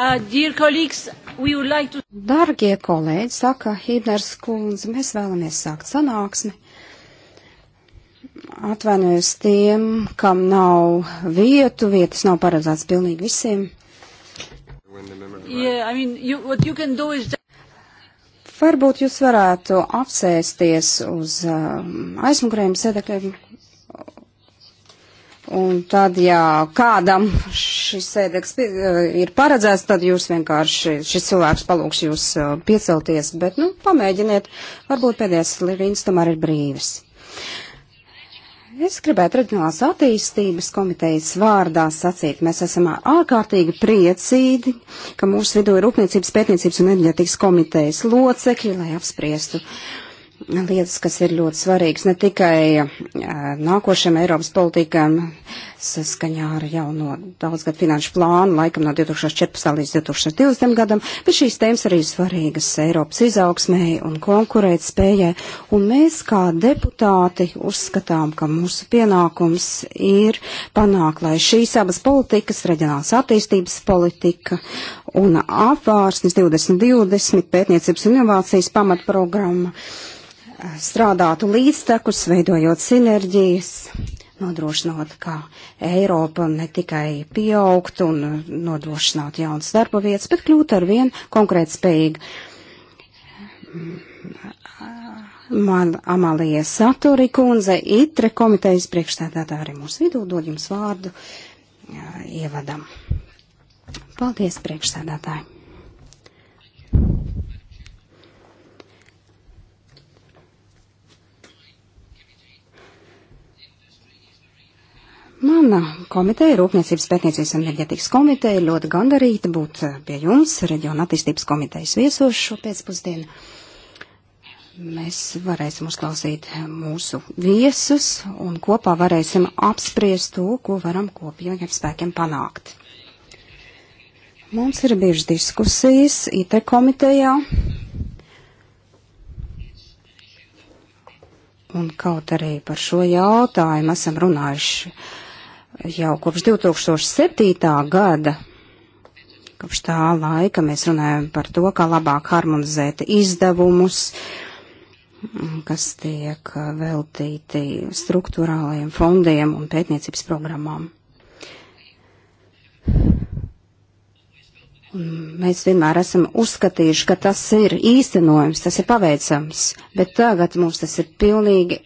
Uh, like to... Dargie kolēģi, saka Hībners kundze, mēs vēlamies sākt sanāksmi. Atvainojos tiem, kam nav vietu, vietas nav paredzēts pilnīgi visiem. Yeah, I mean, you, you is... Varbūt jūs varētu apsēsties uz um, aizmugurējiem sēdekļiem Un tad, ja kādam šis sēdeks eh, ir paredzēts, tad jūs vienkārši, šis cilvēks palūgs jūs eh, piecelties, bet, nu, pamēģiniet, varbūt pēdējais līnijas tomēr ir brīvis. Es gribētu reģionālās attīstības komitejas vārdā sacīt, mēs esam ārkārtīgi priecīgi, ka mūsu vidū ir Rūpniecības pētniecības un enerģetikas komitejas locekļi, lai apspriestu uh, lietas, kas ir ļoti svarīgas ne tikai nākošiem Eiropas politikam saskaņā ar jauno daudzgad finanšu plānu, laikam no 2014. līdz 2020. gadam, bet šīs tēmas arī svarīgas Eiropas izaugsmēji un konkurēt spējai. Un mēs kā deputāti uzskatām, ka mūsu pienākums ir panākt, lai šīs abas politikas, reģionāls attīstības politika un apvārsnes 2020 pētniecības inovācijas pamatprogramma, strādātu līdztekus, veidojot sinerģijas, nodrošinot, ka Eiropa ne tikai pieaugtu un nodrošinātu jaunas darba vietas, bet kļūtu ar vien konkrēt spējīgu. Man Amalija Saturi kundze, ITRE komitejas priekšstādātāja arī mūsu vidū, dod jums vārdu ievadam. Paldies, priekšstādātāji! Mana komiteja, Rūpniecības pētniecības un enerģetikas komiteja, ļoti gandarīta būt eh, pie jums, reģiona attīstības komitejas viesos šo pēcpusdienu. Mēs varēsim uzklausīt eh, mūsu viesus un kopā varēsim apspriest to, ko varam kopīgiem spēkiem panākt. Mums ir bijušas diskusijas IT komitejā. Un kaut arī par šo jautājumu esam runājuši uh, jau kopš 2007. gada, kopš tā laika mēs runājam par to, kā labāk harmonizēt izdevumus, kas tiek veltīti struktūrālajiem fondiem un pētniecības programmām. Un mēs vienmēr esam uzskatījuši, ka tas ir īstenojums, tas ir paveicams, bet tagad mums tas ir pilnīgi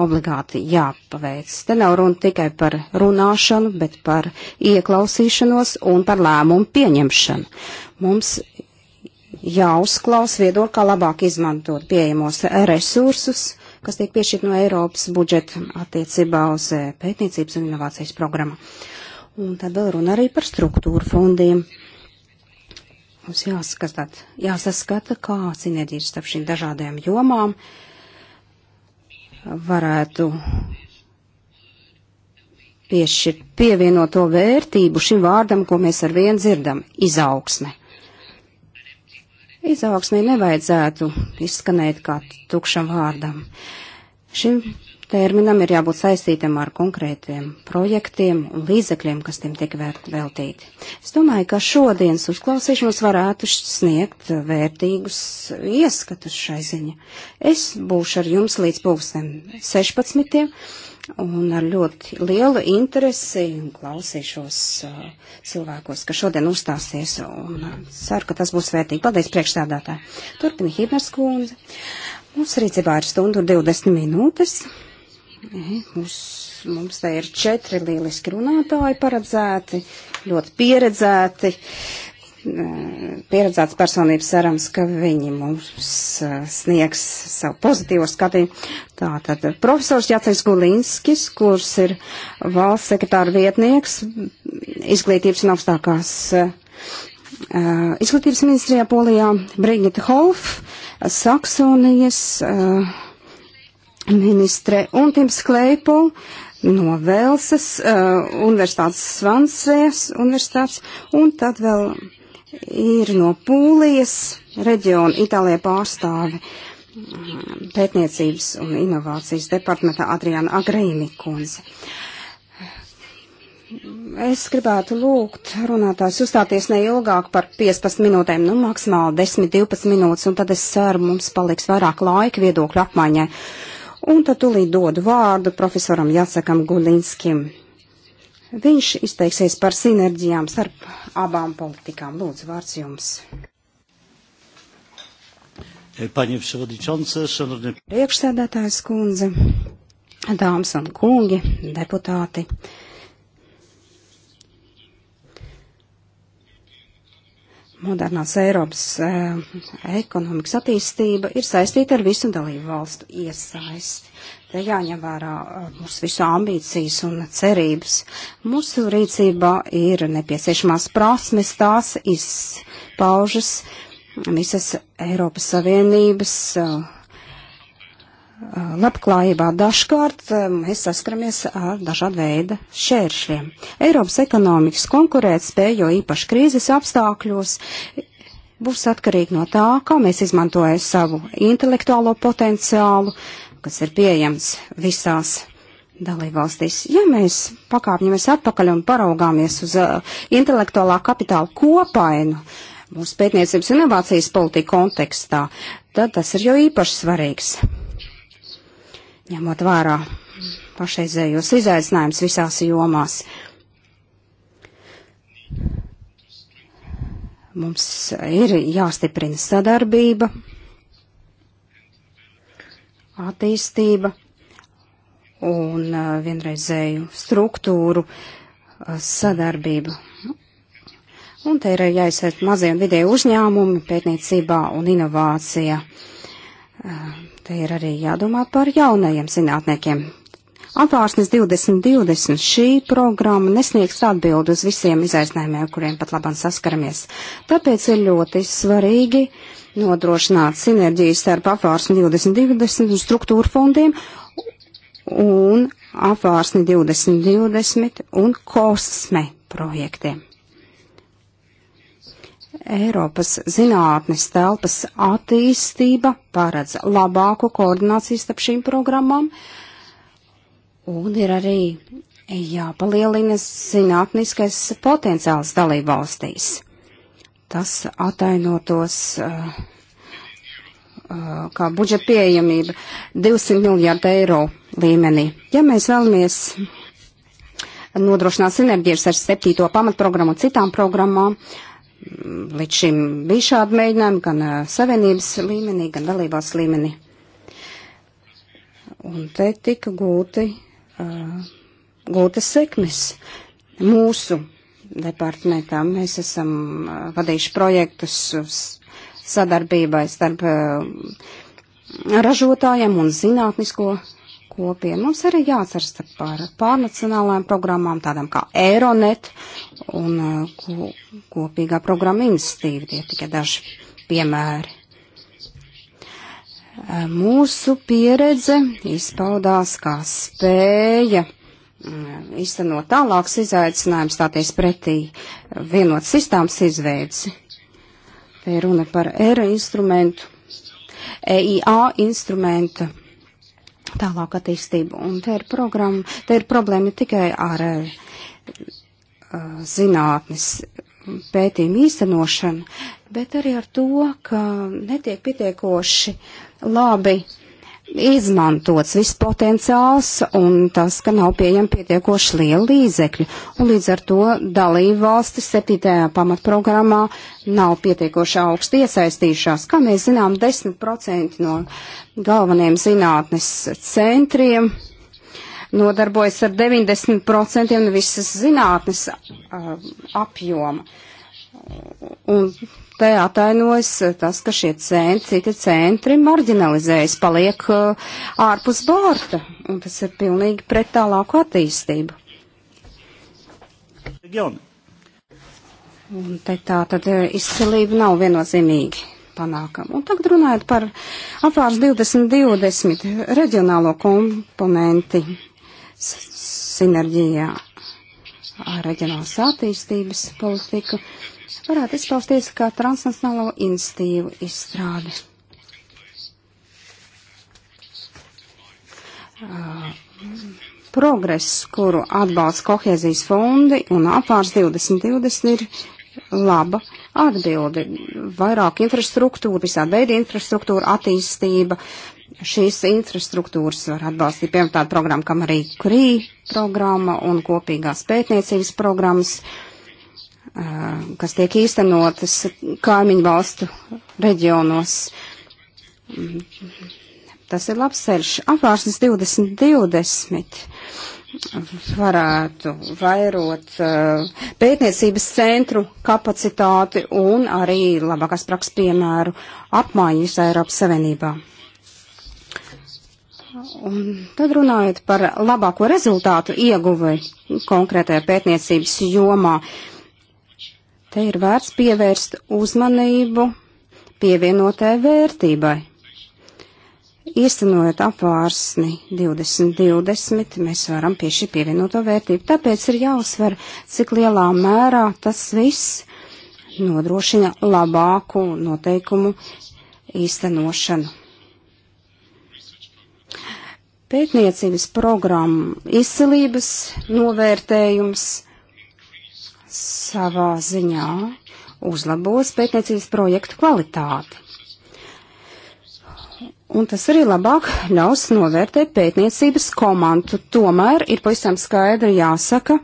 obligāti jāpaveic. Te nav runa tikai par runāšanu, bet par ieklausīšanos un par lēmumu pieņemšanu. Mums jāuzklaus viedokļi, kā labāk izmantot pieejamos resursus, kas tiek piešķirt no Eiropas budžeta attiecībā uz eh, pētniecības un inovācijas programmu. Un tad vēl runa arī par struktūru fondiem. Mums jāskatāt, jāsaskata, kā sinerģija starp šīm dažādajām jomām. Uh, varētu piešķirt pievienoto vērtību šim vārdam, ko mēs ar vien dzirdam - izaugsme. Izaugsmē nevajadzētu izskanēt kā tukšam vārdam. Šim terminam ir jābūt saistītam ar konkrētiem projektiem un līdzekļiem, kas tiem tiek veltīti. Es domāju, ka šodienas uzklausīšanos varētu sniegt vērtīgus ieskatus šai ziņa. Es būšu ar jums līdz pulksten 16. un ar ļoti lielu interesi klausīšos uh, cilvēkos, kas šodien uzstāsies un uh, ceru, ka tas būs vērtīgi. Paldies priekšstādātāji. Turpina Hibners kundze. Mums rīcībā ir stundu 20 minūtes. Mums, mums te ir četri lieliski runātāji paredzēti, ļoti pieredzēti, pieredzēts personības cerams, ka viņi mums eh, sniegs savu pozitīvo skatījumu. Tātad profesors Jācis Gulinskis, kurš ir valsts sekretāra vietnieks izglītības un augstākās eh, izglītības ministrijā Polijā, Brigita Holf, Saksonijas. Uh, ministre un Tims Kleipu no Velsas uh, universitātes Svansējas universitātes, un tad vēl ir no Pūlijas reģiona Itālijā pārstāvi um, pētniecības un inovācijas departamentā Adriana Agrīni kundze. Es gribētu lūgt runātājs uzstāties neilgāk par 15 minūtēm, nu maksimāli 10-12 minūtes, un tad es ceru, mums paliks vairāk laika viedokļu apmaiņai. Uh, Un tad tūlīt dodu vārdu profesoram Jāsakam Gulinskim. Viņš izteiksies par sinerģijām starp abām politikām. Lūdzu, vārds jums. Paņem šodienas, šanovni. Priekšsēdētājs kundze, dāmas un kungi, deputāti. Uh, modernās Eiropas eh, ekonomikas attīstība ir saistīta ar visu dalību valstu iesaisti. Te jāņem vērā eh, mūsu visu ambīcijas un cerības. Mūsu rīcībā ir nepieciešamās prasmes, tās izpaužas visas Eiropas Savienības eh, labklājībā dažkārt mēs saskaramies ar dažādu veidu šēršļiem. Eiropas ekonomikas konkurētspēja, jo īpaši krīzes apstākļos, būs atkarīga no tā, kā mēs izmantojam savu intelektuālo potenciālu, kas ir pieejams visās dalībvalstīs. Ja mēs pakāpjamies atpakaļ un paraugāmies uz uh, intelektuālā kapitāla kopainu, mūsu pētniecības un inovācijas politika kontekstā, tad tas ir jau īpaši svarīgs ņemot vērā pašreizējos izaicinājumus visās jomās. Mums ir jāstiprina sadarbība, attīstība un vienreizēju struktūru sadarbību. Un te ir jāizsēt mazie un vidēji uzņēmumi pētniecībā un inovācija. Te ir arī jādomā par jaunajiem zinātniekiem. Atvārsnes 2020 šī programma nesniegs atbildi uz visiem izaicinājumiem, kuriem pat labam saskaramies. Tāpēc ir ļoti svarīgi nodrošināt sinerģijas starp apvārsni 2020 un struktūra fondiem un apvārsni 2020 un kosme projektiem. Eiropas zinātnes telpas attīstība paredz labāku koordināciju starp šīm programmām, un ir arī jāpalielina zinātniskais potenciāls dalībvalstīs. Tas atainotos uh, uh, kā budžeta pieejamība 200 miljārdu eiro līmenī. Ja mēs vēlamies nodrošināt sinerģijas ar septīto pamatprogrammu un citām programmām, uh, Līdz šim bija šādi mēģinājumi gan savienības līmenī, gan dalībās līmenī. Un te tika gūti, uh, gūtas sekmes mūsu departamentā. Mēs esam uh, vadījuši projektus sadarbībai starp uh, ražotājiem un zinātnisko kopienu. Mums arī jāatceras par pārnacionālām programmām, tādām kā Eironet un eh, ko, kopīgā programma Instīva. Tie tikai daži piemēri. Eh, mūsu pieredze izpaudās kā spēja mm, iztenot tālāks izaicinājums stāties pretī vienot sistēmas izveidzi. Te ir runa par ERA instrumentu, EIA instrumentu tālāk attīstību. Un te ir, programma, te ir problēma tikai ar uh, zinātnes pētījumu īstenošanu, bet arī ar to, ka netiek pietiekoši labi uh, izmantots viss potenciāls un tas, ka nav pieejami pietiekoši lieli līdzekļi. Un līdz ar to dalību valsti septītajā pamatprogrammā nav pietiekoši augsti iesaistījušās. Kā mēs zinām, 10% no galveniem zinātnes centriem nodarbojas ar 90% no visas zinātnes uh, apjoma. Un te atainojas eh, tas, ka šie centri, citi centri marginalizējas, paliek uh, ārpus bārta, un tas ir pilnīgi pret tālāku attīstību. Reģioni. Un te tā tad eh, izcilība nav viennozīmīgi panākam. Un tagad runājot par apvārs 2020 reģionālo komponenti sinerģijā ar reģionālas attīstības politiku. Uh, varētu izpausties kā transnacionālo institīvu izstrāde. Uh, progress, kuru atbalsta kohēzijas fondi un apārs 2020 ir laba atbildi. Vairāk infrastruktūra, visāda veida infrastruktūra, attīstība. Šīs infrastruktūras var atbalstīt, piemēram, tāda programma, kam arī KRI programma un kopīgās pētniecības programmas. Uh, kas tiek īstenotas kaimiņu valstu reģionos. Tas ir labs ceļš. Apvārsnes 2020 varētu vairot pētniecības centru kapacitāti un arī labākās praks piemēru apmaiņu visā Eiropas Savienībā. Un tad runājot par labāko rezultātu ieguvi konkrētajā pētniecības jomā, uh, Te ir vērts pievērst uzmanību pievienotai vērtībai. Īstenojot apvārsni 2020, mēs varam pie šī pievienoto vērtību. Tāpēc ir jāuzsver, cik lielā mērā tas viss nodrošina labāku noteikumu īstenošanu. Pētniecības programma izcilības novērtējums savā ziņā uzlabos pētniecības projektu kvalitāti. Un tas arī labāk ļaus novērtēt pētniecības komandu. Tomēr ir pavisam skaidri jāsaka,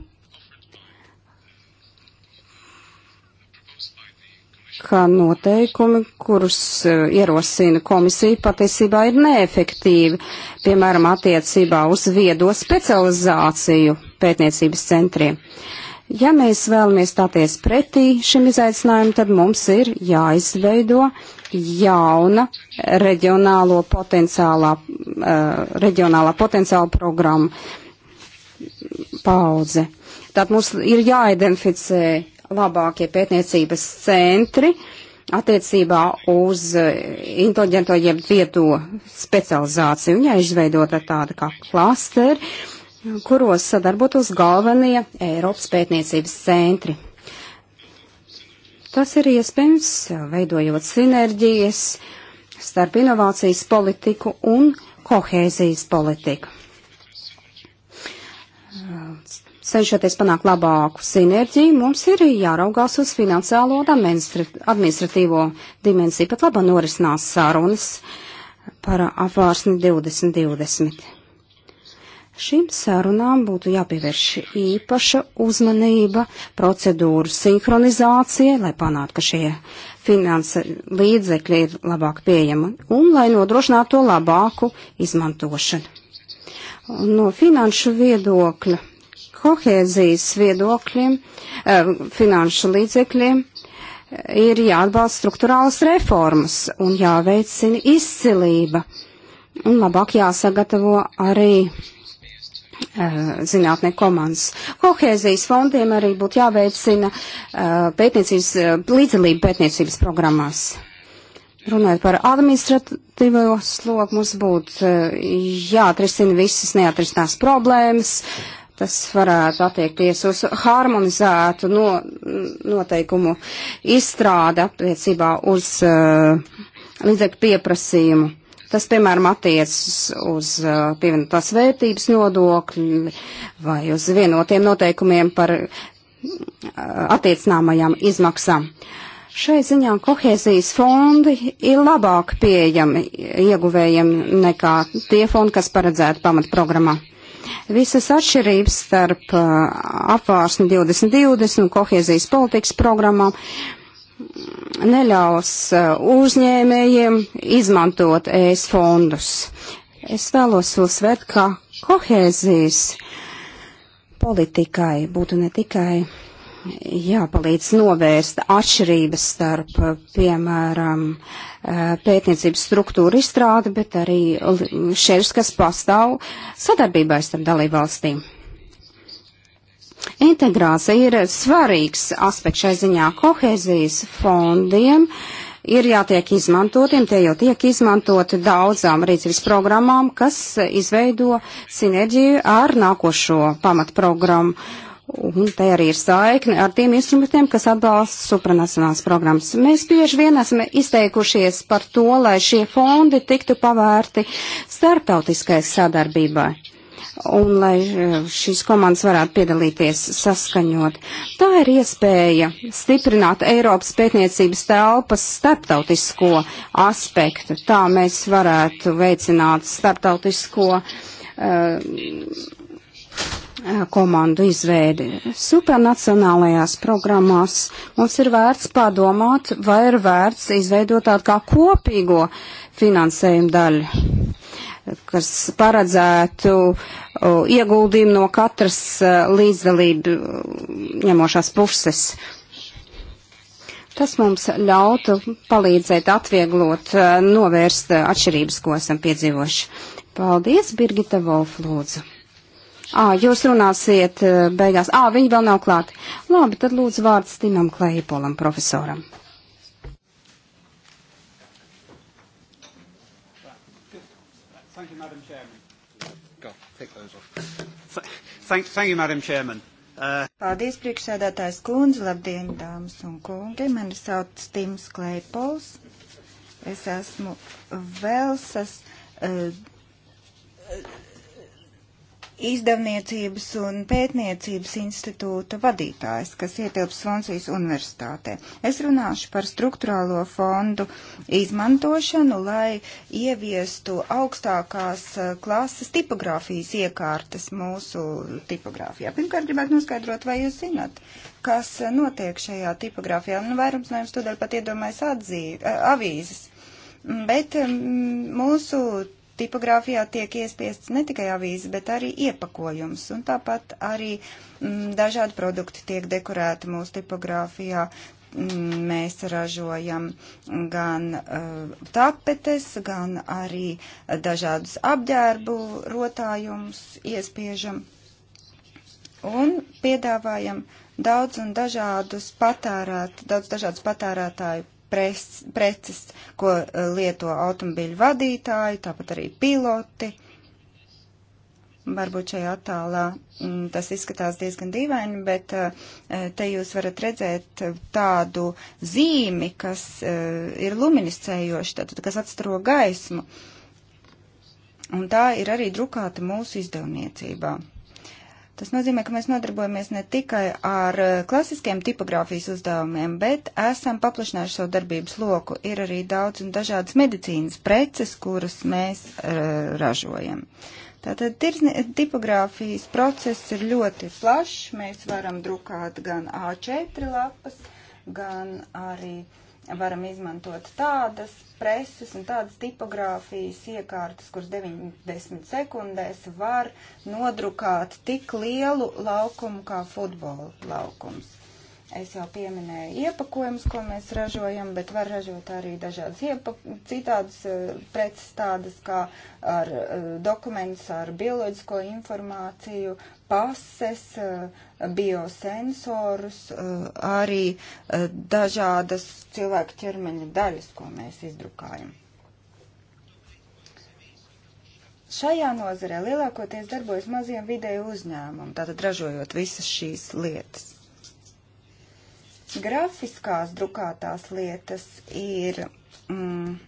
ka noteikumi, kurus eh, ierosina komisija, patiesībā ir neefektīvi, piemēram, attiecībā uz viedo specializāciju pētniecības centriem. Uh, Ja mēs vēlamies stāties pretī šim izaicinājumam, tad mums ir jāizveido jauna reģionālo potenciālā, uh, reģionālā potenciāla programma paudze. Tad mums ir jāidentificē labākie pētniecības centri attiecībā uz eh, inteliģento jeb vieto specializāciju un jāizveidota tāda kā klasteri kuros sadarbotos galvenie Eiropas pētniecības centri. Tas ir iespējams, veidojot sinerģijas starp inovācijas politiku un kohēzijas politiku. Cenšoties panākt labāku sinerģiju, mums ir jāraugās uz finansiālo un administratīvo dimensiju, pat laba norisinās sarunas par apvārsni 2020 Šīm sarunām būtu jāpievērš īpaša uzmanība, procedūru sinhronizācija, lai panātu, ka šie finanse līdzekļi ir labāk pieejami un lai nodrošinātu to labāku izmantošanu. Un no finanšu viedokļa, kohēzijas viedokļiem, eh, finanšu līdzekļiem eh, ir jāatbalsta struktūrālas reformas un jāveicina izcilība un labāk jāsagatavo arī Eh, zinātnē komandas. Kohēzijas fondiem arī būtu jāveicina eh, pētniecības, eh, līdzdalība pētniecības programmās. Runājot par administratīvo slogu, mums būtu jāatrisina visas neatrisinās problēmas. Tas varētu attiekties uz harmonizētu no, noteikumu izstrādi attiecībā uz uh, līdzekļu pieprasījumu Tas, piemēram, attiecas uz uh, pievienotās vērtības nodokļu vai uz vienotiem noteikumiem par uh, attiecināmajām izmaksām. Šai ziņā kohēzijas fondi ir labāk pieejami ieguvējiem nekā tie fondi, kas paredzēti pamatprogrammā. Visas atšķirības starp uh, apvārsni 2020 un kohēzijas politikas programmām neļaus uh, uzņēmējiem izmantot ES fondus. Es vēlos uzsvērt, ka kohēzijas politikai būtu ne tikai jāpalīdz novērst atšķirības starp, uh, piemēram, uh, pētniecības struktūru izstrādi, bet arī šķēršļus, kas pastāv sadarbībai starp dalībvalstīm. Integrācija ir svarīgs aspekts šai ziņā kohēzijas fondiem. Ir jātiek izmantotiem, tie jau tiek izmantoti daudzām rīcības programmām, kas izveido sinerģiju ar nākošo pamatprogrammu. Un te arī ir saikne ar tiem instrumentiem, kas atbalsta supranacionālas programmas. Mēs bieži vien esam izteikušies par to, lai šie fondi tiktu pavērti starptautiskai sadarbībai un lai eh, šīs komandas varētu piedalīties saskaņot. Tā ir iespēja stiprināt Eiropas pētniecības telpas starptautisko aspektu. Tā mēs varētu veicināt starptautisko uh, komandu izveidi. Supranacionālajās programmās mums ir vērts padomāt, vai ir vērts izveidot tādu kā kopīgo finansējumu daļu kas paredzētu ieguldījumu no katras e, līdzdalību ņemošās puses. Tas mums ļautu palīdzēt atvieglot, e, novērst atšķirības, ko esam piedzīvojuši. Paldies, Birgita Volf, lūdzu. Ā, jūs runāsiet e, beigās. Ā, viņi vēl nav klāt. Labi, tad lūdzu vārds Timam Klēpolam, profesoram. Thank, thank you, Madam Chairman. Uh... Paldies, priekšsēdētājs kundze, labdien, dāmas un kungi. Mani sauc Tims Kleipols. Es esmu Velsas uh, izdevniecības un pētniecības institūta vadītājs, kas ietilps Francijas universitātē. Es runāšu par struktūrālo fondu izmantošanu, lai ieviestu augstākās eh, klases tipogrāfijas iekārtas mūsu tipogrāfijā. Pirmkārt, gribētu noskaidrot, vai jūs zināt, kas eh, notiek šajā tipogrāfijā. Nu, vairums no jums tūdaļ pat iedomājas atzī, eh, avīzes. Bet mm, mūsu tipogrāfijā tiek iespiests ne tikai avīzes, bet arī iepakojums. Un tāpat arī m, mm, dažādi produkti tiek dekorēti mūsu tipogrāfijā. M, mm, mēs ražojam gan uh, tapetes, gan arī dažādus apģērbu rotājumus iespiežam un piedāvājam daudz un dažādus patērēt, daudz dažādus patērētāju pres, preces, ko eh, lieto automobīļu vadītāji, tāpat arī piloti. Varbūt šajā attālā mm, tas izskatās diezgan dīvaini, bet eh, eh, te jūs varat redzēt tādu zīmi, kas ir luminiscējoša, tātad, kas atstaro gaismu. Un tā ir arī drukāta mūsu izdevniecībā. Tas nozīmē, ka mēs nodarbojamies ne tikai ar eh, klasiskiem tipogrāfijas uzdevumiem, bet esam paplašinājuši savu darbības loku. Ir arī daudz un dažādas medicīnas preces, kuras mēs eh, ražojam. Tātad tipogrāfijas process ir ļoti plašs. Mēs varam drukāt gan A4 lapas, gan arī uh, varam izmantot tādas preses un tādas tipogrāfijas iekārtas, kuras 90 sekundēs var nodrukāt tik lielu laukumu kā futbola laukums. Es jau pieminēju iepakojumus, ko mēs ražojam, bet var ražot arī dažādas iepa, citādas eh, preces, tādas kā ar eh, dokumentus, ar bioloģisko informāciju, pases, eh, biosensorus, arī dažādas cilvēku ķermeņa daļas, ko mēs izdrukājam. Šajā nozarē lielākoties darbojas maziem vidēju uzņēmumu, tātad ražojot visas šīs lietas. Grafiskās drukātās lietas ir mm,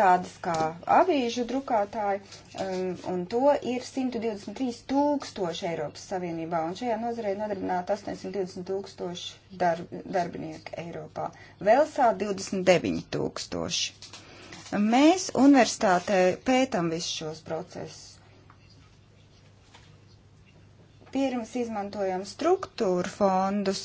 tādas kā avīžu drukātāji, um, un to ir 123 tūkstoši Eiropas Savienībā, un šajā nozarē nodarbināta 820 tūkstoši darb, darbinieku Eiropā. Velsā 29 tūkstoši. Mēs universitātē pētam visus šos procesus pirms izmantojām struktūru fondus,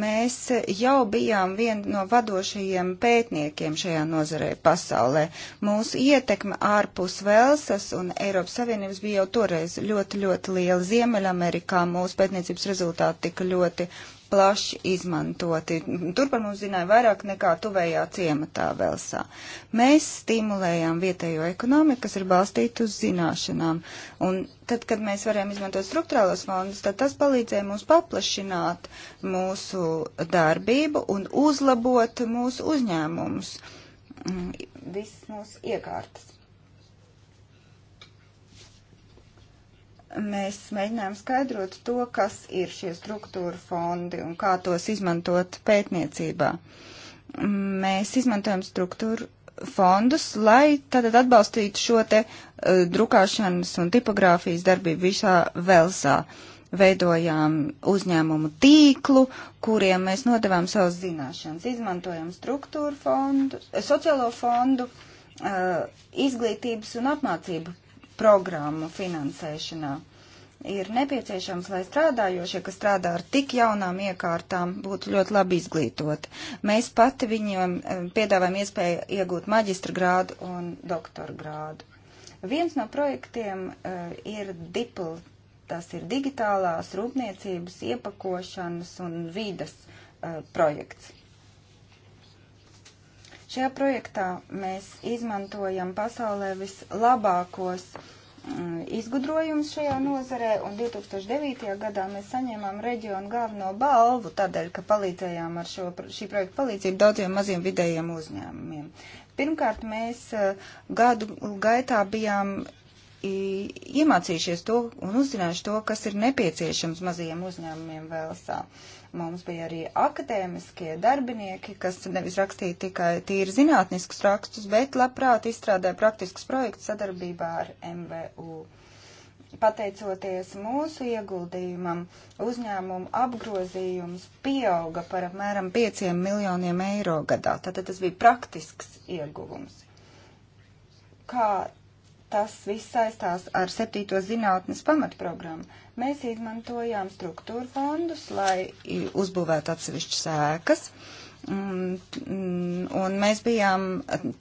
mēs jau bijām vieni no vadošajiem pētniekiem šajā nozarē pasaulē. Mūsu ietekme ārpus Velsas un Eiropas Savienības bija jau toreiz ļoti, ļoti liela. Ziemeļamerikā mūsu pētniecības rezultāti tika ļoti plaši izmantoti. Tur par mums zināja vairāk nekā tuvējā ciematā Velsā. Mēs stimulējām vietējo ekonomiku, kas ir balstīta uz zināšanām. Un tad, kad mēs varējām izmantot struktūrālos fondus, tad tas palīdzēja mums paplašināt mūsu darbību un uzlabot mūsu uzņēmumus, mm, visas mūsu iekārtas. mēs mēģinājām skaidrot to, kas ir šie struktūra fondi un kā tos izmantot pētniecībā. Mēs izmantojam struktūru fondus, lai tātad atbalstītu šo te uh, drukāšanas un tipogrāfijas darbību visā Velsā. Veidojām uzņēmumu tīklu, kuriem mēs nodevām savas zināšanas. Izmantojam struktūru fondu, eh, sociālo fondu, uh, izglītības un apmācību programmu finansēšanā. Ir nepieciešams, lai strādājošie, kas strādā ar tik jaunām iekārtām, būtu ļoti labi izglītoti. Mēs pati viņiem eh, piedāvājam iespēju iegūt maģistra grādu un doktora grādu. Viens no projektiem uh, ir DIPL, tas ir digitālās rūpniecības, iepakošanas un vīdas uh, eh, projekts. Šajā projektā mēs izmantojam pasaulē vislabākos uh, Mm, izgudrojumus šajā nozarē, un 2009. gadā mēs saņēmām reģionu galveno balvu tādēļ, ka palīdzējām ar šo, šī projekta palīdzību daudziem maziem vidējiem uzņēmumiem. Pirmkārt, mēs eh, gadu gaitā bijām iemācījušies to un uzzinājuši to, kas ir nepieciešams mazajiem uzņēmumiem Velsā. Uh, Mums bija arī akadēmiskie darbinieki, kas nevis rakstīja tikai tīri zinātniskus rakstus, bet labprāt izstrādāja praktiskus projektus sadarbībā ar MVU. Pateicoties mūsu ieguldījumam, uzņēmumu apgrozījums pieauga par apmēram 5 miljoniem eiro gadā. Tātad tas bija praktisks ieguvums. Kā Tas viss saistās ar septīto zinātnes pamatprogrammu. Mēs izmantojām struktūra fondus, lai uzbūvētu atsevišķas ēkas. Un mēs bijām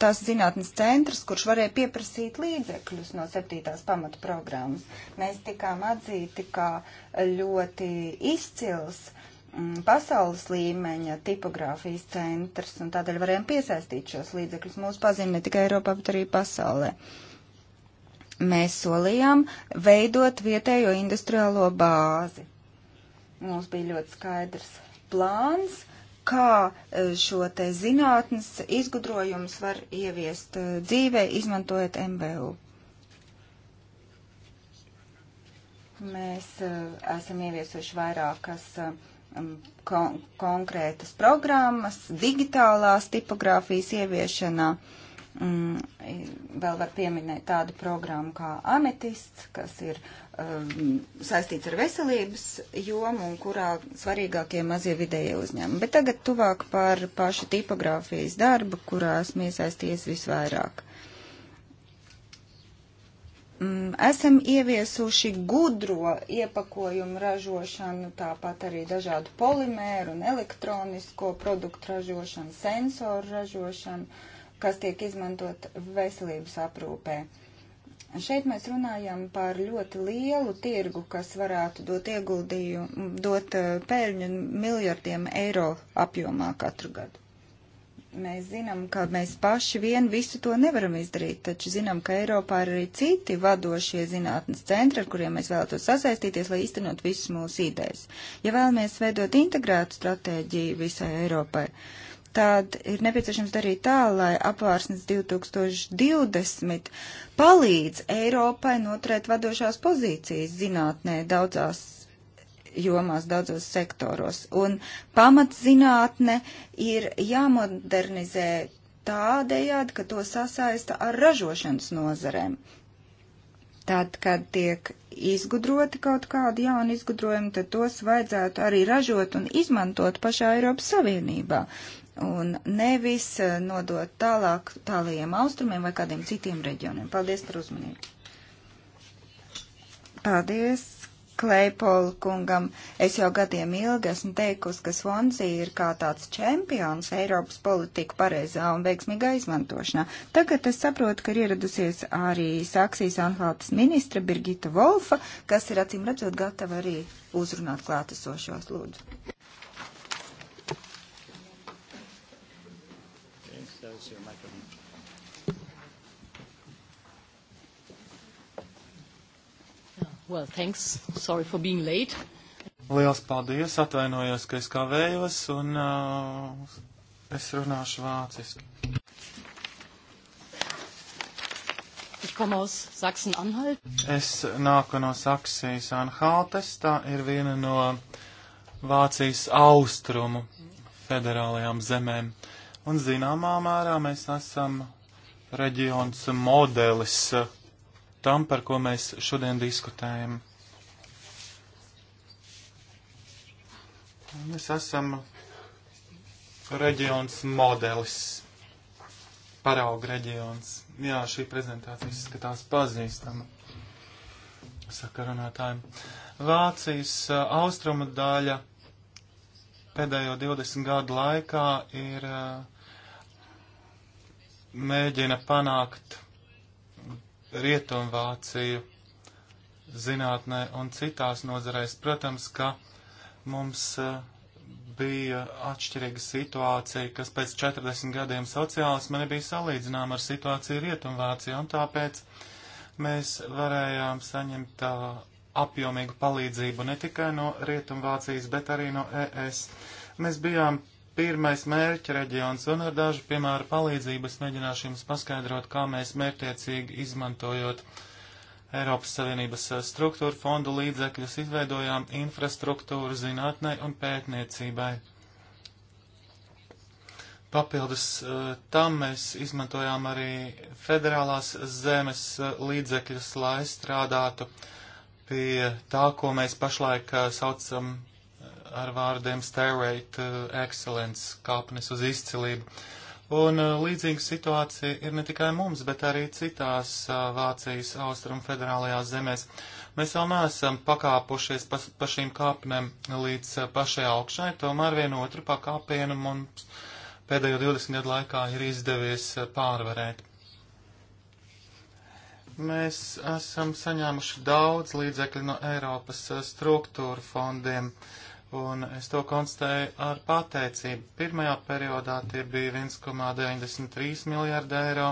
tas zinātnes centrs, kurš varēja pieprasīt līdzekļus no septītās pamatprogrammas. Mēs tikām atzīti kā ļoti izcils uh, pasaules līmeņa tipogrāfijas centrs, un tādēļ varējām piesaistīt šos līdzekļus. Mūsu pazīme ne tikai Eiropā, bet arī pasaulē. Uh, Mēs solījām veidot vietējo industriālo bāzi. Mums bija ļoti skaidrs plāns, kā e, šo te zinātnes izgudrojumus var ieviest e, dzīvē, izmantojot MBU. Mēs e, esam ieviesuši vairākas kon konkrētas programmas digitālās tipogrāfijas ieviešanā. Uh, Mm, vēl var pieminēt tādu programmu kā ametists, kas ir um, saistīts ar veselības jomu un kurā svarīgākie mazie vidējie uzņēmumi. Bet tagad tuvāk par pašu tipogrāfijas darbu, kurā esmu iesaistījies visvairāk. Mm, esam ieviesuši gudro iepakojumu ražošanu, tāpat arī dažādu polimēru un elektronisko produktu ražošanu, sensoru ražošanu kas tiek izmantot veselības aprūpē. Šeit mēs runājam par ļoti lielu tirgu, kas varētu dot ieguldījumu, dot eh, pēļņu miljardiem eiro apjomā katru gadu. Mēs zinām, ka mēs paši vien visu to nevaram izdarīt, taču zinām, ka Eiropā ir arī citi vadošie zinātnes centri, ar kuriem mēs vēlētos sasaistīties, lai īstenot visus mūsu idejas. Ja vēlamies veidot integrētu stratēģiju visai Eiropai, uh, tad ir nepieciešams darīt tā, lai apvārsnes 2020 palīdz Eiropai noturēt vadošās pozīcijas zinātnē daudzās jomās, daudzos sektoros. Un pamatzinātne ir jāmodernizē tādējādi, ka to sasaista ar ražošanas nozarēm. Tad, kad tiek izgudroti kaut kādi jauni izgudrojumi, tad tos vajadzētu arī ražot un izmantot pašā Eiropas Savienībā un nevis eh, nodot tālāk tālajiem austrumiem vai kādiem citiem reģioniem. Paldies par uzmanību. Paldies Kleipola kungam. Es jau gadiem ilgi esmu teikusi, ka Svonzija ir kā tāds čempions Eiropas politiku pareizā un veiksmīgā izmantošanā. Tagad es saprotu, ka ir ieradusies arī Saksijas Anhaltas ministra Birgita Volfa, kas ir acīm redzot gatava arī uzrunāt klātesošos lūdzu. Well, thanks. Sorry for being late. Liels paldies, atvainojos, ka es kavējos, un uh, es runāšu vāciski. Es nāku no Saksijas Anhaltes, tā ir viena no Vācijas austrumu federālajām zemēm. Un zināmā mērā mēs esam reģions modelis, tam, par ko mēs šodien diskutējam. Mēs esam reģions modelis, parauga reģions. Jā, šī prezentācija izskatās pazīstama. Saka runātājiem. Vācijas austrumu daļa pēdējo 20 gadu laikā ir mēģina panākt Rietumvāciju zinātnē un citās nozareis. Protams, ka mums eh, bija atšķirīga situācija, kas pēc 40 gadiem sociālisma nebija salīdzināma ar situāciju Rietumvācijā, un tāpēc mēs varējām saņemt tā eh, apjomīgu palīdzību ne tikai no Rietumvācijas, bet arī no ES. Mēs bijām pirmais mērķa reģions un ar dažu piemēru palīdzības mēģināšu jums paskaidrot, kā mēs mērķiecīgi izmantojot Eiropas Savienības eh, struktūra fondu līdzekļus izveidojām infrastruktūru zinātnē un pētniecībai. Papildus eh, tam mēs izmantojām arī federālās zemes eh, līdzekļus, lai strādātu pie tā, ko mēs pašlaik saucam ar vārdiem Stairway to eh, Excellence, kāpnes uz izcilību. Un eh, līdzīga situācija ir ne tikai mums, bet arī citās eh, Vācijas austrumu federālajās zemēs. Mēs vēl neesam pakāpušies pa, pa šīm kāpnēm līdz pašai augšai, tomēr vienu otru pakāpienu mums pēdējo 20 gadu laikā ir izdevies pārvarēt. Mēs esam saņēmuši daudz līdzekļu no Eiropas struktūra fondiem. Uh, un es to konstatēju ar pateicību. Pirmajā periodā tie bija 1,93 miljārdi eiro,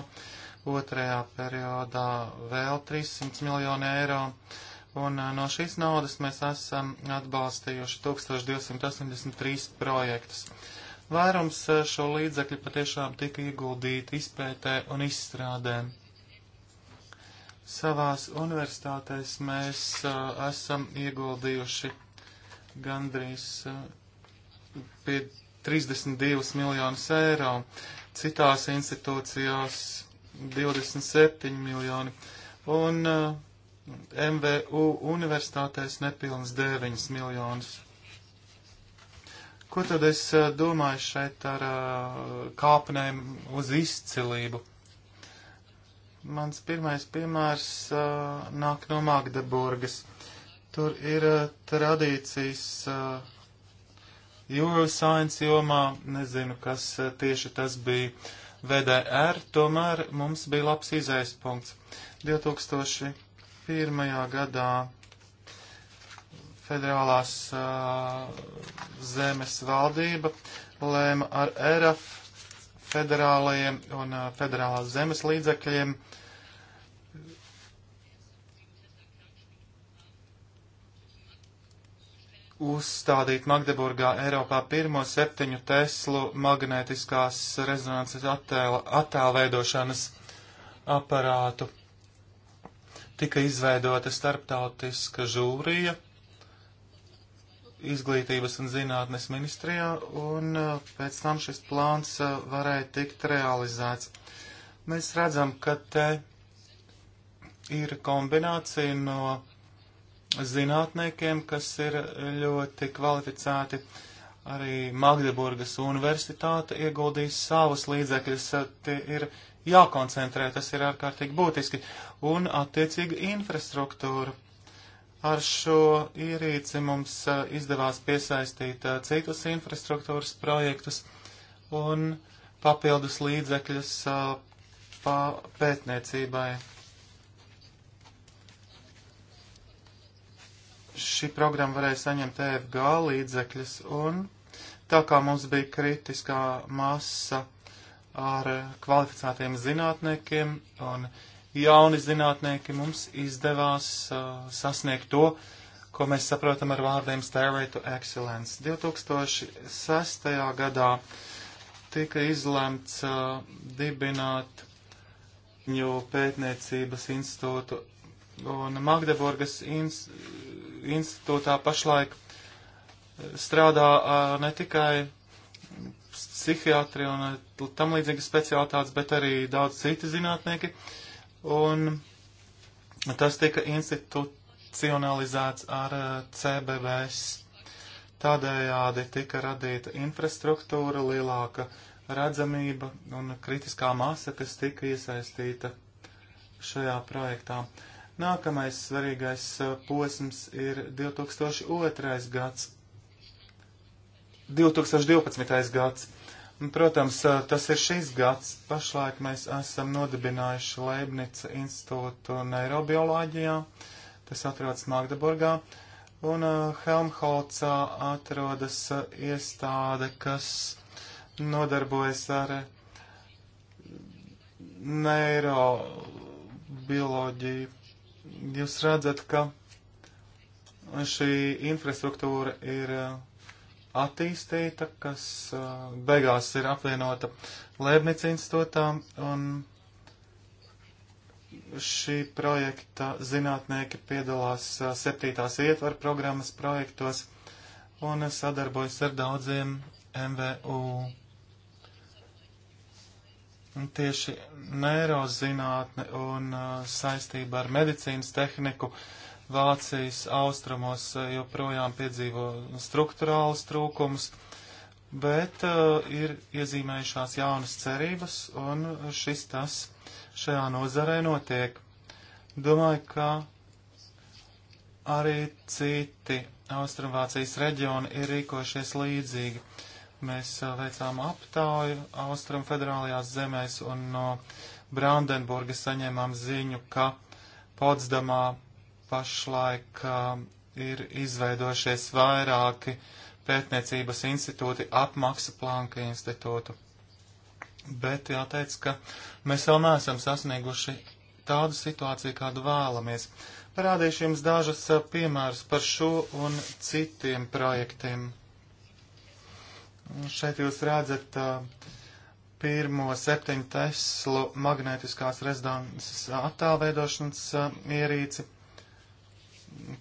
otrajā periodā vēl 300 miljoni eiro, un eh, no šīs naudas mēs esam atbalstījuši 1283 projektus. Vairums eh, šo līdzekļu patiešām tika ieguldīti izpētē un izstrādēm. Savās universitātēs mēs uh, esam ieguldījuši gandrīz eh, pie 32 miljonus eiro, citās institūcijās 27 miljoni, un eh, MVU universitātēs nepilns 9 miljonus. Ko tad es eh, domāju šeit ar kāpnēm uz izcilību? Mans pirmais piemērs nāk no Magdeburgas. Tur ir eh, tradīcijas Euroscience eh, jomā, nezinu, kas eh, tieši tas bija VDR, tomēr mums bija labs izējas punkts. 2001. gadā federālās zemes valdība lēma ar ERAF federālajiem un federālās zemes līdzekļiem uh, uzstādīt Magdeburgā Eiropā pirmo septiņu Teslu magnētiskās rezonances attēla, attēlveidošanas aparātu. Tika izveidota starptautiska žūrija izglītības un zinātnes ministrijā, un uh, pēc tam šis plāns uh, varēja tikt realizēts. Mēs redzam, ka te ir kombinācija no zinātniekiem, kas ir ļoti kvalificēti. Arī Magdeburgas universitāte ieguldīs savus līdzekļus. Tie ir jākoncentrē, tas ir ārkārtīgi būtiski. Un attiecīgi infrastruktūra. Ar šo ierīci mums izdevās piesaistīt citus infrastruktūras projektus un papildus līdzekļus pētniecībai. šī programma varēja saņemt EFG līdzekļus, un tā kā mums bija kritiskā masa ar kvalificētiem zinātniekiem un jauni zinātnieki, mums izdevās uh, sasniegt to, ko mēs saprotam ar vārdiem Stairway to Excellence. 2006. gadā tika izlemts uh, dibināt viņu pētniecības institūtu un Magdeburgas ins institūtā pašlaik e, strādā ne tikai psihiatri un e, tam līdzīgas specialitātes, bet arī daudz citi zinātnieki. Un tas tika institucionalizēts ar e, CBVS. Tādējādi tika radīta infrastruktūra, lielāka redzamība un kritiskā masa, kas tika iesaistīta šajā projektā. Uh, Nākamais svarīgais uh, posms ir 2002. gads. 2012. gads. Protams, uh, tas ir šis gads. Pašlaik mēs esam nodibinājuši Leibnica institūtu neirobioloģijā. Tas atrodas Magdeburgā. Un uh, Helmholcā atrodas iestāde, kas nodarbojas ar neirobioloģiju jūs redzat, ka šī infrastruktūra ir uh, attīstīta, kas uh, beigās ir apvienota Lēbnic institūtām, un šī projekta zinātnieki piedalās uh, septītās ietvaru programmas projektos un sadarbojas ar daudziem MVU tieši neirozinātne un uh, saistība ar medicīnas tehniku Vācijas austrumos uh, joprojām piedzīvo struktūrālus trūkumus, bet uh, ir iezīmējušās jaunas cerības, un šis tas šajā nozarē notiek. Domāju, ka arī citi austrumvācijas reģioni ir rīkojušies līdzīgi. Uh, Mēs veicām aptāju Austrum federālajās zemēs un no Brandenburga saņēmām ziņu, ka Potsdamā pašlaik ir izveidojušies vairāki pētniecības institūti apmaksa Planka institūtu. Bet jāteic, ka mēs vēl neesam sasnieguši tādu situāciju, kādu vēlamies. Parādīšu jums dažas piemērus par šo un citiem projektiem. Šeit jūs redzat uh, pirmo septiņu Teslu magnētiskās rezonanses attēlveidošanas uh, ierīci.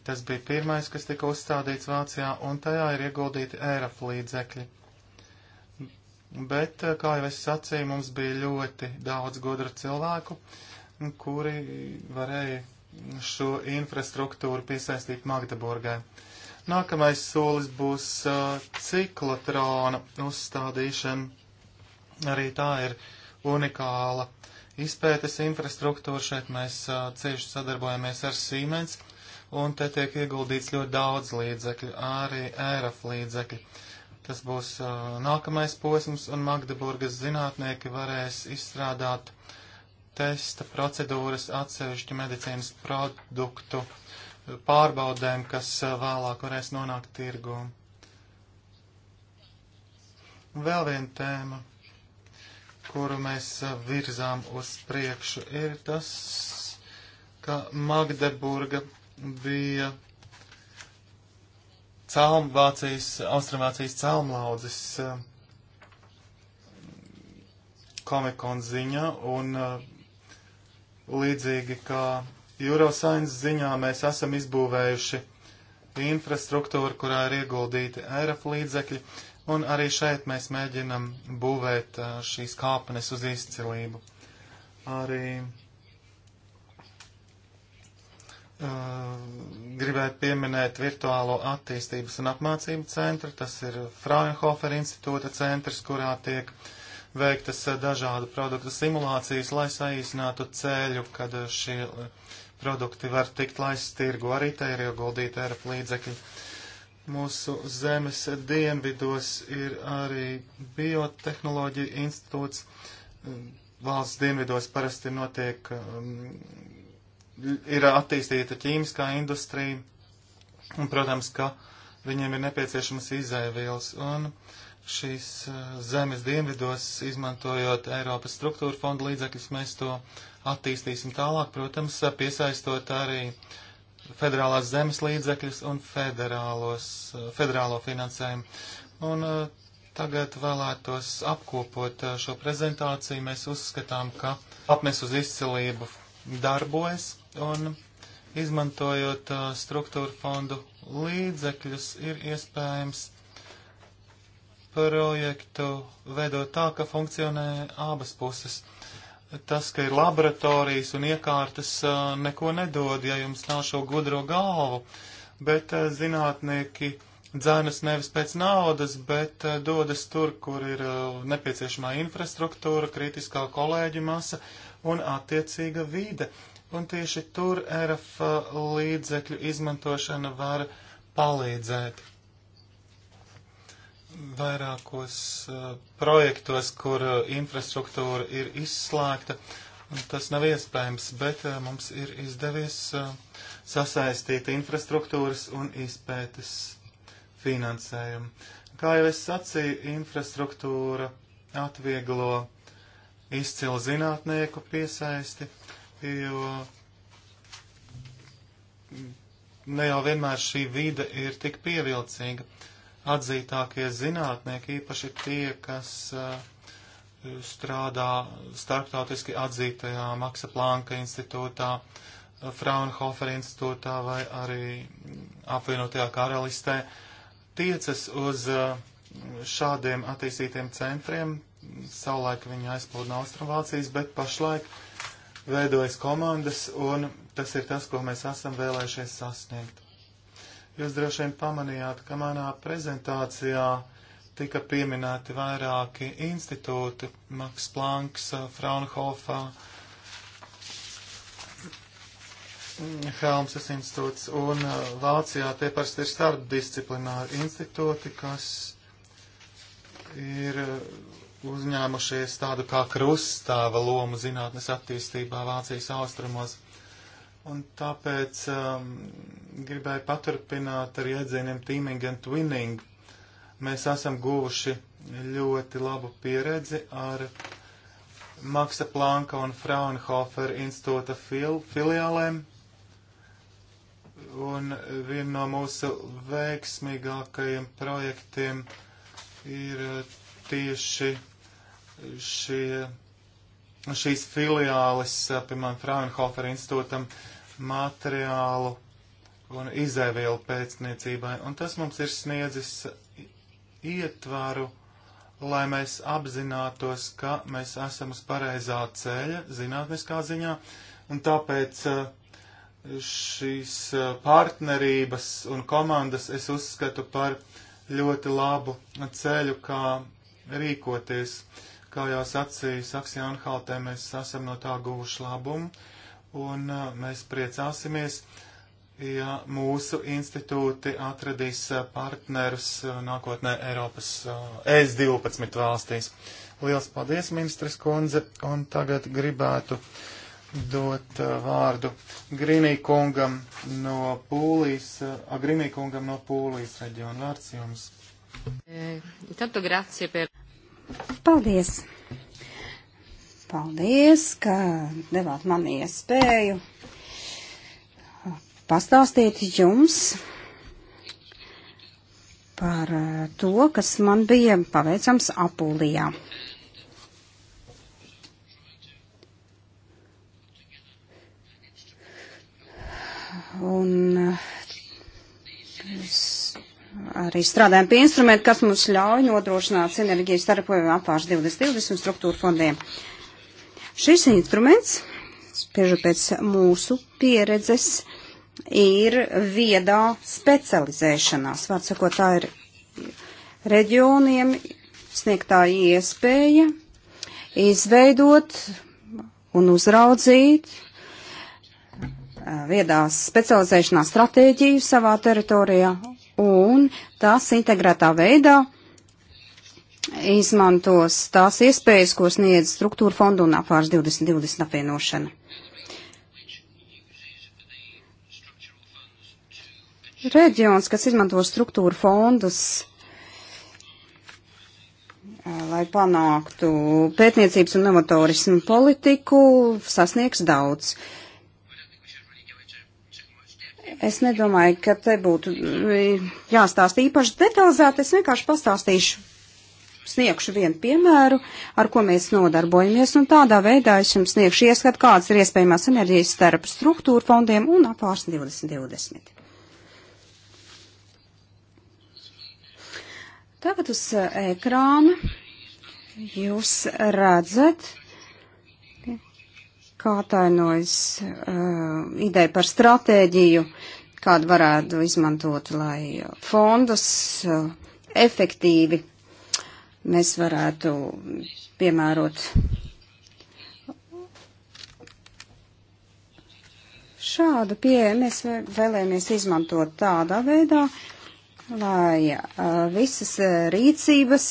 Tas bija pirmais, kas tika uzstādīts Vācijā, un tajā ir ieguldīti ēraf līdzekļi. Bet, kā jau es sacīju, mums bija ļoti daudz gudru cilvēku, kuri varēja šo infrastruktūru piesaistīt Magdeburgai. Uh, Nākamais solis būs uh, ciklotrona uzstādīšana. Arī tā ir unikāla izpētes infrastruktūra. Šeit mēs uh, cieši sadarbojamies ar Siemens, un te tiek ieguldīts ļoti daudz līdzekļu, arī ēraf līdzekļu. Tas būs uh, nākamais posms, un Magdeburgas zinātnieki varēs izstrādāt testa procedūras atsevišķu medicīnas produktu uh, pārbaudēm, kas eh, vēlāk varēs nonākt tirgū. Vēl viena tēma, kuru mēs eh, virzām uz priekšu, ir tas, ka Magdeburga bija Vācijas, Austrumvācijas celmlaudzes eh, komikons ziņa un līdzīgi kā Euroscience ziņā mēs esam izbūvējuši infrastruktūru, kurā ir ieguldīti ERF līdzekļi, un arī šeit mēs mēģinam būvēt šīs kāpnes uz izcilību. Arī uh, gribētu pieminēt virtuālo attīstības un apmācību centru. Tas ir Fraunhofer institūta centrs, kurā tiek veiktas dažādu produktu simulācijas, lai saīsinātu ceļu, kad šie uh, produkti var tikt laisti tirgu, arī te ir ieguldīta ERP līdzekļi. Mūsu zemes dienvidos ir arī biotehnoloģija institūts. Mm, valsts dienvidos parasti notiek, um, ir attīstīta ķīmiskā industrija, un, protams, ka viņiem ir nepieciešamas izēvielas. Un, uh, šīs mm, zemes dienvidos, izmantojot Eiropas struktūra fonda līdzekļus, mēs to attīstīsim tālāk, protams, piesaistot arī federālās zemes līdzekļus un federālos, federālo finansējumu. Un eh, tagad vēlētos apkopot eh, šo prezentāciju. Mēs uzskatām, ka apmes uz izcilību darbojas un izmantojot eh, struktūra fondu līdzekļus ir iespējams projektu veidot tā, ka funkcionē abas puses tas, ka ir laboratorijas un iekārtas, neko nedod, ja jums nav šo gudro galvu, bet zinātnieki dzēnas nevis pēc naudas, bet dodas tur, kur ir nepieciešamā infrastruktūra, kritiskā kolēģi masa un attiecīga vide. Un tieši tur RF līdzekļu izmantošana var palīdzēt vairākos eh, projektos, kur eh, infrastruktūra ir izslēgta. Tas nav iespējams, bet eh, mums ir izdevies sasaistīt infrastruktūras un izpētes finansējumu. Kā jau es sacīju, infrastruktūra atvieglo izcilu zinātnieku piesaisti, jo ne jau vienmēr šī vide ir tik pievilcīga atzītākie zinātnieki, īpaši tie, kas eh, strādā starptautiski atzītajā Maksa Planka institūtā, Fraunhofer institūtā vai arī apvienotajā karalistē, tiecas uz eh, šādiem attīstītiem centriem. Savulaik viņi aizplūda no Austrumvācijas, bet pašlaik veidojas komandas, un tas ir tas, ko mēs esam vēlējušies sasniegt. Jūs droši vien pamanījāt, ka manā prezentācijā tika pieminēti vairāki institūti - Maks Planks, Fraunhofa, Helmses institūts, un uh, Vācijā tie parasti ir starpdisciplināri institūti, kas ir uh, uzņēmušies tādu kā krustāva lomu zinātnes attīstībā Vācijas austrumos. Un tāpēc um, gribēju paturpināt ar iedzieniem teaming and twinning. Mēs esam guvuši ļoti labu pieredzi ar Maksa Planka un Fraunhofer institūta fil filiālēm. Un viena no mūsu veiksmīgākajiem projektiem ir uh, tieši šie, šīs filiāles, uh, piemēram, Fraunhofer institūtam. Uh, materiālu un izēvielu pēcniecībai, un tas mums ir sniedzis ietvaru, lai mēs apzinātos, ka mēs esam uz pareizā ceļa zinātniskā ziņā, un tāpēc uh, šīs uh, partnerības un komandas es uzskatu par ļoti labu ceļu, kā rīkoties. Kā jau sacīja Saksija Anhaltē, mēs esam no tā guvuši labumu un uh, mēs priecāsimies, ja mūsu institūti atradīs uh, partnerus uh, nākotnē Eiropas S12 valstīs. Liels paldies, ministres kundze, un tagad gribētu dot vārdu Grinī kungam no Pūlīs, Agrinī kungam no Pūlīs reģiona vārds jums. Eh, paldies! Paldies, ka devāt man iespēju pastāstīt jums par to, kas man bija paveicams Apulijā. Un arī strādājam pie instrumentu, kas mums ļauj nodrošināt sinerģiju starp apvārs 2020 struktūru fondiem. Uh, Šis instruments, spiežu pēc mūsu pieredzes, ir viedā specializēšanās. Vārdsakot, tā ir reģioniem sniegtā iespēja izveidot un uzraudzīt viedās specializēšanās stratēģiju savā teritorijā un tās integrētā veidā izmantos tās iespējas, ko sniedz struktūra fondu un apvārs 2020 apvienošana. Reģions, kas izmanto struktūra fondus, lai panāktu pētniecības un novatorismu politiku, sasniegs daudz. Es nedomāju, ka te būtu jāstāst īpaši detalizēti, es vienkārši pastāstīšu sniegšu vienu piemēru, ar ko mēs nodarbojamies, un tādā veidā es jums sniegšu ieskatu, kādas ir iespējamās enerģijas starp struktūra fondiem un apvārs 2020. Tagad uz uh, ekrāna jūs redzat, kā tainojas uh, ideja par stratēģiju, kādu varētu izmantot, lai fondus uh, efektīvi mēs varētu piemērot šādu pieeju. Mēs vēlēmies izmantot tādā veidā, lai visas rīcības,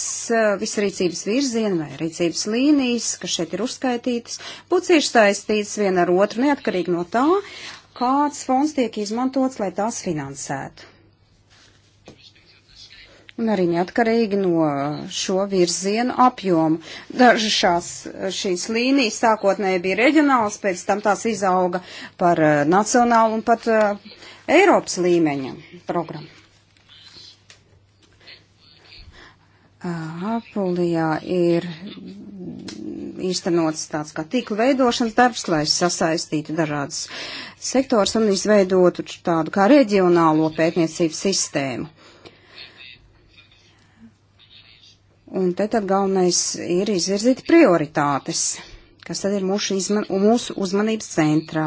visas rīcības virziena vai rīcības līnijas, kas šeit ir uzskaitītas, būtu cieši saistītas viena ar otru, neatkarīgi no tā, kāds fonds tiek izmantots, lai tās finansētu un arī neatkarīgi no šo virzienu apjomu. Dažas šās, šīs līnijas sākotnēji bija reģionāls, pēc tam tās izauga par eh, nacionālu un pat eh, Eiropas līmeņa programmu. Apulijā ir īstenots tāds kā tīkla veidošanas darbs, lai sasaistītu dažādas sektors un izveidotu tādu kā reģionālo pētniecības sistēmu. Un te tad galvenais ir izvirzīt prioritātes, kas tad ir mūsu, izman, mūsu uzmanības centrā.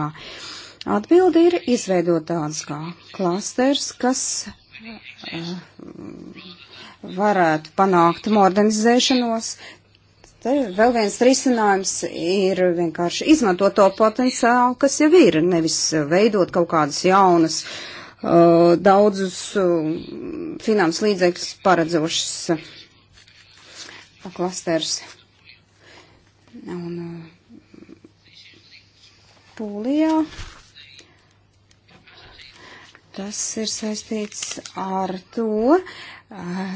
Atbildi ir izveidot tāds kā klasters, kas uh, varētu panākt modernizēšanos. Te vēl viens risinājums ir vienkārši izmantot to potenciālu, kas jau ir, nevis veidot kaut kādas jaunas uh, daudzus uh, finanses līdzekļus paredzošas klasters. Un uh, Pūlijā tas ir saistīts ar to, uh,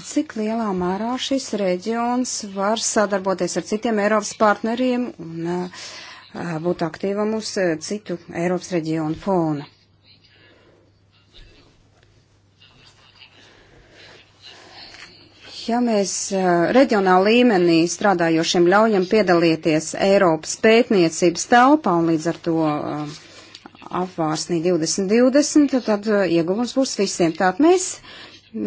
cik lielā mērā šis reģions var sadarboties ar citiem Eiropas partneriem un uh, būt aktīvam uz citu Eiropas reģionu fona. Ja mēs reģionāla līmenī strādājošiem ļaujam piedalīties Eiropas pētniecības telpā un līdz ar to apvārsnī 2020, tad ieguvums būs visiem. Tātad mēs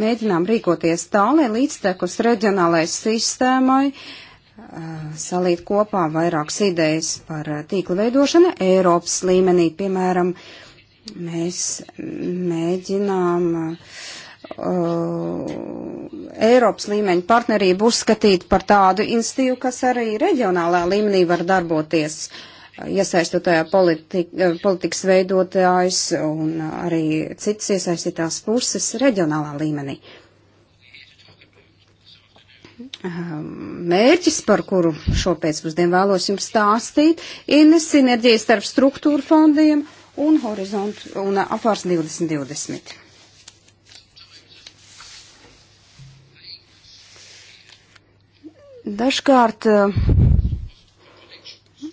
mēģinām rīkoties tā, lai līdztekus reģionālai sistēmai salīt kopā vairākas idejas par tīkla veidošanu Eiropas līmenī. Piemēram, mēs mēģinām uh, Uh, Eiropas līmeņa partnerību uzskatīt par tādu institīvu, kas arī reģionālā līmenī var darboties, uh, iesaistot tajā politik, uh, politikas veidotājs un arī citas iesaistītās puses reģionālā līmenī. Um, mērķis, par kuru šopēcpusdien vēlos jums stāstīt, ir sinerģija starp struktūra fondiem un horizontu un apvārs 2020. Dažkārt eh,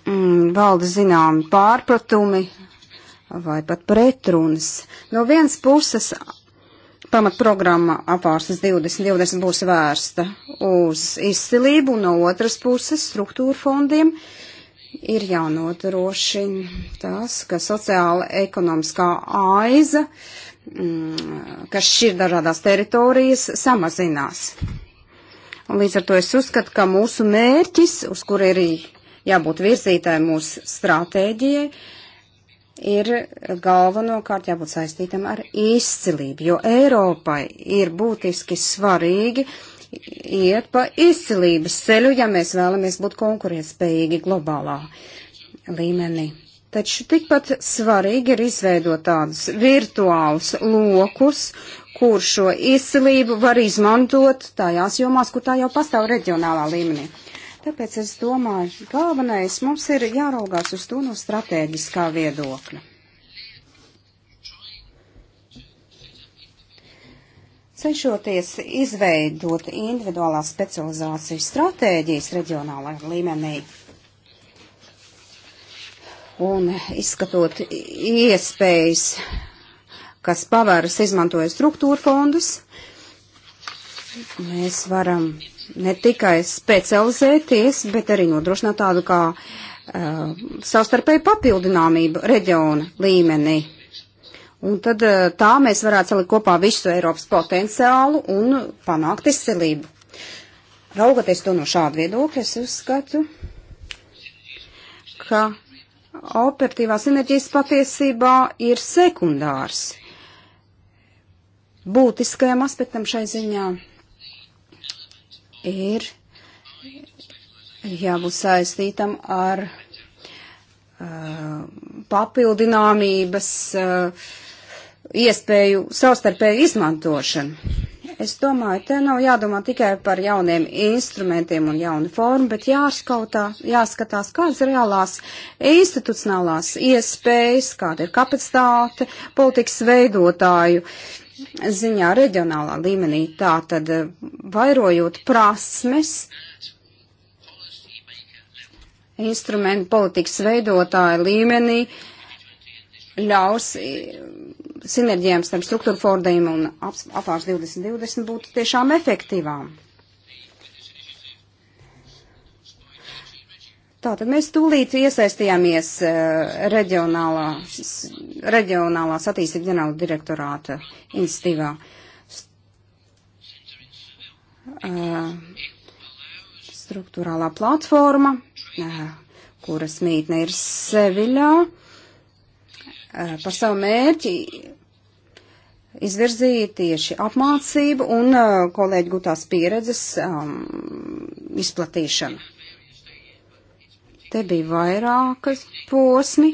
mm, valda zināmi pārpratumi vai pat pretrunas. No vienas puses pamatprogramma apvārstas 2020 būs vērsta uz izcilību, no otras puses struktūra fondiem ir jānodrošina tas, ka sociāla ekonomiskā aiza, mm, kas šķir dažādās teritorijas, samazinās. Un līdz ar to es uzskatu, ka mūsu mērķis, uz kur ir jābūt virzītāji mūsu stratēģijai, ir galvenokārt jābūt saistītam ar izcilību, jo Eiropai ir būtiski svarīgi iet pa izcilības ceļu, ja mēs vēlamies būt konkurētspējīgi globālā līmenī. Taču tikpat svarīgi ir izveidot tādus virtuālus lokus, kur šo izcilību var izmantot tajās jomās, kur tā jau pastāv reģionālā līmenī. Tāpēc es domāju, galvenais mums ir jāraugās uz to no strateģiskā viedokļa. Cenšoties izveidot individuālās specializācijas stratēģijas reģionālā līmenī, un izskatot iespējas kas pavēras izmantoja struktūra fondus. Mēs varam ne tikai specializēties, bet arī nodrošināt tādu kā uh, savstarpēju papildināmību reģiona līmenī. Un tad uh, tā mēs varētu salikt kopā visu Eiropas potenciālu un panākt izcelību. Raugoties to no šāda viedokļa, es uzskatu, ka operatīvā sinerģijas patiesībā ir sekundārs būtiskajam aspektam šai ziņā ir jābūt saistītam ar uh, papildināmības uh, iespēju savstarpēju izmantošanu. Es domāju, te nav jādomā tikai par jauniem instrumentiem un jaunu formu, bet jāskautā, jāskatās, kādas ir reālās institucionālās iespējas, kāda ir kapacitāte politikas veidotāju uh, ziņā reģionālā līmenī. Tā tad eh, vairojot prasmes, instrumentu politikas veidotāja līmenī ļaus eh, sinerģijām starp struktūra fondiem un apvārs 2020 būt tiešām efektīvām. Tātad mēs tūlīt iesaistījāmies reģionālās, eh, reģionālās attīstības ģenerāla direktorāta institīvā. Eh, struktūrālā platforma, eh, kuras mītne ir Seviļā, par savu mērķi izvirzīja tieši apmācību un kolēģi gūtās pieredzes um, izplatīšanu. Te bija vairākas posmi,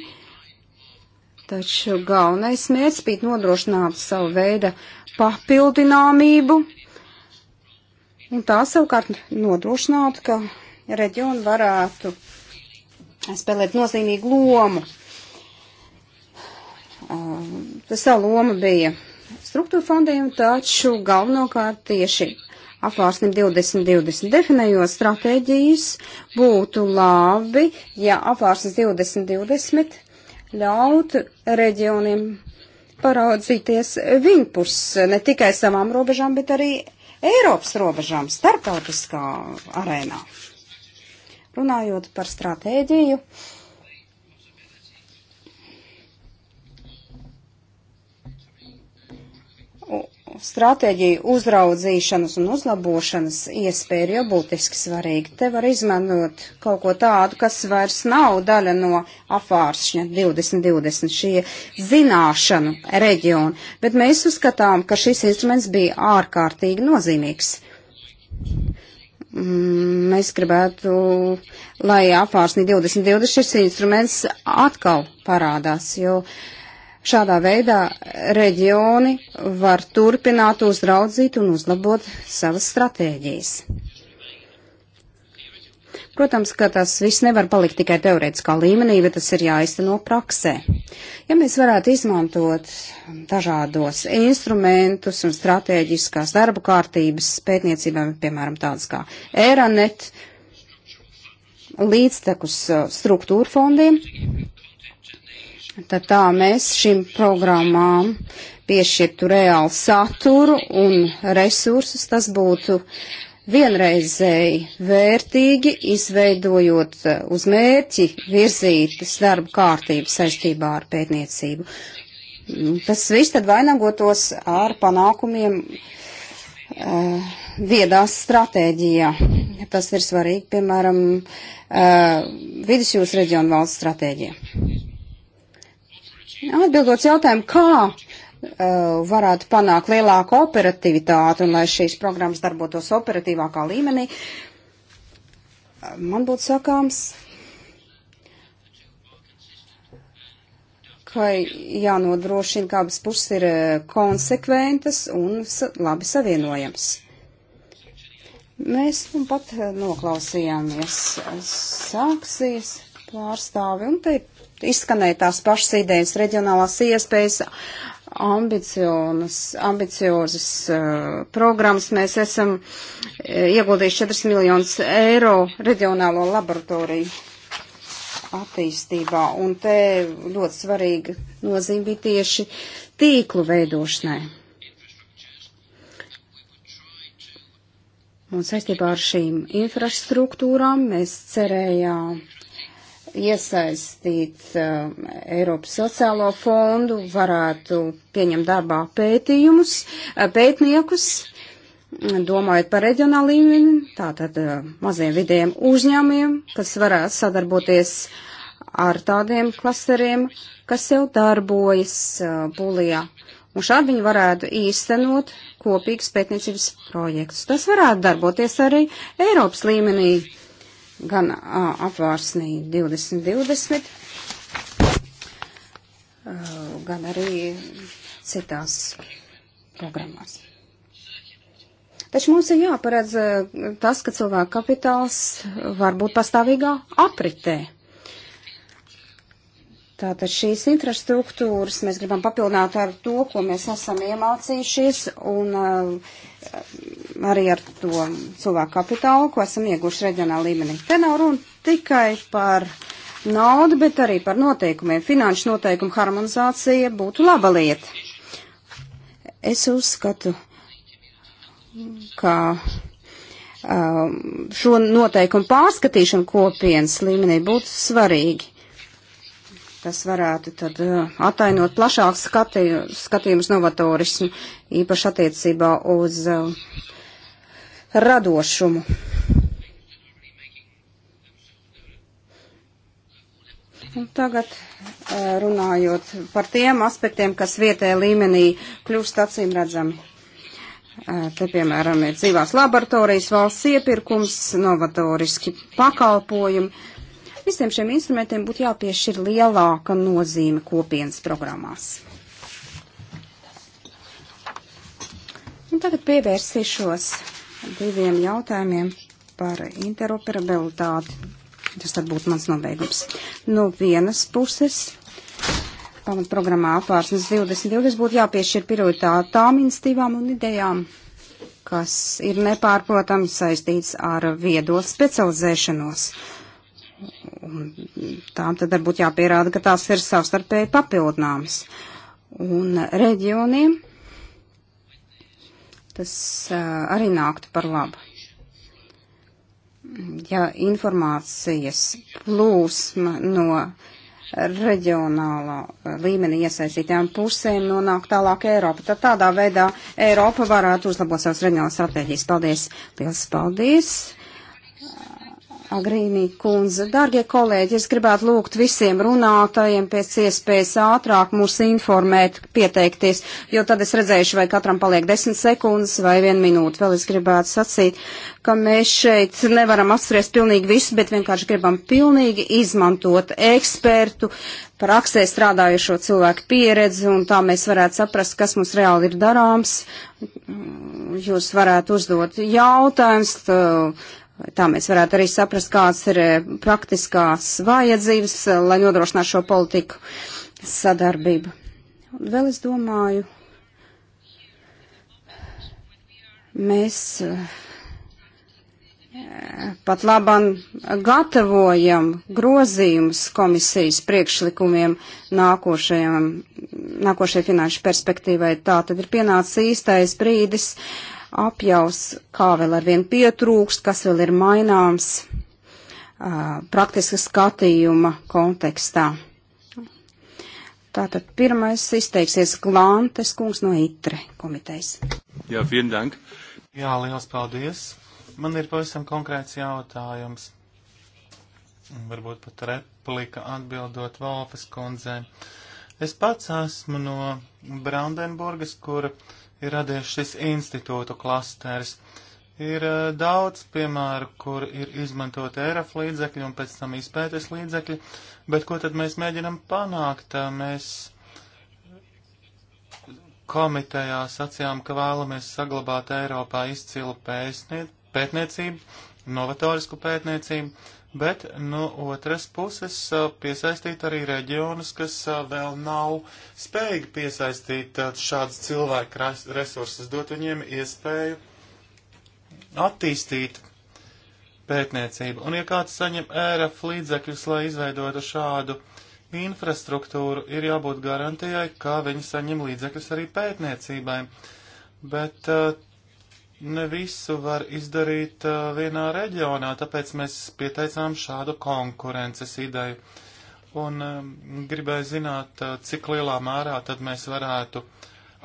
taču galvenais mērķis bija nodrošināt savu veidu papildināmību, un tā savukārt nodrošināt, ka reģioni varētu spēlēt nozīmīgu lomu. Um, tas tā loma bija struktūra fondiem, taču galvenokārt tieši apvārsnim 2020 definējot stratēģijas, būtu labi, ja apvārsnes 2020 ļaut reģioniem paraudzīties viņpus ne tikai savām robežām, bet arī Eiropas robežām, starptautiskā arēnā. Runājot par stratēģiju, uh, stratēģiju uzraudzīšanas un uzlabošanas iespēja ir jau būtiski svarīga. Te var izmantot kaut ko tādu, kas vairs nav daļa no apvāršņa 2020 šie zināšanu reģioni, bet mēs uzskatām, ka šis instruments bija ārkārtīgi nozīmīgs. Mm, mēs gribētu, lai apvārsni 2020 šis instruments atkal parādās, jo. Uh, Šādā veidā reģioni var turpināt uzraudzīt un uzlabot savas stratēģijas. Protams, ka tas viss nevar palikt tikai teorētiskā līmenī, bet tas ir jāizteno praksē. Ja mēs varētu izmantot dažādos instrumentus un strateģiskās darba kārtības pētniecībām, piemēram, tādas kā ERANET, līdztekus uh, struktūra fondiem, Tad tā mēs šīm programmām piešķirtu reālu saturu un resursus. Tas būtu vienreizēji vērtīgi, izveidojot eh, uz mērķi virzītas darba kārtības saistībā ar pētniecību. Mm, tas viss tad vainagotos ar panākumiem uh, viedās stratēģijā. Tas ir svarīgi, piemēram, uh, vidusjūras reģionu valsts stratēģijā. Atbildot jautājumu, kā uh, varētu panākt lielāku operativitāti un lai šīs programmas darbotos operatīvākā līmenī, man būtu sakāms, ka jānodrošina, ka abas puses ir uh, konsekventas un labi savienojams. Mēs nu pat uh, noklausījāmies uh, sāksies pārstāvi un te ir izskanēja tās pašas idejas, reģionālās iespējas, ambiciozas uh, programmas. Mēs esam eh, ieguldījuši 4 miljonus eiro reģionālo laboratoriju attīstībā, un te ļoti svarīga nozīme bija tieši tīklu veidošanai. Un saistībā ar šīm infrastruktūrām mēs cerējām iesaistīt uh, Eiropas sociālo fondu, varētu pieņemt darbā pētījumus, uh, pētniekus, domājot par reģionāliem, tātad uh, maziem vidējiem uzņēmiem, kas varētu sadarboties ar tādiem klasteriem, kas jau darbojas uh, Polijā. Un šādi viņi varētu īstenot kopīgas pētniecības projektus. Tas varētu darboties arī Eiropas līmenī gan apvārsnī 2020, gan arī citās programmās. Taču mums ir jāparedz tas, ka cilvēka kapitāls var būt pastāvīgā apritē. Tātad šīs infrastruktūras mēs gribam papildināt ar to, ko mēs esam iemācījušies, un arī ar to cilvēku kapitālu, ko esam ieguši reģionāla līmenī. Te nav runa tikai par naudu, bet arī par noteikumiem. Finanšu noteikumu harmonizācija būtu laba lieta. Es uzskatu, ka um, šo noteikumu pārskatīšanu kopienas līmenī būtu svarīgi. Tas varētu tad uh, atainot plašāks skatī, skatījums novatorismu, īpaši attiecībā uz uh, radošumu. Un tagad eh, runājot par tiem aspektiem, kas vietējā līmenī kļūst acīm redzami. Eh, te, piemēram, ir dzīvās laboratorijas, valsts iepirkums, novatoriski pakalpojumi. Visiem šiem instrumentiem būtu jāpiešķir lielāka nozīme kopienas programmās. Un tagad pievērsīšos diviem jautājumiem par interoperabilitāti. Tas tad būtu mans nobeigums. No vienas puses, pamatprogrammā apvārsnes 2020 būtu jāpiešķir prioritāte tām institīvām un idejām, kas ir nepārprotami saistīts ar viedo specializēšanos. Un tām tad varbūt jāpierāda, ka tās ir savstarpēji papildināmas. Un reģioniem tas arī nāktu par labu. Ja informācijas plūsma no reģionālā līmenī iesaistītām pusēm nonāk tālāk Eiropa. Tad tādā veidā Eiropa varētu uzlabot savas reģionālās stratēģijas. Paldies! Liels paldies! Agrīnī kundze, dārgie kolēģi, es gribētu lūgt visiem runātājiem pēc iespējas ātrāk mūs informēt, pieteikties, jo tad es redzēšu, vai katram paliek desmit sekundes vai vienu minūti. Vēl es gribētu sacīt, ka mēs šeit nevaram atcerēties pilnīgi visu, bet vienkārši gribam pilnīgi izmantot ekspertu, praksē strādājušo cilvēku pieredzi, un tā mēs varētu saprast, kas mums reāli ir darāms. Jūs varētu uzdot jautājumus Tā mēs varētu arī saprast, kāds ir eh, praktiskās vajadzības, eh, lai nodrošinātu šo politiku sadarbību. Un vēl es domāju, mēs eh, pat labam gatavojam grozījumus komisijas priekšlikumiem nākošajai finanšu perspektīvai. Tā tad ir pienācis īstais brīdis. Uh, apjaus, kā vēl ar vienu pietrūkst, kas vēl ir maināms praktiska skatījuma kontekstā. Tātad pirmais izteiksies Glantes kungs no ITRE komitejas. Jā, vielen dank. Jā, liels paldies. Man ir pavisam konkrēts jautājums. Varbūt pat replika atbildot Valfas kundzei. Es pats esmu no Brandenburgas, kura uh, ir radies šis institūtu klasteris. Ir eh, daudz piemēru, kur ir izmantot ERAF līdzekļi un pēc tam izpētes līdzekļi, bet ko tad mēs mēģinam panākt? Eh, mēs komitejā sacījām, ka vēlamies saglabāt Eiropā izcilu pētniecību, novatorisku pētniecību, bet no otras puses eh, piesaistīt arī reģionus, kas eh, vēl nav spējīgi piesaistīt eh, šādas cilvēku resursus, dot viņiem iespēju attīstīt pētniecību. Un ja kāds saņem ēraf līdzekļus, lai izveidotu šādu infrastruktūru, ir jābūt garantijai, ka viņi saņem līdzekļus arī pētniecībai. Bet uh, ne visu var izdarīt uh, vienā reģionā, tāpēc mēs pieteicām šādu konkurences ideju. Un uh, gribēju zināt, uh, cik lielā mērā tad mēs varētu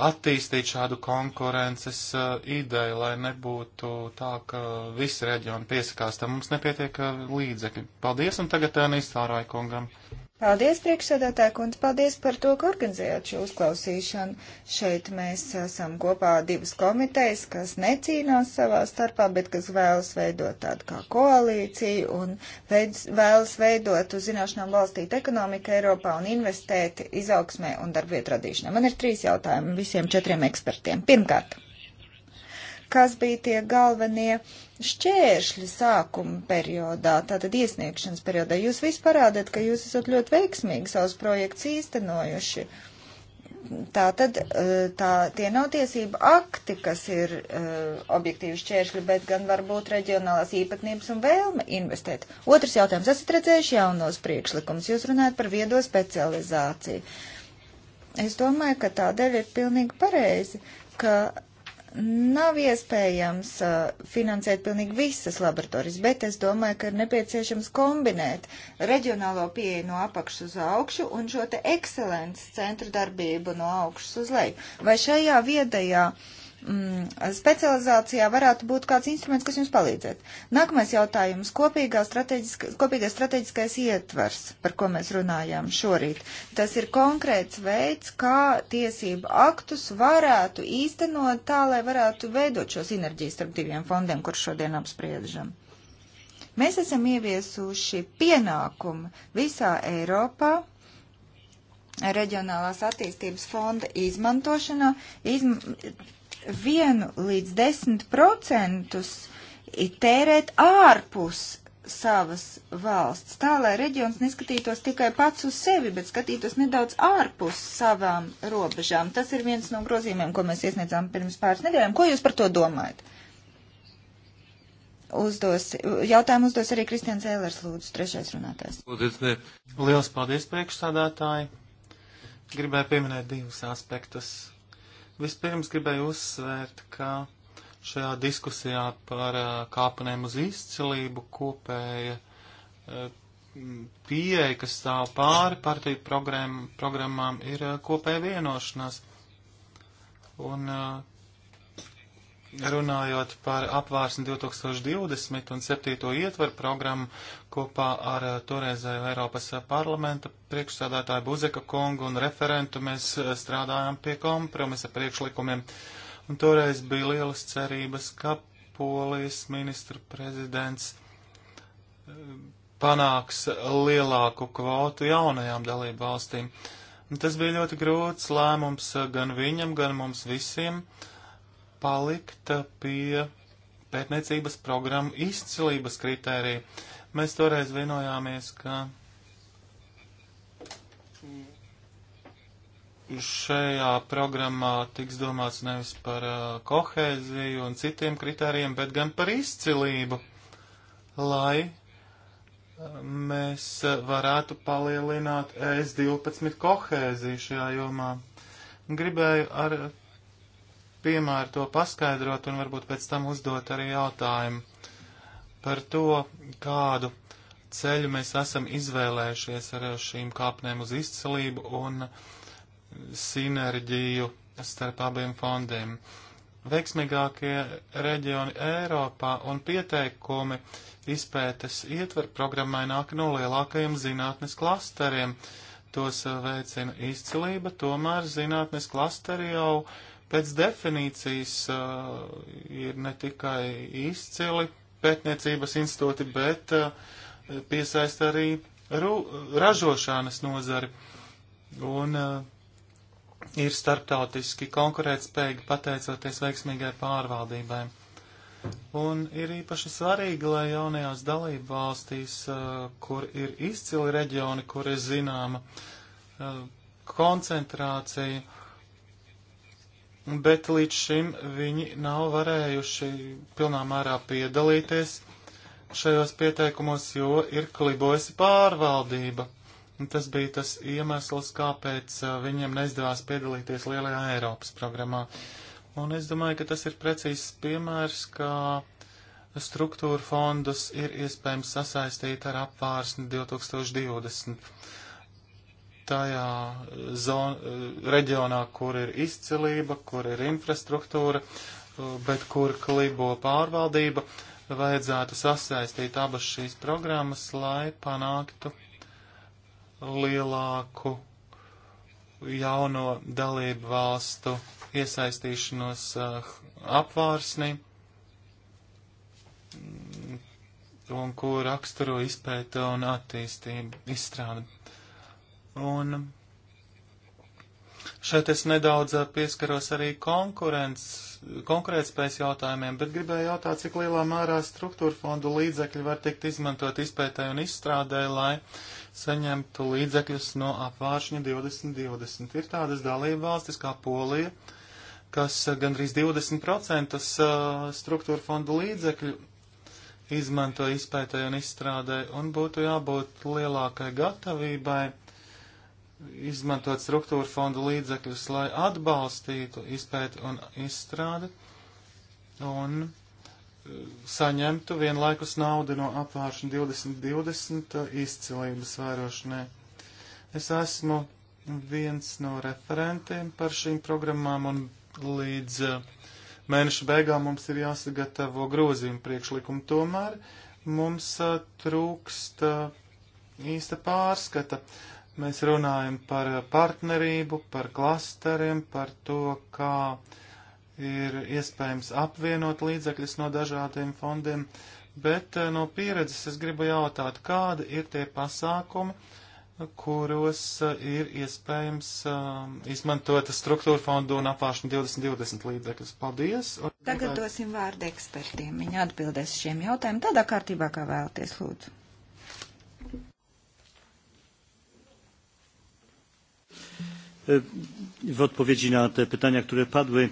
attīstīt šādu konkurences uh, ideju, lai nebūtu tā, ka visi reģioni piesakās, tam mums nepietiek uh, līdzekļi. Paldies, un tagad uh, Nīstārai kungam. Paldies, priekšsēdētāja kundze, paldies par to, ka organizējāt šo uzklausīšanu. Šeit mēs esam kopā divas komitejas, kas necīnās savā starpā, bet kas vēlas veidot tādu kā koalīciju un veidz, vēlas veidot uz zināšanām balstīt ekonomiku Eiropā un investēt izaugsmē un darbvietu radīšanā. Man ir trīs jautājumi visiem četriem ekspertiem. Pirmkārt, kas bija tie galvenie? Uh, šķēršļi sākuma periodā, tātad iesniegšanas periodā. Jūs visi parādat, ka jūs esat ļoti veiksmīgi savus projektus īstenojuši. Tātad eh, tā, tie nav tiesība akti, kas ir uh, objektīvi šķēršļi, bet gan varbūt reģionālās īpatnības un vēlme investēt. Otrs jautājums. Esat redzējuši jaunos priekšlikumus. Jūs runājat par viedo specializāciju. Es domāju, ka tādēļ ir pilnīgi pareizi, ka Nav iespējams uh, finansēt pilnīgi visas laboratorijas, bet es domāju, ka ir nepieciešams kombinēt reģionālo pieeju no apakšas uz augšu un šo te ekscelences centru darbību no augšas uz leju. Vai šajā viedajā uh, mm, specializācijā varētu būt kāds instruments, kas jums palīdzētu. Nākamais jautājums - strateģiska, kopīgais strateģiskais ietvers, par ko mēs runājām šorīt. Tas ir konkrēts veids, kā tiesību aktus varētu īstenot tā, lai varētu veidot šo sinerģiju starp diviem fondiem, kurus šodien apspriežam. Mēs esam ieviesuši pienākumu visā Eiropā reģionālās attīstības fonda izmantošanā, izm 1 līdz 10 procentus tērēt ārpus savas valsts, tā lai reģions neskatītos tikai pats uz sevi, bet skatītos nedaudz ārpus savām robežām. Tas ir viens no grozījumiem, ko mēs iesniedzām pirms pāris nedēļām. Ko jūs par to domājat? Uzdos, jautājumu uzdos arī Kristians Ēlers, lūdzu, trešais runātājs. Lielas paldies, priekšsādātāji! Gribēju pieminēt divus aspektus. Vispirms gribēju uzsvērt, ka šajā diskusijā par kāpnēm uz izcilību kopēja pieeja, kas stāv pāri partiju programmām, ir kopēja vienošanās. Un uh, runājot par apvārsni 2020 un 7. ietveru programmu kopā ar eh, toreizēju Eiropas eh, parlamenta priekšsādātāju Buzeka kungu un referentu, mēs eh, strādājām pie kompromisa priekšlikumiem. Un toreiz bija lielas cerības, ka Polijas ministra prezidents panāks lielāku kvotu jaunajām dalību valstīm. Un tas bija ļoti grūts lēmums gan viņam, gan mums visiem. Uh, palikt pie pētniecības programmu izcilības kritērija. Mēs toreiz vienojāmies, ka šajā programmā tiks domāts nevis par uh, kohēziju un citiem kritērijiem, bet gan par izcilību, lai uh, mēs uh, varētu palielināt S12 kohēziju šajā jomā. Gribēju ar piemēru to paskaidrot un varbūt pēc tam uzdot arī jautājumu par to, kādu ceļu mēs esam izvēlējušies ar šīm kāpnēm uz izcelību un sinerģiju starp abiem fondiem. Veiksmīgākie reģioni Eiropā un pieteikumi izpētes ietver programmai nāk no lielākajiem zinātnes klasteriem. Tos veicina izcilība, tomēr zinātnes klasteri jau uh, Pēc definīcijas uh, ir ne tikai izcili pētniecības institūti, bet uh, piesaist arī ru, ražošanas nozari. Un uh, ir starptautiski konkurētspējīgi pateicoties veiksmīgai pārvaldībai. Un ir īpaši svarīgi, lai jaunajās dalību valstīs, uh, kur ir izcili reģioni, kur ir zināma uh, koncentrācija, bet līdz šim viņi nav varējuši pilnā mērā piedalīties šajos pieteikumos, jo ir klibojusi pārvaldība. Un tas bija tas iemesls, kāpēc uh, viņiem neizdevās piedalīties lielajā Eiropas programmā. Un es domāju, ka tas ir precīzs piemērs, kā struktūra fondus ir iespējams sasaistīt ar apvārsni 2020 tajā zon, reģionā, kur ir izcilība, kur ir infrastruktūra, bet kur klibo pārvaldība, vajadzētu sasaistīt abas šīs programmas, lai panāktu lielāku jauno dalību valstu iesaistīšanos eh, apvārsnī un ko raksturo izpēta un attīstība izstrāde. Un šeit es nedaudz pieskaros arī konkurētspējas jautājumiem, bet gribēju jautāt, cik lielā mērā struktūra fondu līdzekļi var tikt izmantot izpētē un izstrādē, lai saņemtu līdzekļus no apvāršņa 2020. Ir tādas dalība valstis kā Polija, kas gandrīz 20% uh, struktūra fondu līdzekļu izmanto izpētē un izstrādē, un būtu jābūt lielākai gatavībai izmantot struktūra fondu līdzekļus, lai atbalstītu izpēti un izstrādi un eh, saņemtu vienlaikus naudu no apvāršana 2020 eh, izcilības vērošanai. Es esmu viens no referentiem par šīm programmām un līdz eh, mēneša beigām mums ir jāsagatavo grozījuma priekšlikumu. Tomēr mums trūksta īsta pārskata. Uh, Mēs runājam par partnerību, par klasteriem, par to, kā ir iespējams apvienot līdzekļus no dažādiem fondiem, bet eh, no pieredzes es gribu jautāt, kādi ir tie pasākumi, kuros eh, ir iespējams um, izmantot struktūra fondu un apvāršana 2020 līdzekļus. Paldies! Tagad dosim vārdu ekspertiem. Viņi atbildēs šiem jautājumiem tādā kārtībā, kā vēlaties, lūdzu. E, w odpowiedzi na te pytania, które padły.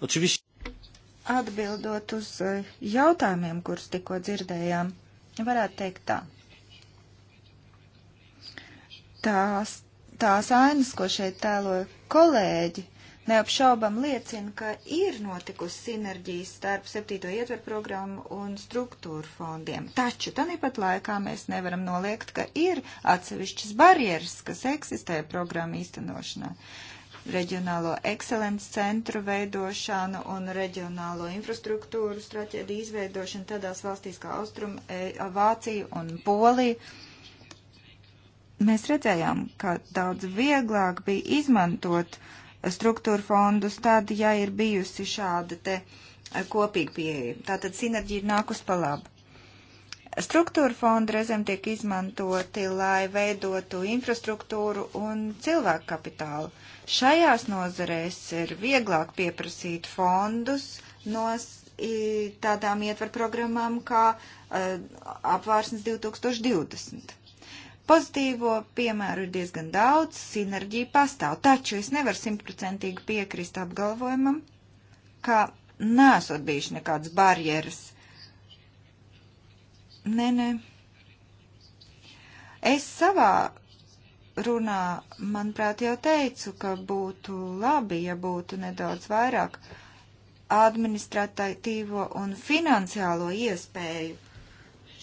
Oczywiście. Atbildot uz e, jautājumiem, kurus tikko dzirdējām, varētu teikt tā. Tās, tās ainas, ko šeit tēloja kolēģi, neapšaubam liecina, ka ir notikusi sinerģijas starp septīto ietveru programmu un struktūru fondiem. Taču tāpat laikā mēs nevaram noliegt, ka ir atsevišķas barjeras, kas eksistē programmu īstenošanā. Reģionālo ekscelences centru veidošanu un reģionālo infrastruktūru strateģiju izveidošanu tādās valstīs kā Austrum, e, Vācija un Polija mēs redzējām, ka daudz vieglāk bija izmantot uh, struktūra fondus, tad, ja ir bijusi šāda te kopīga pieeja. Tātad sinerģija ir nākus pa labu. Struktūra fonda reizēm tiek izmantoti, lai veidotu infrastruktūru un cilvēku kapitālu. Šajās nozarēs ir vieglāk pieprasīt fondus no tādām ietver programmām kā uh, apvārsnes 2020. Pozitīvo piemēru ir diezgan daudz, sinerģija pastāv, taču es nevaru simtprocentīgi piekrist apgalvojumam, ka nesot bijuši nekādas barjeras. Nē, nē. Es savā runā, manuprāt, jau teicu, ka būtu labi, ja būtu nedaudz vairāk administratīvo un finansiālo iespēju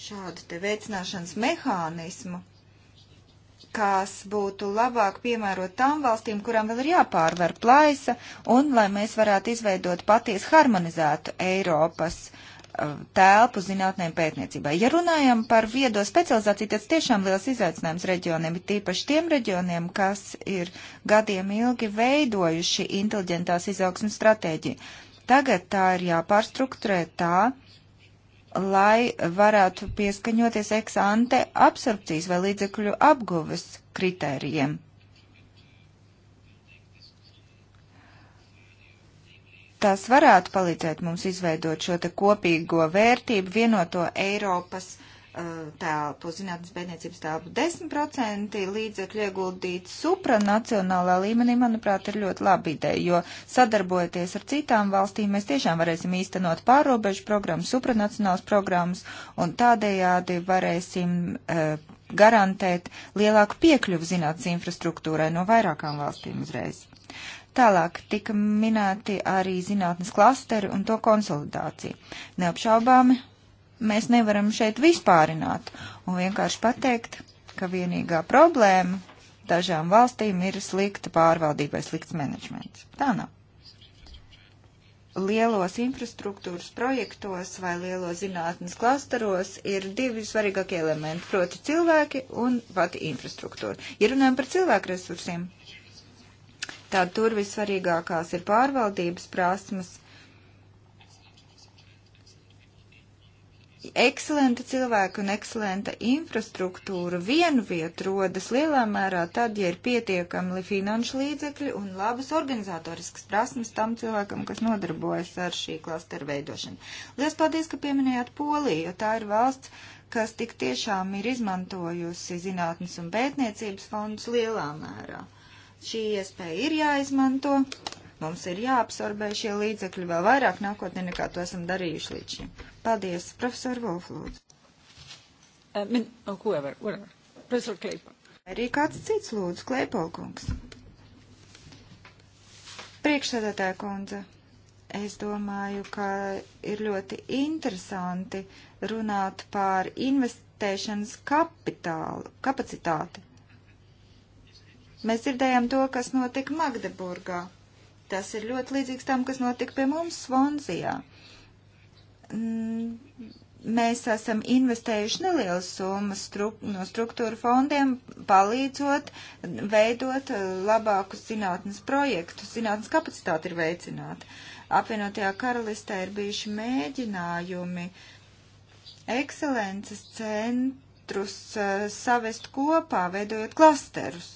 šādu te veicināšanas mehānismu kas būtu labāk piemērot tām valstīm, kurām vēl ir jāpārvar plaisa, un lai mēs varētu izveidot patiesu harmonizētu Eiropas uh, telpu zinātnē un pētniecībai. Ja runājam par viedo specializāciju, tas tiešām liels izaicinājums reģioniem, ir tīpaši tiem reģioniem, kas ir gadiem ilgi veidojuši inteliģentās izaugsmas stratēģiju. Tagad tā ir jāpārstrukturē tā, lai varētu pieskaņoties eksante absorpcijas vai līdzekļu apguves kritērijiem. Tas varētu palīdzēt mums izveidot šo te kopīgo vērtību vienoto Eiropas uh, telpu, zinātnes pētniecības telpu. 10% līdzekļu ieguldīt supranacionālā līmenī, manuprāt, ir ļoti laba ideja, jo sadarbojoties ar citām valstīm, mēs tiešām varēsim īstenot pārobežu programmas, supranacionālas programmas, un tādējādi varēsim uh, garantēt lielāku piekļuvu zinātnes infrastruktūrai no vairākām valstīm uzreiz. Tālāk tika minēti arī zinātnes klasteri un to konsolidācija. Neapšaubāmi mēs nevaram šeit vispārināt un vienkārši pateikt, ka vienīgā problēma dažām valstīm ir slikta pārvaldība vai slikts menedžments. Tā nav. Lielos infrastruktūras projektos vai lielo zinātnes klasteros ir divi svarīgākie elementi, proti cilvēki un pati infrastruktūra. Ja runājam par cilvēku resursiem, tad tur vissvarīgākās ir pārvaldības prasmes ekscelenta cilvēka un ekscelenta infrastruktūra vienu vietu rodas lielā mērā tad, ja ir pietiekami finanšu līdzekļi un labas organizatoriskas prasmes tam cilvēkam, kas nodarbojas ar šī klasteru veidošanu. Lielas paldies, ka pieminējāt Poliju, jo tā ir valsts, kas tik tiešām ir izmantojusi zinātnes un pētniecības fondus lielā mērā. Šī iespēja ir jāizmanto. Mums ir jāabsorbē šie līdzekļi vēl vairāk nākotnē, nekā to esam darījuši līdz šim. Paldies, profesor Wolf, lūdzu. Uh, min, oh, whoever, whatever. Profesor Kleipa. Arī kāds cits lūdzu, Kleipolkungs. Priekšsēdētāja kundze, es domāju, ka ir ļoti interesanti runāt par investēšanas kapitālu, kapacitāti. Mēs dzirdējām to, kas notika Magdeburgā. Tas ir ļoti līdzīgs tam, kas notika pie mums Svonzijā. Mm, mēs esam investējuši nelielas summas stru, no struktūra fondiem, palīdzot veidot eh, labākus zinātnes projektus. Zinātnes kapacitāte ir veicināta. Apvienotajā karalistē ir bijuši mēģinājumi ekscelences centrus eh, savest kopā, veidojot klasterus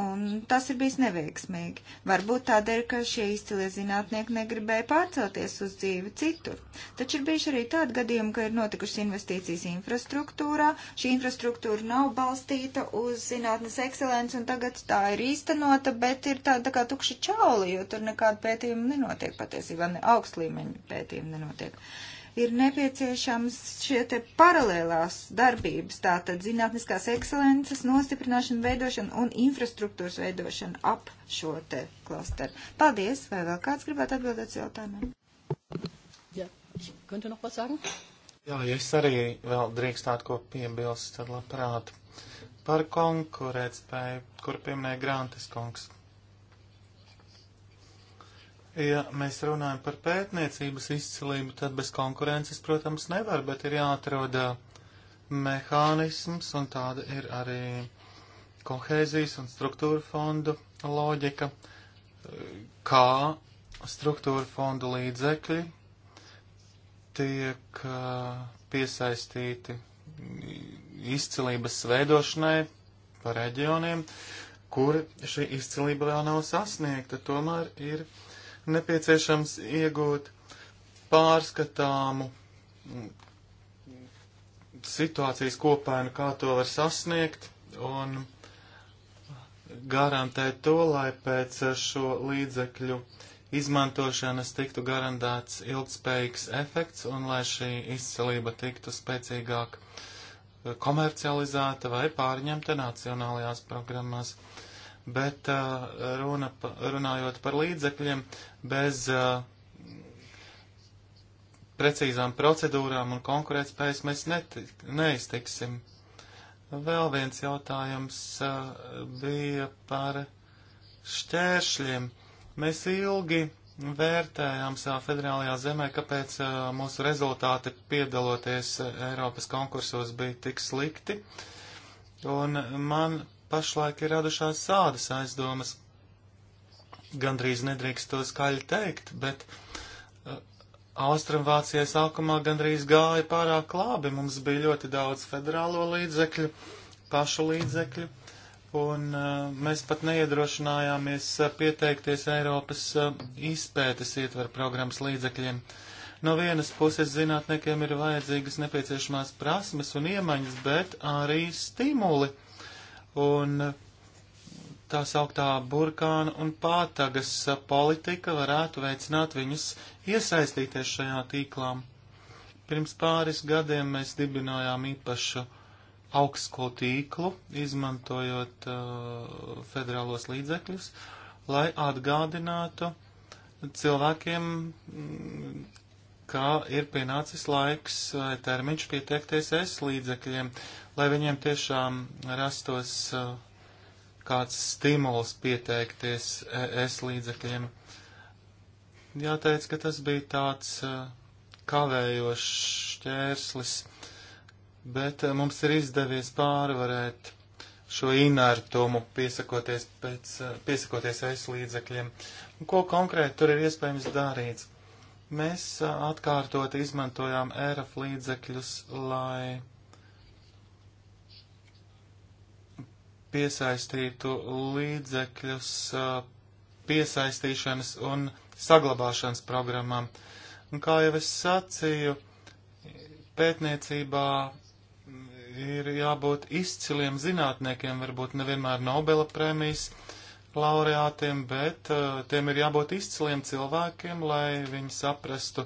un tas ir bijis neveiksmīgi. Varbūt tādēļ, ka šie izcilie zinātnieki negribēja pārcelties uz dzīvi citur. Taču ir bijuši arī tādi gadījumi, ka ir notikušas investīcijas infrastruktūrā, šī infrastruktūra nav balstīta uz zinātnes ekscelenci, un tagad tā ir īstenota, bet ir tāda tā kā tukša čauli, jo tur nekāda pētījuma nenotiek patiesībā, ne augst līmeņa pētījuma nenotiek. Uh, ir nepieciešams šie te paralēlās darbības, tātad zinātniskās ekscelences nostiprināšana, veidošana un infrastruktūras veidošana ap šo te klasteru. Paldies! Vai vēl kāds gribētu atbildēt uz jautājumiem? Jā, könnte noch was sagen? Jā, ja es arī vēl drīkstāt ko piebilst, tad labprāt. Par konkurētspēju, kur pieminēja Grantes kungs. Ja mēs runājam par pētniecības izcilību, tad bez konkurences, protams, nevar, bet ir jāatrod uh, mehānisms, un tāda ir arī kohēzijas un struktūra fondu loģika, kā struktūra fondu līdzekļi tiek uh, piesaistīti izcilības veidošanai pa reģioniem, kur šī izcilība vēl nav sasniegta, tomēr ir nepieciešams iegūt pārskatāmu situācijas kopainu, kā to var sasniegt, un garantēt to, lai pēc šo līdzekļu izmantošanas tiktu garantēts ilgspējīgs efekts un lai šī izcelība tiktu spēcīgāk komercializēta vai pārņemta nacionālajās programmās bet uh, runa, pa, runājot par līdzekļiem, bez uh, precīzām procedūrām un konkurētspējas mēs netik, neiztiksim. Vēl viens jautājums uh, bija par šķēršļiem. Mēs ilgi vērtējām savā federālajā zemē, kāpēc uh, mūsu rezultāti piedaloties Eiropas konkursos bija tik slikti. Un man pašlaik ir radušās sādas aizdomas. Gandrīz nedrīkst to skaļi teikt, bet uh, Austrumvācijai sākumā gandrīz gāja pārāk labi. Mums bija ļoti daudz federālo līdzekļu, pašu līdzekļu, un uh, mēs pat neiedrošinājāmies uh, pieteikties Eiropas uh, izpētes ietver programmas līdzekļiem. No vienas puses zinātniekiem ir vajadzīgas nepieciešamās prasmes un iemaņas, bet arī stimuli. Uh, un tā sauktā burkāna un pātagas politika varētu veicināt viņus iesaistīties šajā tīklā. Pirms pāris gadiem mēs dibinājām īpašu augstsko tīklu, izmantojot uh, federālos līdzekļus, lai atgādinātu cilvēkiem, ka ir pienācis laiks eh, termiņš pieteikties es līdzekļiem, lai viņiem tiešām rastos eh, kāds stimuls pieteikties eh, es līdzekļiem. Jāteic, ka tas bija tāds kavējošs šķērslis, bet mums ir izdevies pārvarēt šo inertumu, piesakoties, pēc, piesakoties es līdzekļiem. Ko konkrēti tur ir iespējams darīts? Mēs atkārtot izmantojām ēraf līdzekļus, lai piesaistītu līdzekļus piesaistīšanas un saglabāšanas programmām. Un kā jau es sacīju, pētniecībā ir jābūt izciliem zinātniekiem, varbūt nevienmēr Nobela prēmijas laureātiem, bet uh, tiem ir jābūt izciliem cilvēkiem, lai viņi saprastu,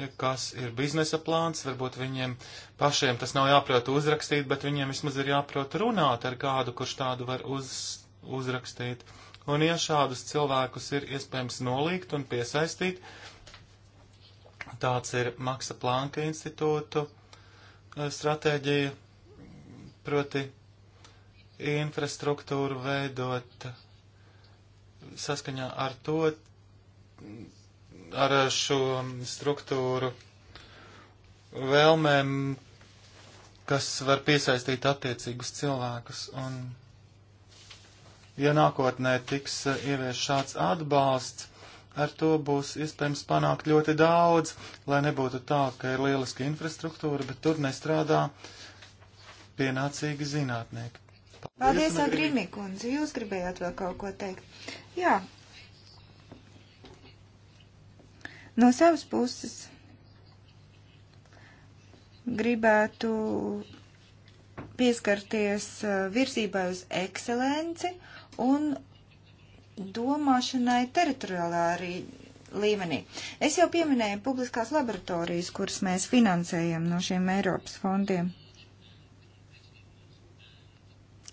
eh, kas ir biznesa plāns. Varbūt viņiem pašiem tas nav jāprot uzrakstīt, bet viņiem vismaz ir jāprot runāt ar kādu, kurš tādu var uz, uzrakstīt. Un ja šādus cilvēkus ir iespējams nolīgt un piesaistīt, tāds ir Maksa Planka institūtu eh, stratēģija, proti infrastruktūru veidot saskaņā ar to, ar šo struktūru vēlmēm, kas var piesaistīt attiecīgus cilvēkus. Un, ja nākotnē tiks eh, ievies šāds atbalsts, ar to būs iespējams panākt ļoti daudz, lai nebūtu tā, ka ir lieliski infrastruktūra, bet tur nestrādā pienācīgi zinātnieki. Paldies, Agrīmī kundze. Jūs gribējāt vēl kaut ko teikt? Jā. No savas puses gribētu pieskarties uh, virzībai uz ekscelenci un domāšanai teritoriālā arī līmenī. Es jau pieminēju publiskās laboratorijas, kuras mēs finansējam no šiem Eiropas fondiem.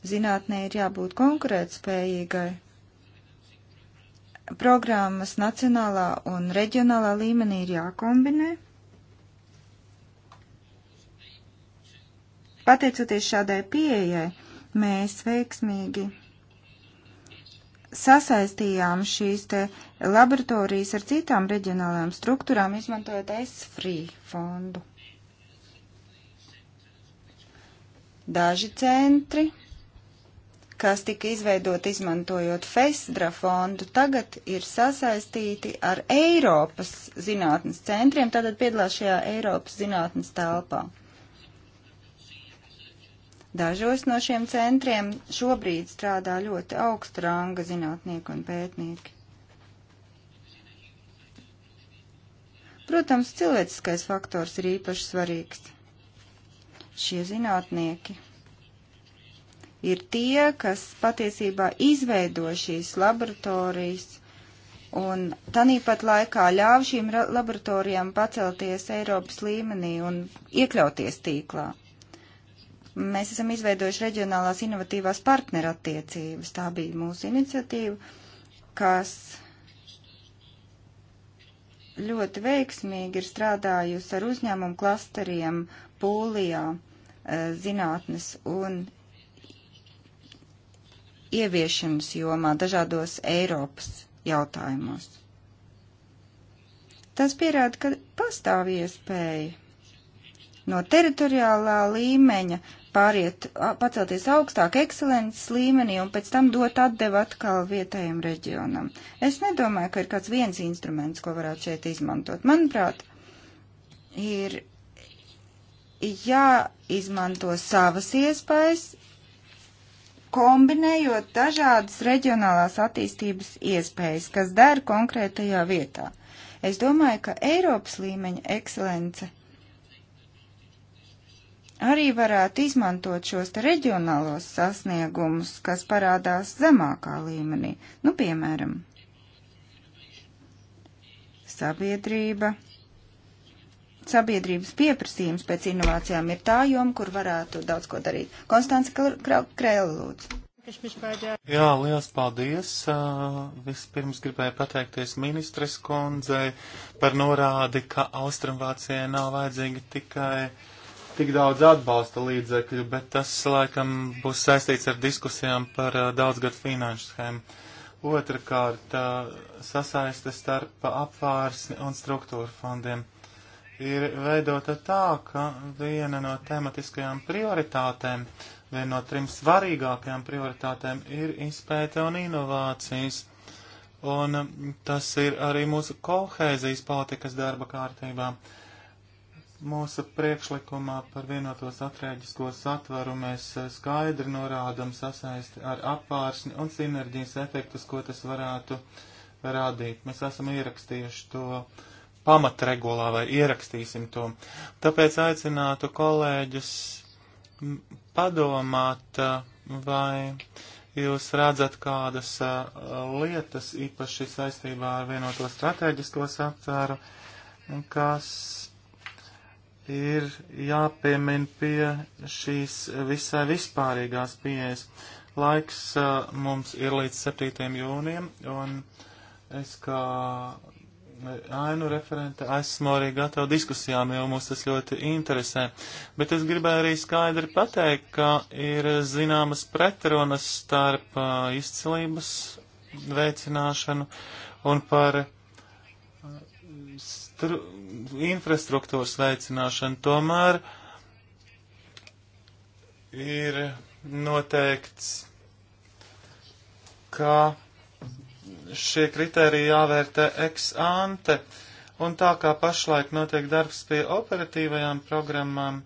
Zinātnē ir jābūt konkurētspējīgai. Programmas nacionālā un reģionālā līmenī ir jākombinē. Pateicoties šādai pieejai, mēs veiksmīgi sasaistījām šīs te laboratorijas ar citām reģionālajām struktūrām, izmantojot S-Free fondu. Daži centri kas tika izveidot izmantojot FESDRA fondu, tagad ir sasaistīti ar Eiropas zinātnes centriem, tātad piedalās šajā Eiropas zinātnes telpā. Dažos no šiem centriem šobrīd strādā ļoti augsta ranga zinātnieki un pētnieki. Protams, cilvēciskais faktors ir īpaši svarīgs. Šie zinātnieki ir tie, kas patiesībā izveido šīs laboratorijas un tanīpat laikā ļāv šīm laboratorijām pacelties Eiropas līmenī un iekļauties tīklā. Mēs esam izveidojuši reģionālās inovatīvās partnerattiecības. Tā bija mūsu iniciatīva, kas ļoti veiksmīgi ir strādājusi ar uzņēmumu klasteriem Pūlijā, eh, zinātnes un ieviešanas jomā dažādos Eiropas jautājumos. Tas pierāda, ka pastāv iespēja no teritoriālā līmeņa pāriet, pacelties augstāk ekscelences līmenī un pēc tam dot atdevu atkal vietējiem reģionam. Es nedomāju, ka ir kāds viens instruments, ko varētu šeit izmantot. Manuprāt, ir jāizmanto savas iespējas, kombinējot dažādas reģionālās attīstības iespējas, kas der konkrētajā vietā. Es domāju, ka Eiropas līmeņa ekscelence arī varētu izmantot šos te reģionālos sasniegumus, kas parādās zemākā līmenī. Nu, piemēram, sabiedrība sabiedrības pieprasījums pēc inovācijām ir tā joma, kur varētu daudz ko darīt. Konstance Krēla lūdzu. Jā, liels paldies. Uh, vispirms gribēju pateikties ministres kundzei par norādi, ka Austrumvācijai nav vajadzīgi tikai tik daudz atbalsta līdzekļu, bet tas laikam būs saistīts ar diskusijām par uh, daudzgadu finanšu schēmu. Otrakārt, uh, sasaiste starp apvārsni un struktūra fondiem ir veidota tā, ka viena no tematiskajām prioritātēm, viena no trim svarīgākajām prioritātēm ir izpēte un inovācijas. Un tas ir arī mūsu kohēzijas politikas darba kārtībā. Mūsu priekšlikumā par vienoto satrēģisko satvaru mēs skaidri norādam sasaisti ar apvārsni un sinerģijas efektus, ko tas varētu radīt. Mēs esam ierakstījuši to uh, pamatregulā vai ierakstīsim to. Tāpēc aicinātu kolēģus padomāt, vai jūs redzat kādas lietas, īpaši saistībā ar vienoto strateģisko satvēru, kas ir jāpiemin pie šīs visai vispārīgās pieejas. Laiks mums ir līdz 7. jūnijam, un es kā ēnu referente, esmu arī gatava diskusijām, jo mūs tas ļoti interesē. Bet es gribēju arī skaidri pateikt, ka ir zināmas pretrunas starp izcilības veicināšanu un par infrastruktūras veicināšanu. Tomēr ir noteikts, ka šie kriteriji jāvērtē ex ante, un tā kā pašlaik notiek darbs pie operatīvajām programmām,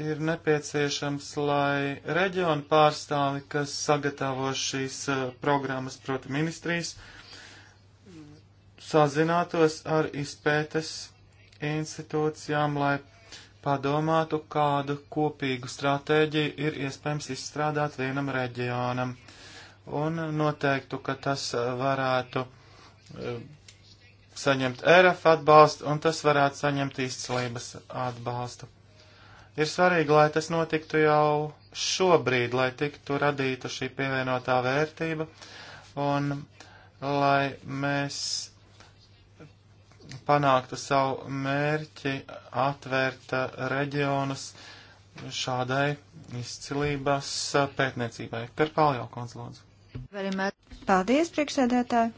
ir nepieciešams, lai reģionu pārstāvi, kas sagatavo šīs uh, programmas, proti ministrijas, sazinātos ar izpētes institūcijām, lai padomātu, kādu kopīgu stratēģiju ir iespējams izstrādāt vienam reģionam un noteiktu, ka tas varētu eh, saņemt ERF atbalstu un tas varētu saņemt izcelības atbalstu. Ir svarīgi, lai tas notiktu jau šobrīd, lai tiktu radīta šī pievienotā vērtība un lai mēs panāktu savu mērķi atvērt eh, reģionus šādai izcilības eh, pētniecībai. Per Pāljau konsulāts. Paldies, priekšsēdētāji!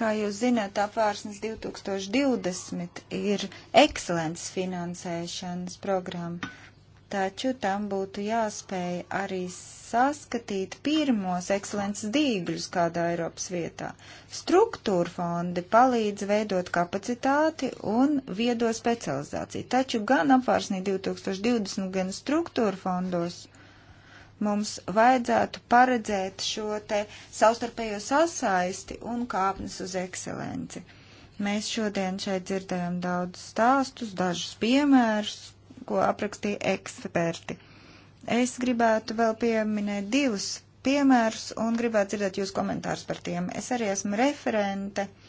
Kā jūs zināt, apvārsnes 2020 ir ekscelences finansēšanas programma, taču tam būtu jāspēj arī saskatīt pirmos ekscelences dīgļus kādā Eiropas vietā. Struktūra fondi palīdz veidot kapacitāti un viedo specializāciju, taču gan apvārsnī 2020, gan struktūra fondos Mums vajadzētu paredzēt šo te savstarpējo sasaisti un kāpnes uz ekscelenci. Mēs šodien šeit dzirdējam daudz stāstus, dažus piemērus, ko aprakstīja eksperti. Es gribētu vēl pieminēt divus piemērus un gribētu dzirdēt jūs komentārus par tiem. Es arī esmu referente uh,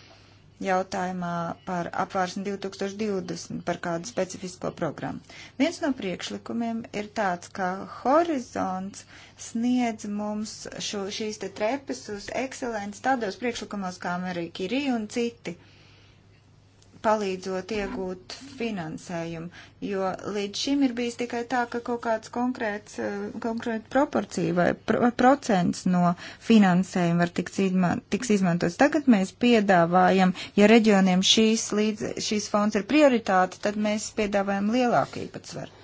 jautājumā par apvārsni 2020 par kādu specifisko programmu. Viens no priekšlikumiem ir tāds, ka horizonts sniedz mums šo, šīs te trepes uz ekscelenci tādos priekšlikumos kā Amerika Irī un citi. Uh, palīdzot iegūt finansējumu, jo līdz šim ir bijis tikai tā, ka kaut kāds konkrēts, eh, konkrēta proporcija vai pro, procents no finansējuma var tiks, izman, tiks izmantots. Tagad mēs piedāvājam, ja reģioniem šīs, līdz, šīs fonds ir prioritāte, tad mēs piedāvājam lielāku īpatsvaru.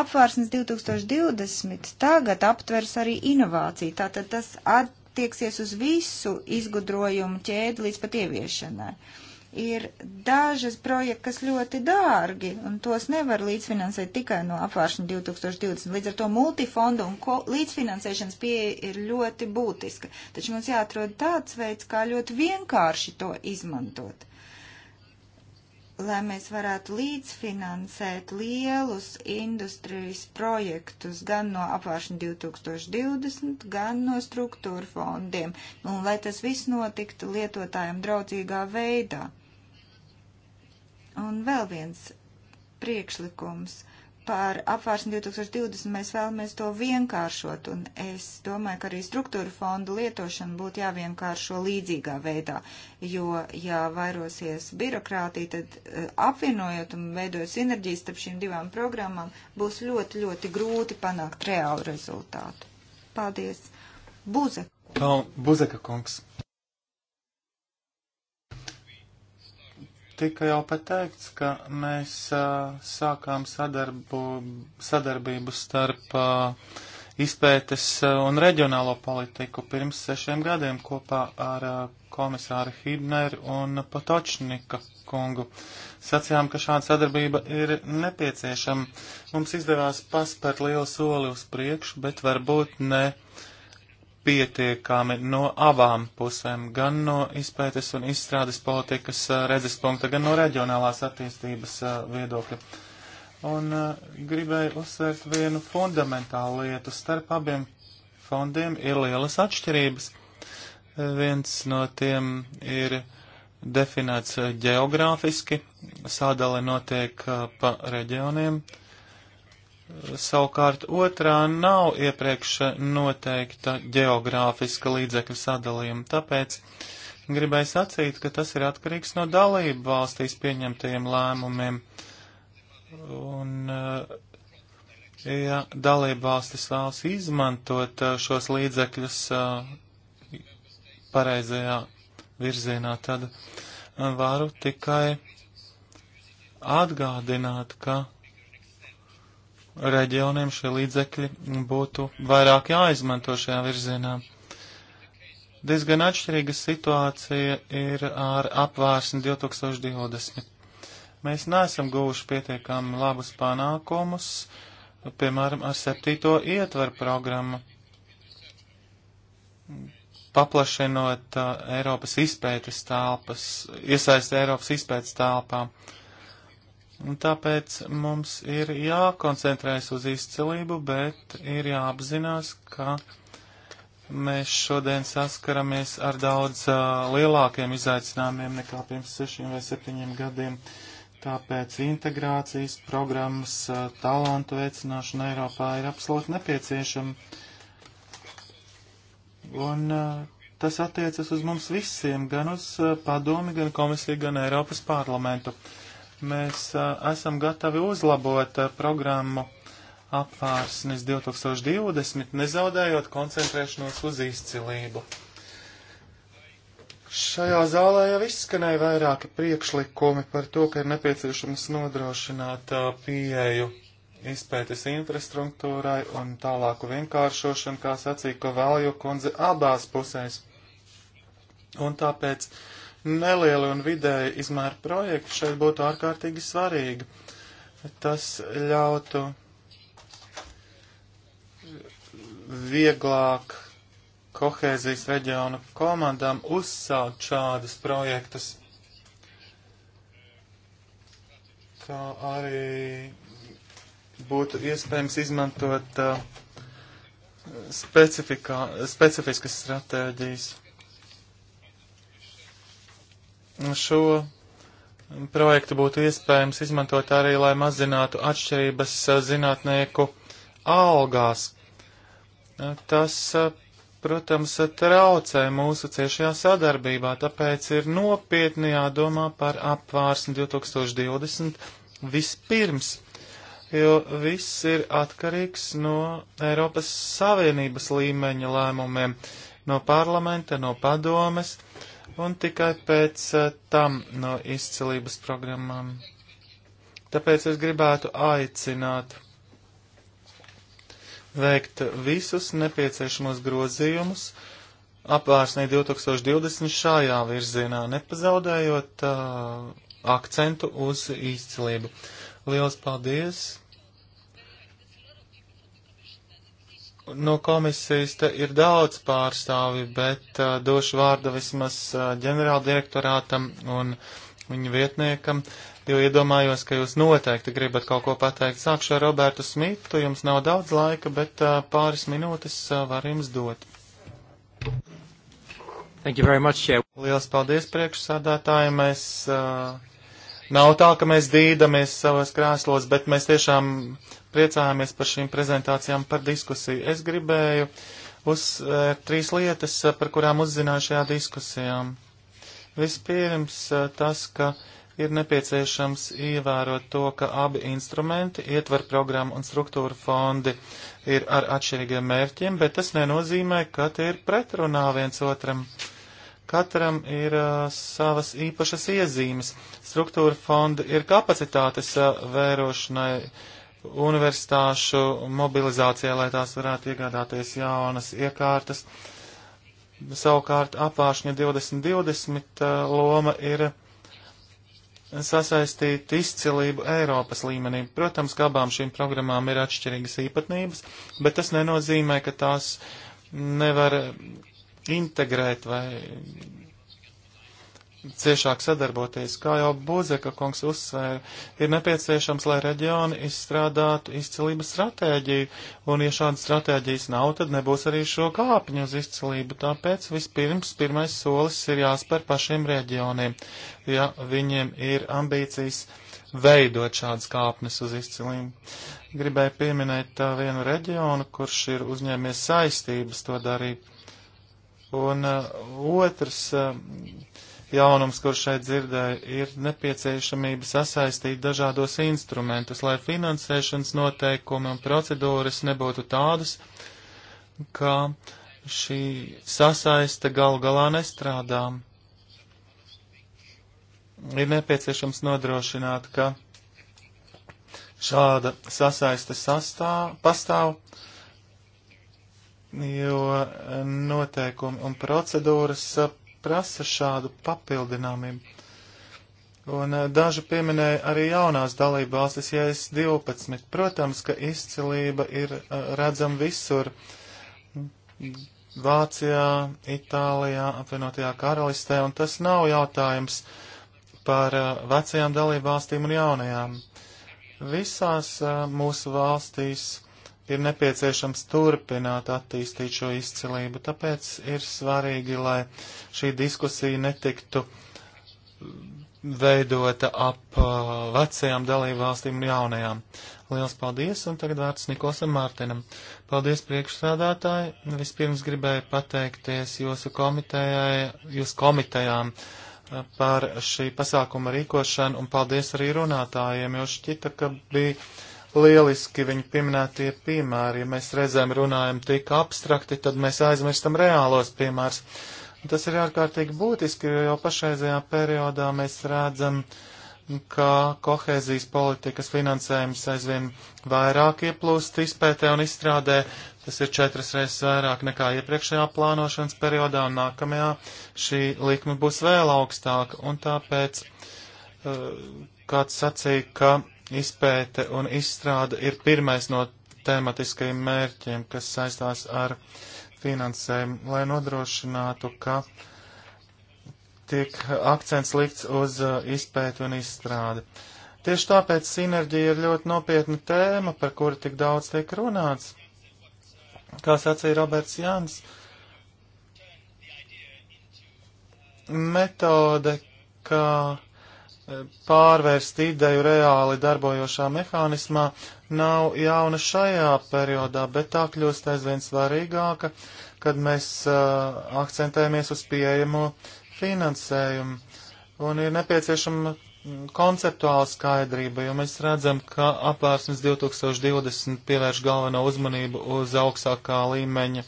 Apvārsnes 2020 tagad aptvers arī inovāciju, tātad tas attieksies uz visu izgudrojumu ķēdi līdz pat ieviešanai. Uh, ir dažas projekti, kas ļoti dārgi, un tos nevar līdzfinansēt tikai no apvāršana 2020. Līdz ar to multifondu un līdzfinansēšanas pieeja ir ļoti būtiska. Taču mums jāatrod tāds veids, kā ļoti vienkārši to izmantot. Lai mēs varētu līdzfinansēt lielus industrijas projektus gan no apvāršana 2020, gan no struktūra fondiem, un lai tas viss notiktu lietotājiem draudzīgā veidā Un vēl viens priekšlikums par apvārsni 2020 mēs vēlamies to vienkāršot, un es domāju, ka arī struktūra fondu lietošana būtu jāvienkāršo līdzīgā veidā, jo, ja vairosies birokrātija, tad uh, apvienojot un veidojot sinerģijas starp šīm divām programmām, būs ļoti, ļoti grūti panākt reālu rezultātu. Paldies! Buze. Buzeka kungs. Tika jau pateikts, ka mēs uh, sākām sadarbu, sadarbību starp uh, izpētes un reģionālo politiku pirms sešiem gadiem kopā ar komisāru Hibneru un Patočnika kungu. Sacījām, ka šāda sadarbība ir nepieciešama. Mums izdevās paspērt lielu soli uz priekšu, bet varbūt ne pietiekami no abām pusēm, gan no izpētes un izstrādes politikas redzes punkta, gan no reģionālās attīstības viedokļa. Un gribēju uzsvērt vienu fundamentālu lietu. Starp abiem fondiem ir lielas atšķirības. Viens no tiem ir definēts geogrāfiski, sadale notiek pa reģioniem. Uh, Savukārt otrā nav iepriekš noteikta geogrāfiska līdzekļu sadalījuma, tāpēc gribēju sacīt, ka tas ir atkarīgs no dalību valstīs pieņemtajiem lēmumiem. Un, eh, ja dalību valstis vēlas izmantot eh, šos līdzekļus eh, pareizajā virzienā, tad varu tikai atgādināt, ka reģioniem šie līdzekļi būtu vairāk jāizmanto šajā virzienā. Diezgan atšķirīga situācija ir ar apvārsni 2020. Mēs neesam guvuši pietiekami labus panākumus, piemēram, ar septīto ietveru programmu, paplašinot uh, Eiropas izpētes telpas, iesaist Eiropas izpētes telpām. Uh, Un tāpēc mums ir jākoncentrējas uz izcilību, bet ir jāapzinās, ka mēs šodien saskaramies ar daudz uh, lielākiem izaicinājumiem nekā pirms sešiem vai septiņiem gadiem. Tāpēc integrācijas programmas uh, talantu veicināšana Eiropā ir absolūti nepieciešama. Un uh, tas attiecas uz mums visiem, gan uz padomi, gan komisiju, gan Eiropas parlamentu. Uh, Mēs esam gatavi uzlabot programmu apvārsnes 2020, nezaudējot koncentrēšanos uz izcilību. Šajā zālē jau izskanēja vairāki priekšlikumi par to, ka ir nepieciešams nodrošināt pieeju izpētes infrastruktūrai un tālāku vienkāršošanu, kā sacīja Kovaljo kundze abās pusēs. Un tāpēc nelieli un vidēji izmēri projekti šeit būtu ārkārtīgi svarīgi. Tas ļautu vieglāk kohēzijas reģionu komandām uzsākt šādus projektus. Kā arī būtu iespējams izmantot uh, specifikā, specifiskas stratēģijas šo projektu būtu iespējams izmantot arī, lai mazinātu atšķirības zinātnieku algās. Tas, protams, traucē mūsu ciešajā sadarbībā, tāpēc ir nopietni jādomā par apvārsni 2020 vispirms, jo viss ir atkarīgs no Eiropas Savienības līmeņa lēmumiem, no parlamenta, no padomes. Uh, un tikai pēc eh, tam no izcilības programmām. Tāpēc es gribētu aicināt veikt visus nepieciešamos grozījumus apvārsnī 2020 šajā virzienā, nepazaudējot uh, akcentu uz izcilību. Lielas paldies! No nu, komisijas te ir daudz pārstāvi, bet uh, došu vārdu vismaz uh, ģenerāldirektorātam un viņa vietniekam, jo iedomājos, ka jūs noteikti gribat kaut ko pateikt. Sākšu ar Robertu Smitu, jums nav daudz laika, bet uh, pāris minūtes uh, var jums dot. Thank you very much, yeah. Lielas paldies priekšsādātāji, mēs. Uh, nav tā, ka mēs dīdamies savos krēslos, bet mēs tiešām. Uh, Priecājāmies par šīm prezentācijām, par diskusiju. Es gribēju uzsvērt trīs lietas, par kurām uzzināju šajā diskusijā. Vispirms eh, tas, ka ir nepieciešams ievērot to, ka abi instrumenti, ietver programma un struktūra fondi, ir ar atšķirīgiem mērķiem, bet tas nenozīmē, ka tie ir pretrunā viens otram. Katram ir uh, savas īpašas iezīmes. Struktūra fondi ir kapacitātes uh, vērošanai universitāšu mobilizācijai, lai tās varētu iegādāties jaunas iekārtas. Savukārt apāršņa 2020 eh, loma ir sasaistīt izcilību Eiropas līmenī. Protams, ka abām šīm programmām ir atšķirīgas īpatnības, bet tas nenozīmē, ka tās nevar integrēt vai ciešāk sadarboties. Kā jau Buzeka kungs uzsvēra, ir nepieciešams, lai reģioni izstrādātu izcilības stratēģiju, un ja šādas stratēģijas nav, tad nebūs arī šo kāpņu uz izcilību. Tāpēc vispirms pirmais solis ir jāspēr pašiem reģioniem, ja viņiem ir ambīcijas veidot šādas kāpnes uz izcilību. Gribēju pieminēt uh, vienu reģionu, kurš ir uzņēmies saistības to darīt. Un uh, otrs uh, jaunums, kurš šeit dzirdēju, ir nepieciešamība sasaistīt dažādos instrumentus, lai finansēšanas noteikumi un procedūras nebūtu tādas, ka šī sasaista gal galā nestrādā. Ir nepieciešams nodrošināt, ka šāda sasaiste sastāv, pastāv, jo noteikumi un procedūras prasa šādu papildināmību. Un eh, daži pieminēja arī jaunās dalība valstis, ja es 12. Protams, ka izcilība ir eh, redzama visur. Vācijā, Itālijā, apvienotajā karalistē, un tas nav jautājums par eh, vecajām dalību valstīm un jaunajām. Visās mūsu valstīs ir nepieciešams turpināt attīstīt šo izcilību, tāpēc ir svarīgi, lai šī diskusija netiktu veidota ap uh, vecajām dalībvalstīm un jaunajām. Liels paldies, un tagad vārds Nikolsam Mārtinam. Paldies priekšsādātāji. Vispirms gribēju pateikties jūsu komitejai, jūs komitejām par šī pasākuma rīkošanu, un paldies arī runātājiem, jo šķita, ka bija lieliski viņa pieminētie piemēri. Ja mēs reizēm runājam tik abstrakti, tad mēs aizmirstam reālos piemērus. Tas ir ārkārtīgi būtiski, jo jau pašreizajā periodā mēs redzam, ka kohēzijas politikas finansējums aizvien vairāk ieplūst izpētē un izstrādē. Tas ir četras reizes vairāk nekā iepriekšējā plānošanas periodā, un nākamajā šī likme būs vēl augstāka. Un tāpēc eh, kāds sacīja, ka Izpēte un izstrāde ir pirmais no tēmatiskajiem mērķiem, kas saistās ar finansējumu, lai nodrošinātu, ka tiek akcents likts uz uh, izpēti un izstrādi. Tieši tāpēc sinerģija ir ļoti nopietna tēma, par kuru tik daudz tiek runāts. Kā sacīja Roberts Jānis, metode, kā pārvērst ideju reāli darbojošā mehānismā nav jauna šajā periodā, bet tā kļūst aizvien svarīgāka, kad mēs uh, akcentējamies uz pieejamo finansējumu. Un ir nepieciešama konceptuāla skaidrība, jo mēs redzam, ka apvērsnes 2020 pievērš galveno uzmanību uz augstākā līmeņa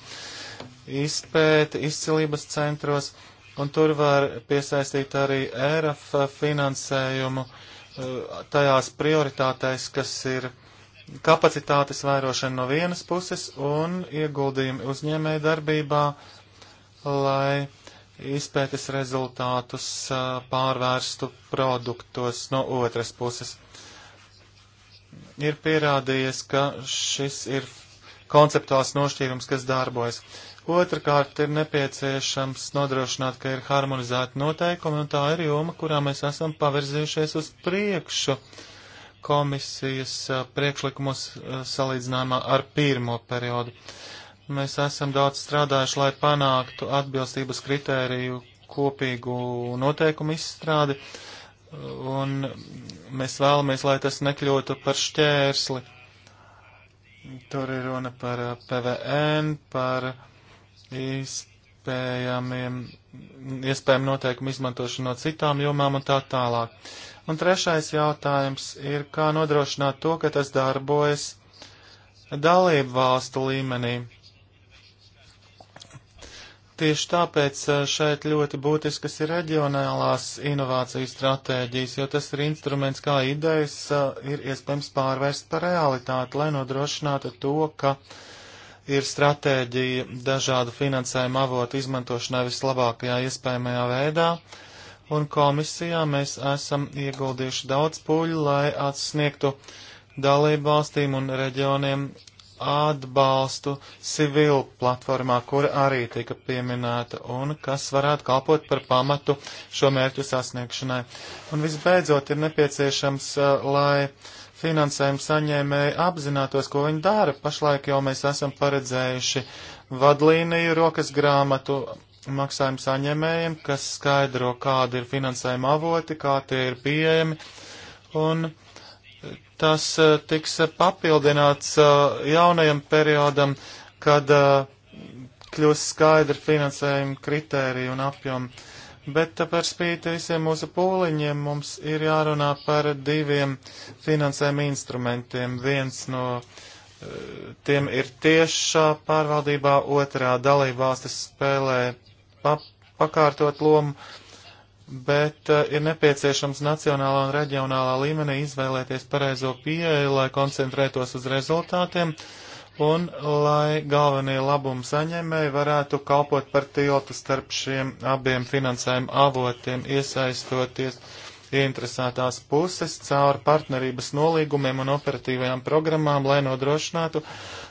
izpēti, izcilības centros. Uh, un tur var piesaistīt arī ERF finansējumu eh, tajās prioritātēs, kas ir kapacitātes vairošana no vienas puses un ieguldījumi uzņēmēja darbībā, lai izpētes rezultātus eh, pārvērstu produktos no otras puses. Ir pierādījies, ka šis ir konceptuāls nošķīrums, kas darbojas. Uh, Otrakārt ir nepieciešams nodrošināt, ka ir harmonizēti noteikumi, un tā ir joma, kurā mēs esam pavirzījušies uz priekšu komisijas priekšlikumos salīdzinājumā ar pirmo periodu. Mēs esam daudz strādājuši, lai panāktu atbilstības kritēriju kopīgu noteikumu izstrādi, un mēs vēlamies, lai tas nekļūtu par šķērsli. Tur ir runa par PVN, par iespējamiem, iespējami noteikumu izmantošanu no citām jomām un tā tālāk. Un trešais jautājums ir, kā nodrošināt to, ka tas darbojas dalību valstu līmenī. Tieši tāpēc eh, šeit ļoti būtiskas ir reģionālās inovāciju stratēģijas, jo tas ir instruments, kā idejas eh, ir iespējams pārvērst par realitāti, lai nodrošinātu to, ka uh, ir stratēģija dažādu finansējumu avotu izmantošanai vislabākajā iespējamajā veidā, un komisijā mēs esam ieguldījuši daudz pūļu, lai atsniegtu dalību valstīm un reģioniem atbalstu civilu platformā, kura arī tika pieminēta un kas varētu kalpot par pamatu šo mērķu sasniegšanai. Un visbeidzot ir nepieciešams, eh, lai uh, finansējuma saņēmēji apzinātos, ko viņi dara. Pašlaik jau mēs esam paredzējuši vadlīniju rokas grāmatu maksājumu saņēmējiem, kas skaidro, kādi ir finansējuma avoti, kā tie ir pieejami. Un tas eh, tiks papildināts eh, jaunajam periodam, kad eh, kļūs skaidri finansējuma kritērija un apjoma. Bet par spīti visiem mūsu pūliņiem mums ir jārunā par diviem finansējuma instrumentiem. Viens no eh, tiem ir tiešā pārvaldībā, otrā dalībvalstis spēlē pa pakārtot lomu, bet eh, ir nepieciešams nacionālā un reģionālā līmenī izvēlēties pareizo pieeju, lai koncentrētos uz rezultātiem. Uh, un lai galvenie labumu saņēmēji varētu kalpot par tiltu starp šiem abiem finansējuma avotiem, iesaistoties ieinteresētās puses caur partnerības nolīgumiem un operatīvajām programmām, lai nodrošinātu,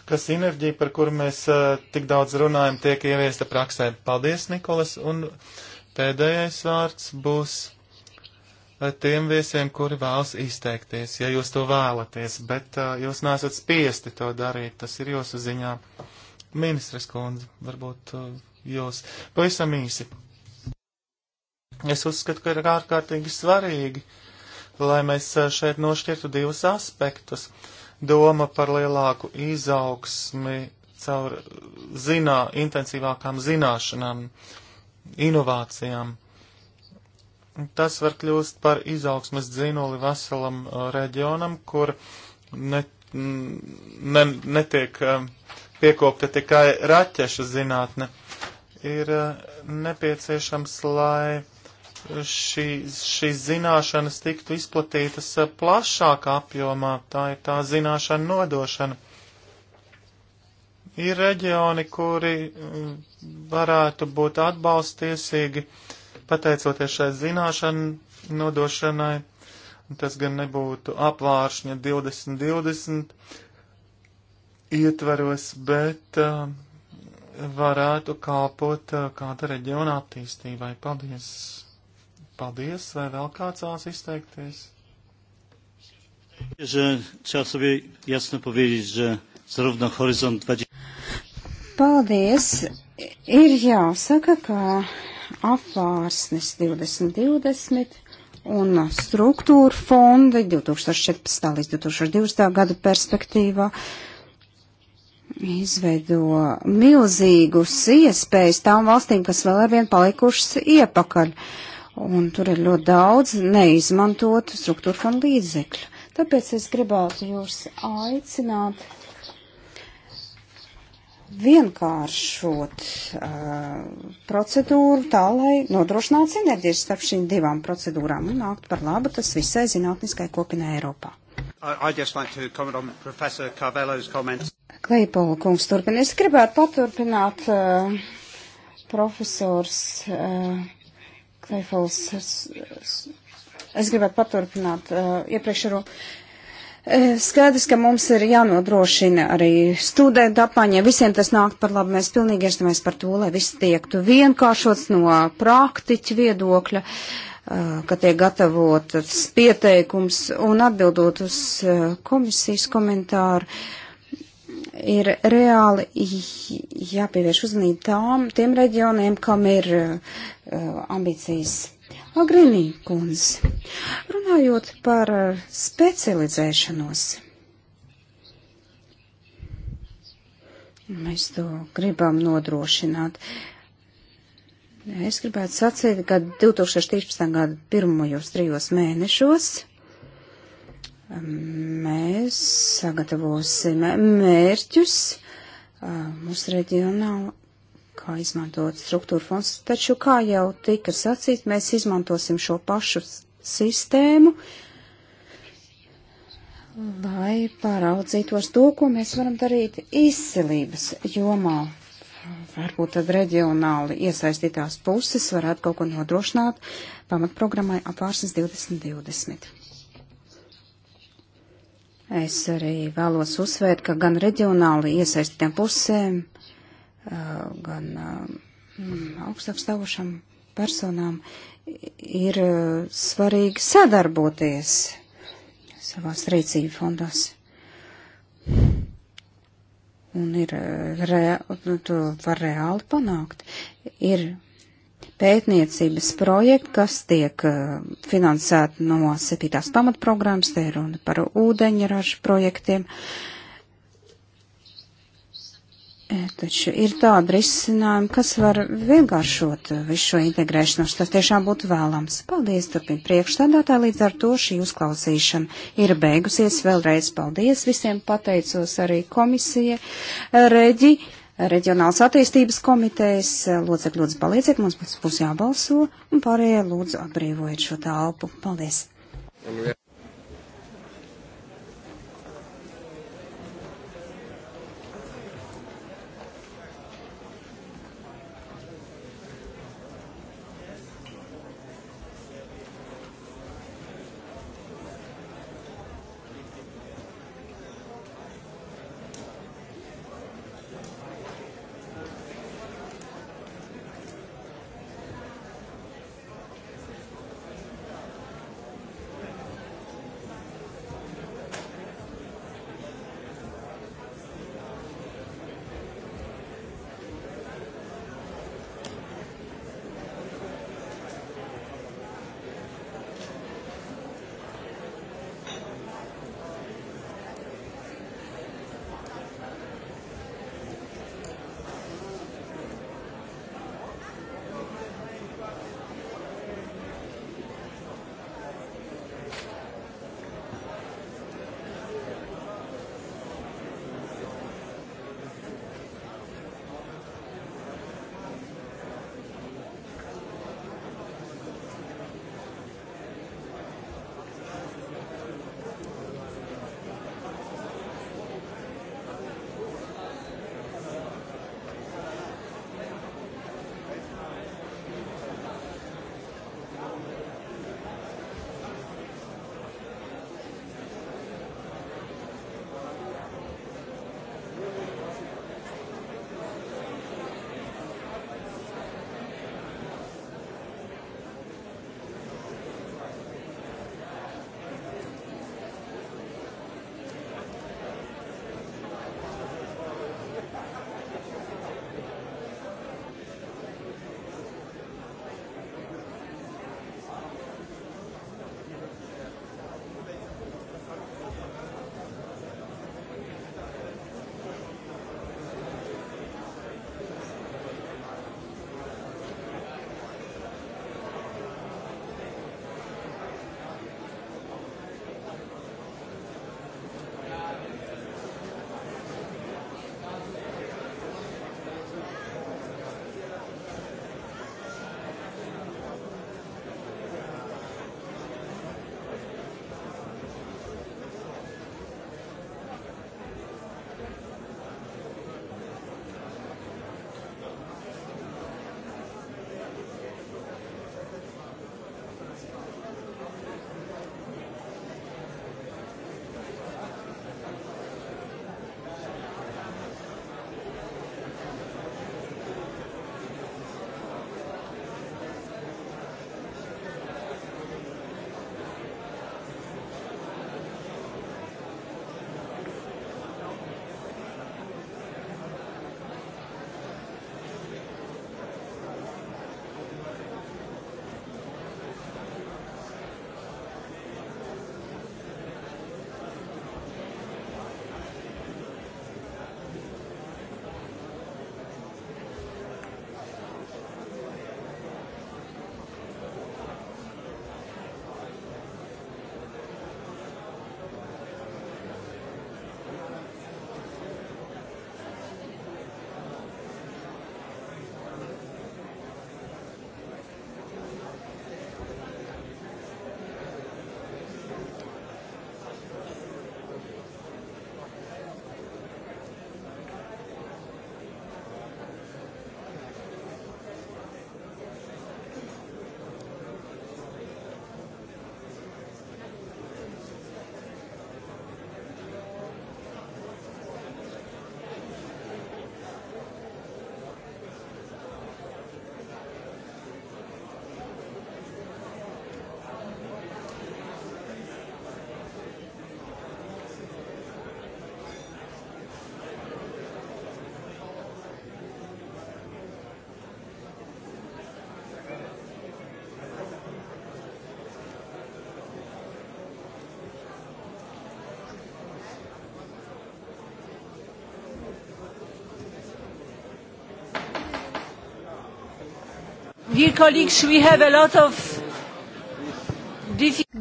ka sinerģija, par kuru mēs uh, tik daudz runājam, tiek ieviesta praksē. Paldies, Nikolas, un pēdējais vārds būs tiem viesiem, kuri vēlas izteikties, ja jūs to vēlaties, bet uh, jūs nesat spiesti to darīt, tas ir jūsu ziņā. Ministres kundze, varbūt uh, jūs pavisam īsi. Es uzskatu, ka ir ārkārtīgi svarīgi, lai mēs uh, šeit nošķirtu divus aspektus. Doma par lielāku izaugsmi caur zinā, intensīvākām zināšanām, inovācijām tas var kļūst par izaugsmes dzīnoli veselam uh, reģionam, kur ne, ne, netiek uh, piekopta tikai raķešu zinātne. Ir uh, nepieciešams, lai šīs šī zināšanas tiktu izplatītas uh, plašākā apjomā, tā ir tā zināšana nodošana. Ir reģioni, kuri mm, varētu būt atbalstiesīgi, uh, Pateicoties šai zināšanu nodošanai, tas gan nebūtu apvāršņa 2020 ietvaros, bet uh, varētu kalpot uh, kāda reģiona attīstībai. Paldies! Paldies! Vai vēl kāds vēlas izteikties? Że trzeba sobie jasno powiedzieć, że zarówno Horyzont 20. Paldies! Ir jāsaka, ka Apvārsnes 2020 un struktūra fondi 2014. līdz 2020. gadu perspektīvā izveido milzīgus iespējas tām valstīm, kas vēl ar vien palikušas iepakaļ. Un tur ir ļoti daudz neizmantotu struktūra fondu līdzekļu. Tāpēc es gribētu jūs aicināt vienkāršot uh, procedūru tā, lai nodrošinātu sinerģijas starp šīm divām procedūrām un nākt par labu tas visai zinātniskai kopienai Eiropā. I, I like Kleipola kungs turpina. Es gribētu paturpināt uh, profesors uh, Kleipols. Es, es gribētu paturpināt uh, iepriekšējo. Uh, Eh, skaidrs, ka mums ir jānodrošina arī studenta apaņa. Visiem tas nāk par labu. Mēs pilnīgi iestamies par to, lai viss tiektu vienkāršots no praktiķa viedokļa, eh, ka tiek gatavotas pieteikums un atbildot uz eh, komisijas komentāru. Ir reāli jāpievērš uzmanību tām, tiem reģioniem, kam ir ambīcijas Agrinī kundze, runājot par eh, specializēšanos, mēs to gribam nodrošināt. Es gribētu sacīt, ka 2013. gada pirmajos trijos mēnešos ehm, mēs sagatavosim mērķus eh, mūsu reģionāla kā izmantot struktūra fonds. Taču, kā jau tika sacīt, mēs izmantosim šo pašu sistēmu, lai pāraudzītos to, ko mēs varam darīt izcelības jomā. Varbūt tad reģionāli iesaistītās puses varētu kaut ko nodrošināt pamatprogrammai apvārsnes 2020. Es arī vēlos uzsvērt, ka gan reģionāli iesaistītiem pusēm gan augstāk stāvošam personām ir svarīgi sadarboties savās rīcību fondās. Un ir, reāli, nu, to var reāli panākt. Ir pētniecības projekti, kas tiek finansēti no septītās pamatprogrammas, te ir runa par ūdeņražu projektiem. Uh, E, taču ir tāda risinājuma, kas var vienkāršot e, visu šo integrēšanos. Tas tiešām būtu vēlams. Paldies, turpin priekšstādātā. Līdz ar to šī uzklausīšana ir beigusies. Vēlreiz paldies visiem. Pateicos arī komisija, e, reģi, reģionāls attīstības komitejas. Locekļi, lūdzu, palieciet. Mums būs jābalso. Un pārējie, lūdzu, atbrīvojiet šo telpu. Paldies. Paldies. Dear colleagues, we have a lot of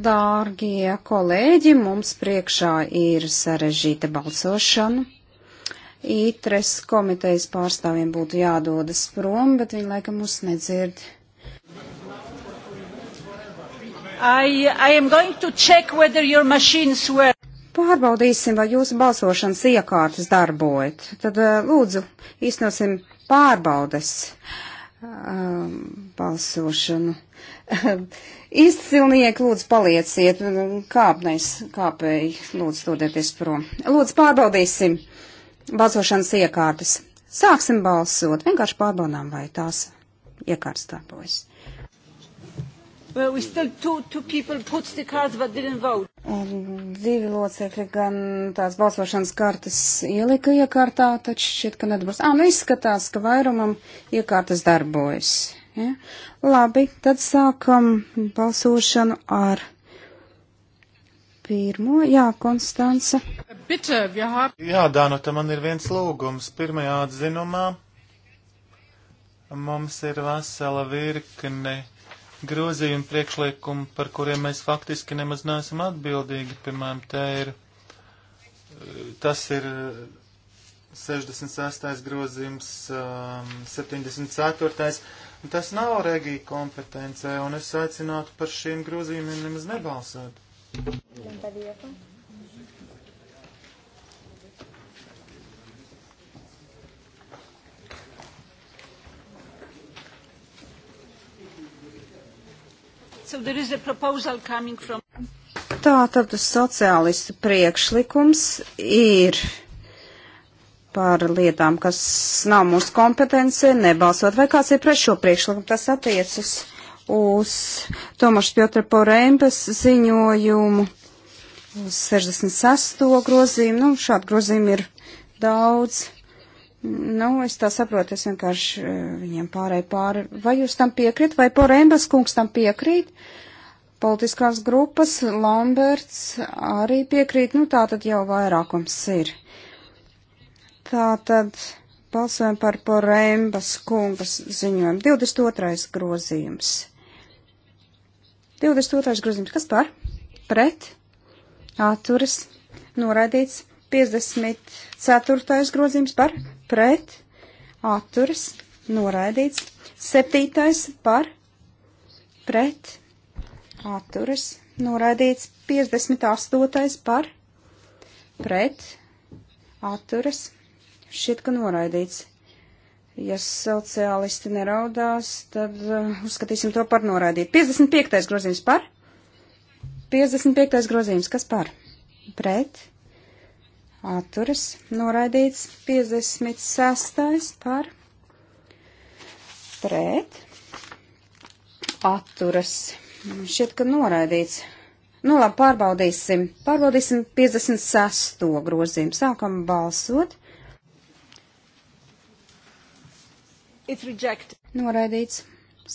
Dārgie kolēģi, mums priekšā ir sarežģīta balsošana. Ītres komitejas pārstāvjiem būtu jādodas prom, bet viņi laikam mūs nedzird. I, I were... Pārbaudīsim, vai jūsu balsošanas iekārtas darbojat. Tad eh, lūdzu, īstenosim pārbaudes. Uh, balsošanu. Izcilnieki, lūdzu, palieciet, kāpnais, kāpēji, lūdzu, dodieties prom. Lūdzu, pārbaudīsim balsošanas iekārtas. Sāksim balsot, vienkārši pārbaudām, vai tās iekārtas darbojas. Tā Well, we still two, two people puts the cards but didn't vote. Um, divi locekļi gan tās balsošanas kartas ielika iekārtā, taču šķiet, ka nedabūs. Ā, nu izskatās, ka vairumam iekārtas darbojas. Ja? Labi, tad sākam balsošanu ar pirmo. Jā, Konstance. Bitte, wir haben. Jā, Dānota, man ir viens lūgums. Pirmajā atzinumā mums ir vesela virkne grozījumu priekšliekumu, par kuriem mēs faktiski nemaz neesam atbildīgi. Piemēram, te ir, eh, tas ir 66. Eh, grozījums, 74. Ehm, tas nav regija kompetencē, un es aicinātu par šiem grozījumiem nemaz nebalsot. Lenta viepa. So there is a proposal coming from. Tātad sociālistu priekšlikums ir par lietām, kas nav mūsu kompetence, nebalsot. Vai kāds ir pret šo priekšlikumu? Tas attiecas uz Tomaša Piotra Porēmpas ziņojumu, uz 66. grozījumu. Nu, šādu grozījumu ir daudz. Nu, es tā saprotu, es vienkārši eh, viņiem pārēju pāri. Vai jūs tam piekrīt, vai Porembas kungs tam piekrīt? Politiskās grupas Lamberts arī piekrīt, nu tā tad jau vairākums ir. Tā tad balsojam par Porembas kungas ziņojumu. 22. grozījums. 22. grozījums. Kas par? Pret? Atturas? Noraidīts? 54. grozījums par? pret, atturas, noraidīts. Septītais par, pret, atturas, noraidīts. 58. par, pret, atturas, šit, ka noraidīts. Ja sociālisti neraudās, tad uh, uzskatīsim to par noraidīt. 55. grozījums par, 55. grozījums, kas par, pret, atturas atturas noraidīts 56. par pret atturas. Šķiet, ka noraidīts. Nu labi, pārbaudīsim. Pārbaudīsim 56. grozījumu. Sākam balsot. Noraidīts.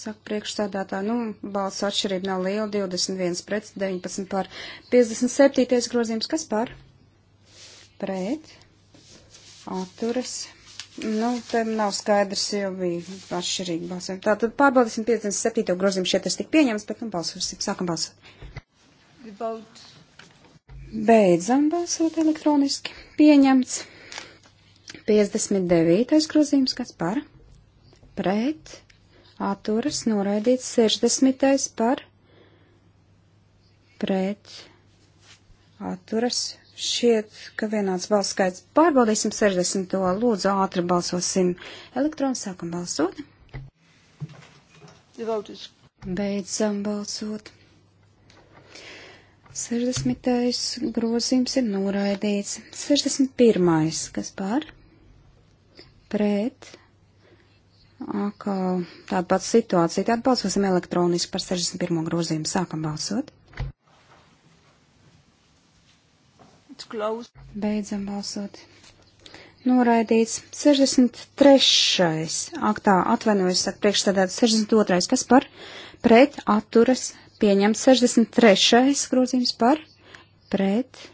Saka priekšstādātā, nu, balsu atšķirība nav liela, 21 pret 19 pār 57. grozījums, kas pār? pret atturas. Nu, te nav skaidrs, jo bija atšķirīgi balsojumi. Tātad pārbaudīsim 57. grozījumu šeit tas tik pieņems, bet nu balsosim. Sākam balsot. About... Beidzam balsot elektroniski. Pieņemts. 59. grozījums, kas par? Pret. Atturas noraidīts 60. par? Pret. Atturas Šiet, ka vienāds balss skaits. Pārbaudīsim 60. Lūdzu, ātri balsosim. Elektronu sākam balsot. Devotis. Beidzam balsot. 60. grozījums ir noraidīts. 61. kas pār? Pret. Atkal tāda pati situācija. Tad balsosim elektroniski par 61. grozījumu. Sākam balsot. Beidzam balsot. Noraidīts 63. aktā atvainojas, saka priekšstādāt 62. kas par pret atturas pieņemt 63. grozījums par pret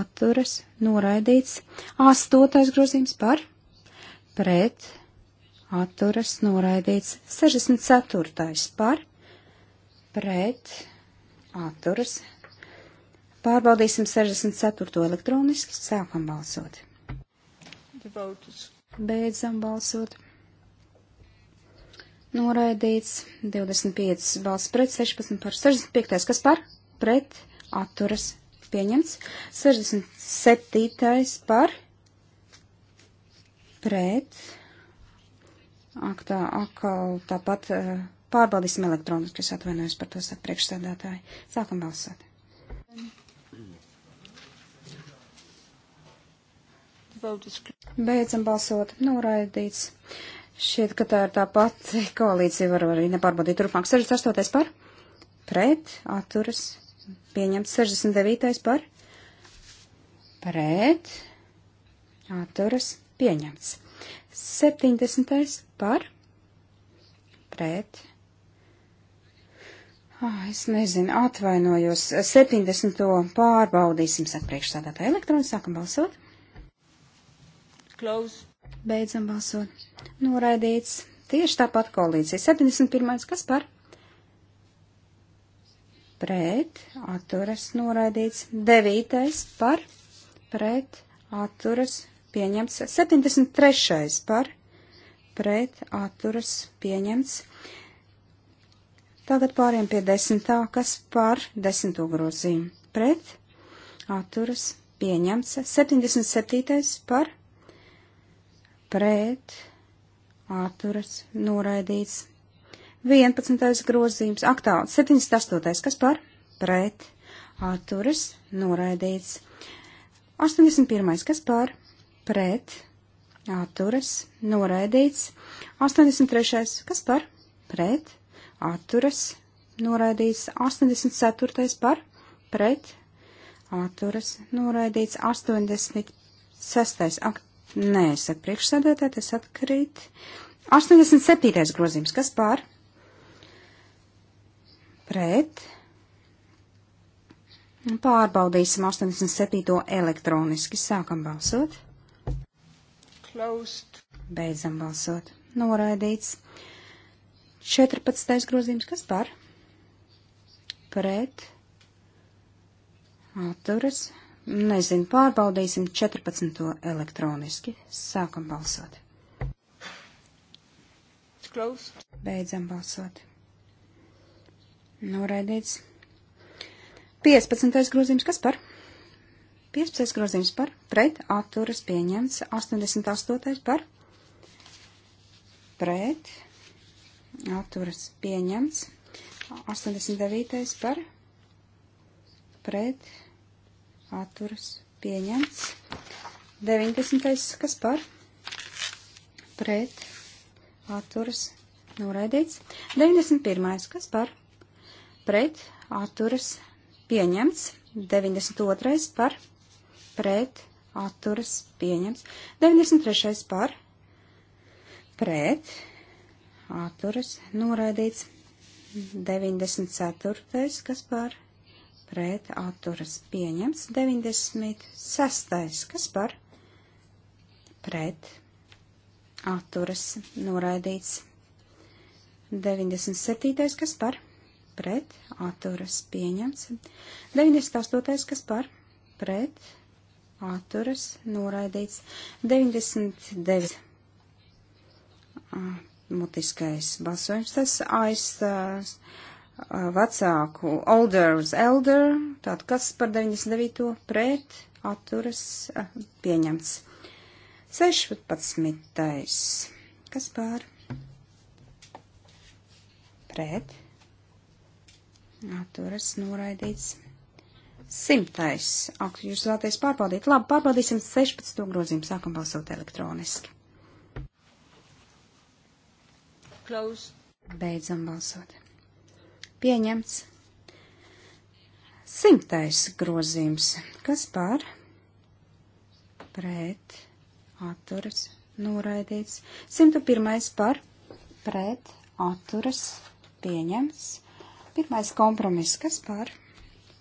atturas noraidīts 8. grozījums par pret atturas noraidīts 64. par pret atturas Pārbaudīsim 64. elektroniski. Sākam balsot. Beidzam balsot. Noraidīts 25 balss pret 16 par 65. Kas par? Pret atturas pieņemts. 67. par pret. Ak, tā, akal tāpat eh, pārbaudīsim elektroniski, es atvainojos par to, saka priekšsēdētāji. Sākam balsot. Beidzam balsot. Noraidīts. Šķiet, ka tā ir tā pati koalīcija. Var arī nepārbaudīt turpmāk. 68. par. Pret. Atturas. Pieņemts. 69. par. Pret. Atturas. Pieņemts. 70. par. Pret. Ah, es nezinu, atvainojos. 70. pārbaudīsim, saka priekšstādātāja elektroni, sākam balsot. Close. Beidzam balsot. Noraidīts. Tieši tāpat koalīcija. 71. Kas par? Pret. Atturas. Noraidīts. 9. Par. Pret. Atturas. Pieņemts. 73. Par. Pret. Atturas. Pieņemts. Tagad pāriem pie desmitā, kas par desmito grozījumu. Pret. Atturas. Pieņemts. 77. Par pret, atturas, noraidīts. 11. grozījums, aktā, 78. kas par, pret, atturas, noraidīts. 81. kas par, pret, atturas, noraidīts. 83. kas par, pret, atturas, noraidīts. 84. par, pret, atturas, noraidīts. 86. akt Nē, saka priekšsēdētāji, tas atkrīt. 87. grozījums, kas pār? Pret. Pārbaudīsim 87. elektroniski. Sākam balsot. Closed. Beidzam balsot. Noraidīts. 14. grozījums, kas par? Pret. Atturas. Nezinu, pārbaudīsim 14. elektroniski. Sākam balsot. Beidzam balsot. Noraidīts. 15. grozījums, kas par? 15. grozījums par, pret, atturas pieņemts, 88. par, pret, atturas pieņemts, 89. par, pret, atturas pieņemts. 90. kas par pret atturas noraidīts. 91. kas par pret atturas pieņemts. 92. par pret atturas pieņemts. 93. par pret atturas noraidīts. 94. kas par pret pret atturas pieņemts 96. kas par pret atturas noraidīts 97. kas par pret atturas pieņemts 98. kas par pret atturas noraidīts 99. Ah, mutiskais balsojums tas aizstās. Uh, Uh, vecāku older uz elder, tātad kas par 99. pret atturas uh, pieņemts. 16. Kas pār? Pret. Atturas noraidīts. 100. Ak, jūs vēlaties pārbaudīt. Labi, pārbaudīsim 16. grozījumu. Sākam balsot elektroniski. Close. Beidzam balsot pieņemts. Simtais grozījums, kas par pret atturas noraidīts. 101. par pret atturas pieņemts. Pirmais kompromiss, kas par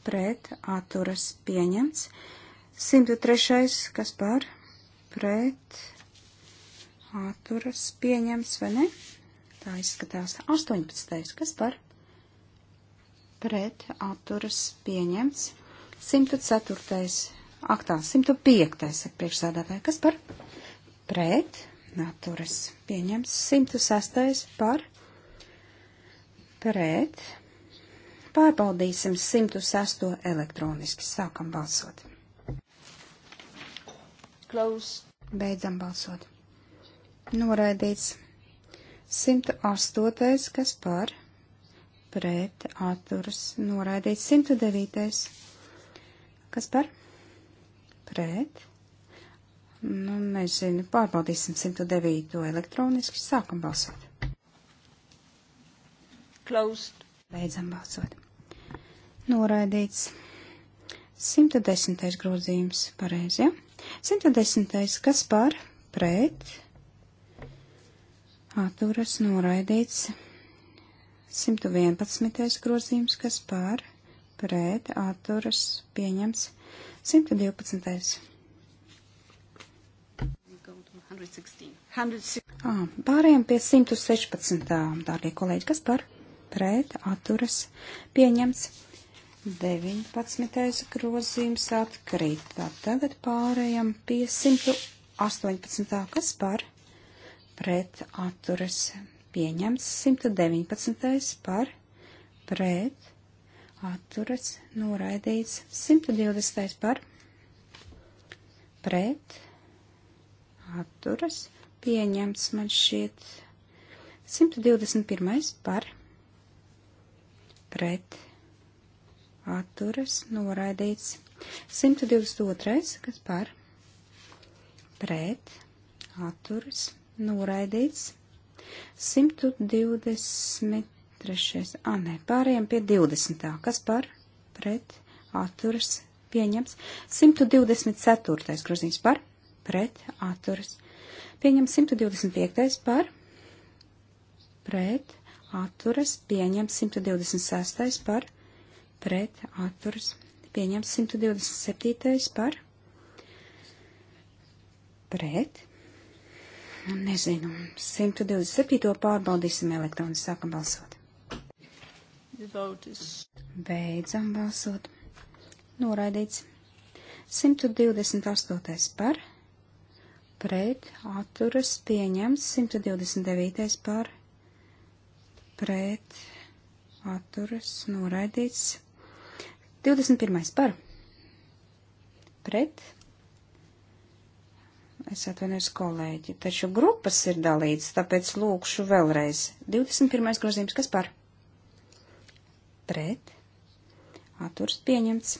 pret atturas pieņemts. 103. kas par pret atturas pieņemts vai ne? Tā izskatās 18. kas par pret atturas pieņemts. 104. aktā, 105. saka priekšsādātāji, kas par pret atturas pieņemts. 106. par pret. Pārbaudīsim 106. elektroniski. Sākam balsot. Close. Beidzam balsot. Noraidīts. 108. kas par pret pret atturas noraidīts 109. Kas par? Pret. Nu, nezinu, pārbaudīsim 109. elektroniski, sākam balsot. Closed. Beidzam balsot. Noraidīts 110. grozījums, pareizi, ja? 110. kas par? Pret. Atturas noraidīts 109. 111. grozījums, kas pār pret atturas pieņemts 112. À, pārējām pie 116. Dārgie kolēģi, kas par pret atturas pieņemts 19. grozījums atkrīt. Tagad pārējām pie 118. kas par pret atturas pieņemts pieņemts 119. par pret atturas noraidīts 120. par pret atturas pieņemts man šķiet 121. par pret atturas noraidīts 122. kas par pret atturas noraidīts 122. 123. Ah, nē, pārējiem pie 20. Kas par? Pret. Atturas. Pieņems. 124. grozījums par? Pret. Atturas. Pieņems 125. par? Pret. Atturas. Pieņems 126. par? Pret. Atturas. Pieņems 127. par? Pret Nezinu. 127. pārbaudīsim elektroni. Sākam balsot. Beidzam balsot. Noraidīts. 128. par. Pret. Atturas pieņemts. 129. par. Pret. Atturas. Noraidīts. 21. par. Pret Es atvainojos kolēģi, taču grupas ir dalīts, tāpēc lūkšu vēlreiz. 21. grozījums, kas par? Pret. Atturs pieņemts.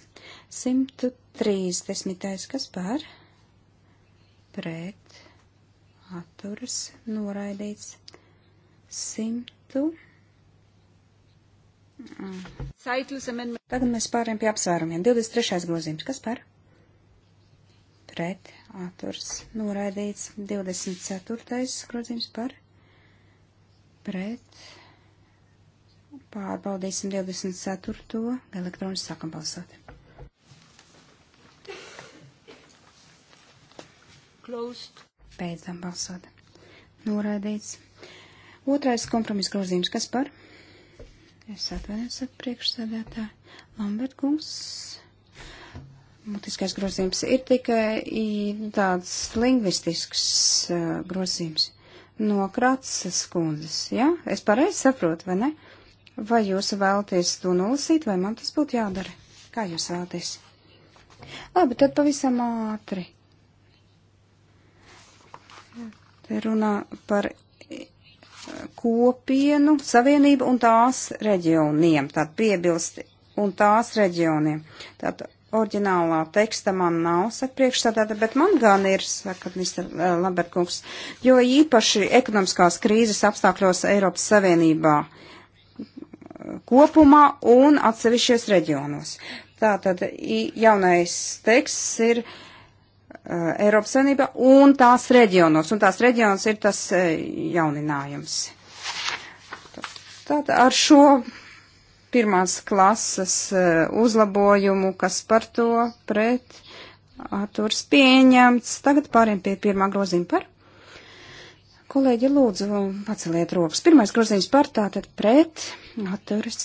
130. kas par? Pret. Atturs noraidīts. 100. Tagad mēs pārējām pie apsvērumiem. 23. grozījums, kas par? pret atturs noraidīts 24. grozījums par pret. Pārbaudīsim 24. elektroniski sākam balsot. Closed. Beidzam balsot. Noraidīts. Otrais kompromiss grozījums, kas par? Es atvainojos, priekšsēdētāji. Lambert kungs mutiskais grozījums ir tikai tāds lingvistisks uh, grozījums no Kratsas kundzes, ja? Es pareizi saprotu, vai ne? Vai jūs vēlaties to nolasīt, vai man tas būtu jādara? Kā jūs vēlaties? Labi, tad pavisam ātri. Te runā par kopienu, savienību un tās reģioniem, tad piebilst, un tās reģioniem. Tātad Orģinālā teksta man nav, saka priekšstādāta, bet man gan ir, saka Mr. Eh, Lambertkungs, jo īpaši ekonomiskās krīzes apstākļos Eiropas Savienībā eh, kopumā un atsevišķies reģionos. Tātad jaunais teksts ir uh, Eiropas Savienība un tās reģionos, un tās reģionos ir tas uh, jauninājums. Tātad ar šo pirmās klases eh, uzlabojumu, kas par to pret atturs pieņemts. Tagad pāriem pie pirmā grozījuma par. Kolēģi, lūdzu, paceliet rokas. Pirmais grozījums par tātad pret atturs.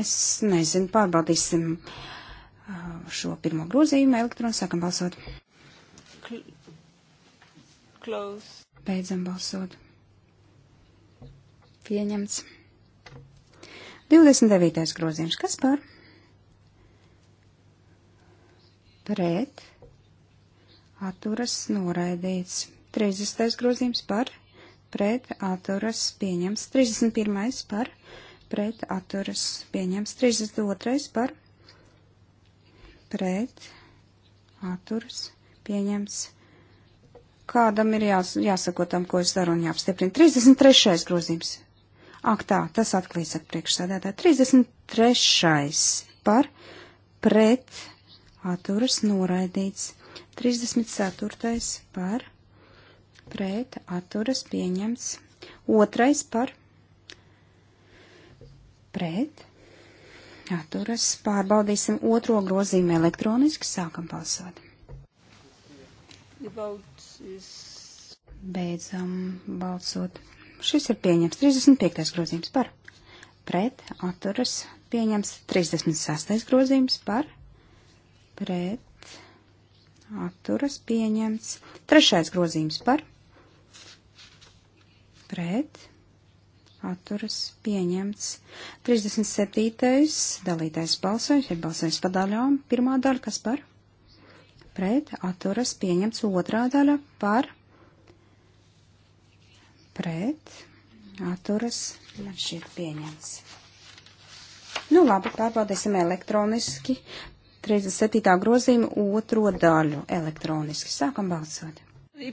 Es nezinu, pārbaudīsim eh, šo pirmo grozījumu elektronu. Sākam balsot. Close. Beidzam balsot. Pieņemts. 29. grozījums. Kas par? Pret. Atturas noraidīts. 30. grozījums par. Pret. Atturas pieņems. 31. par. Pret. Atturas pieņems. 32. par. Pret. Atturas pieņems. Kādam ir jās, jāsako tam, ko es daru un jāapstiprina. 33. grozījums Ak tā, tas atklīst ar priekšsēdētāju. 33. par pret atturas noraidīts. 34. par pret atturas pieņemts. Otrais par pret atturas. Pārbaudīsim otro grozījumu elektroniski. Sākam balsot. Is... Beidzam balsot. Šis ir pieņems 35. grozījums par pret atturas pieņems 36. grozījums par pret atturas pieņems 3. grozījums par pret atturas pieņemts 37. dalītais balsojums ir balsojums pa daļām. Pirmā daļa, kas par pret atturas pieņemts otrā daļa par pret pret, atturas, man šķiet pieņems. Nu labi, pārbaudīsim elektroniski 37. grozījumu otro daļu elektroniski. Sākam balsot. E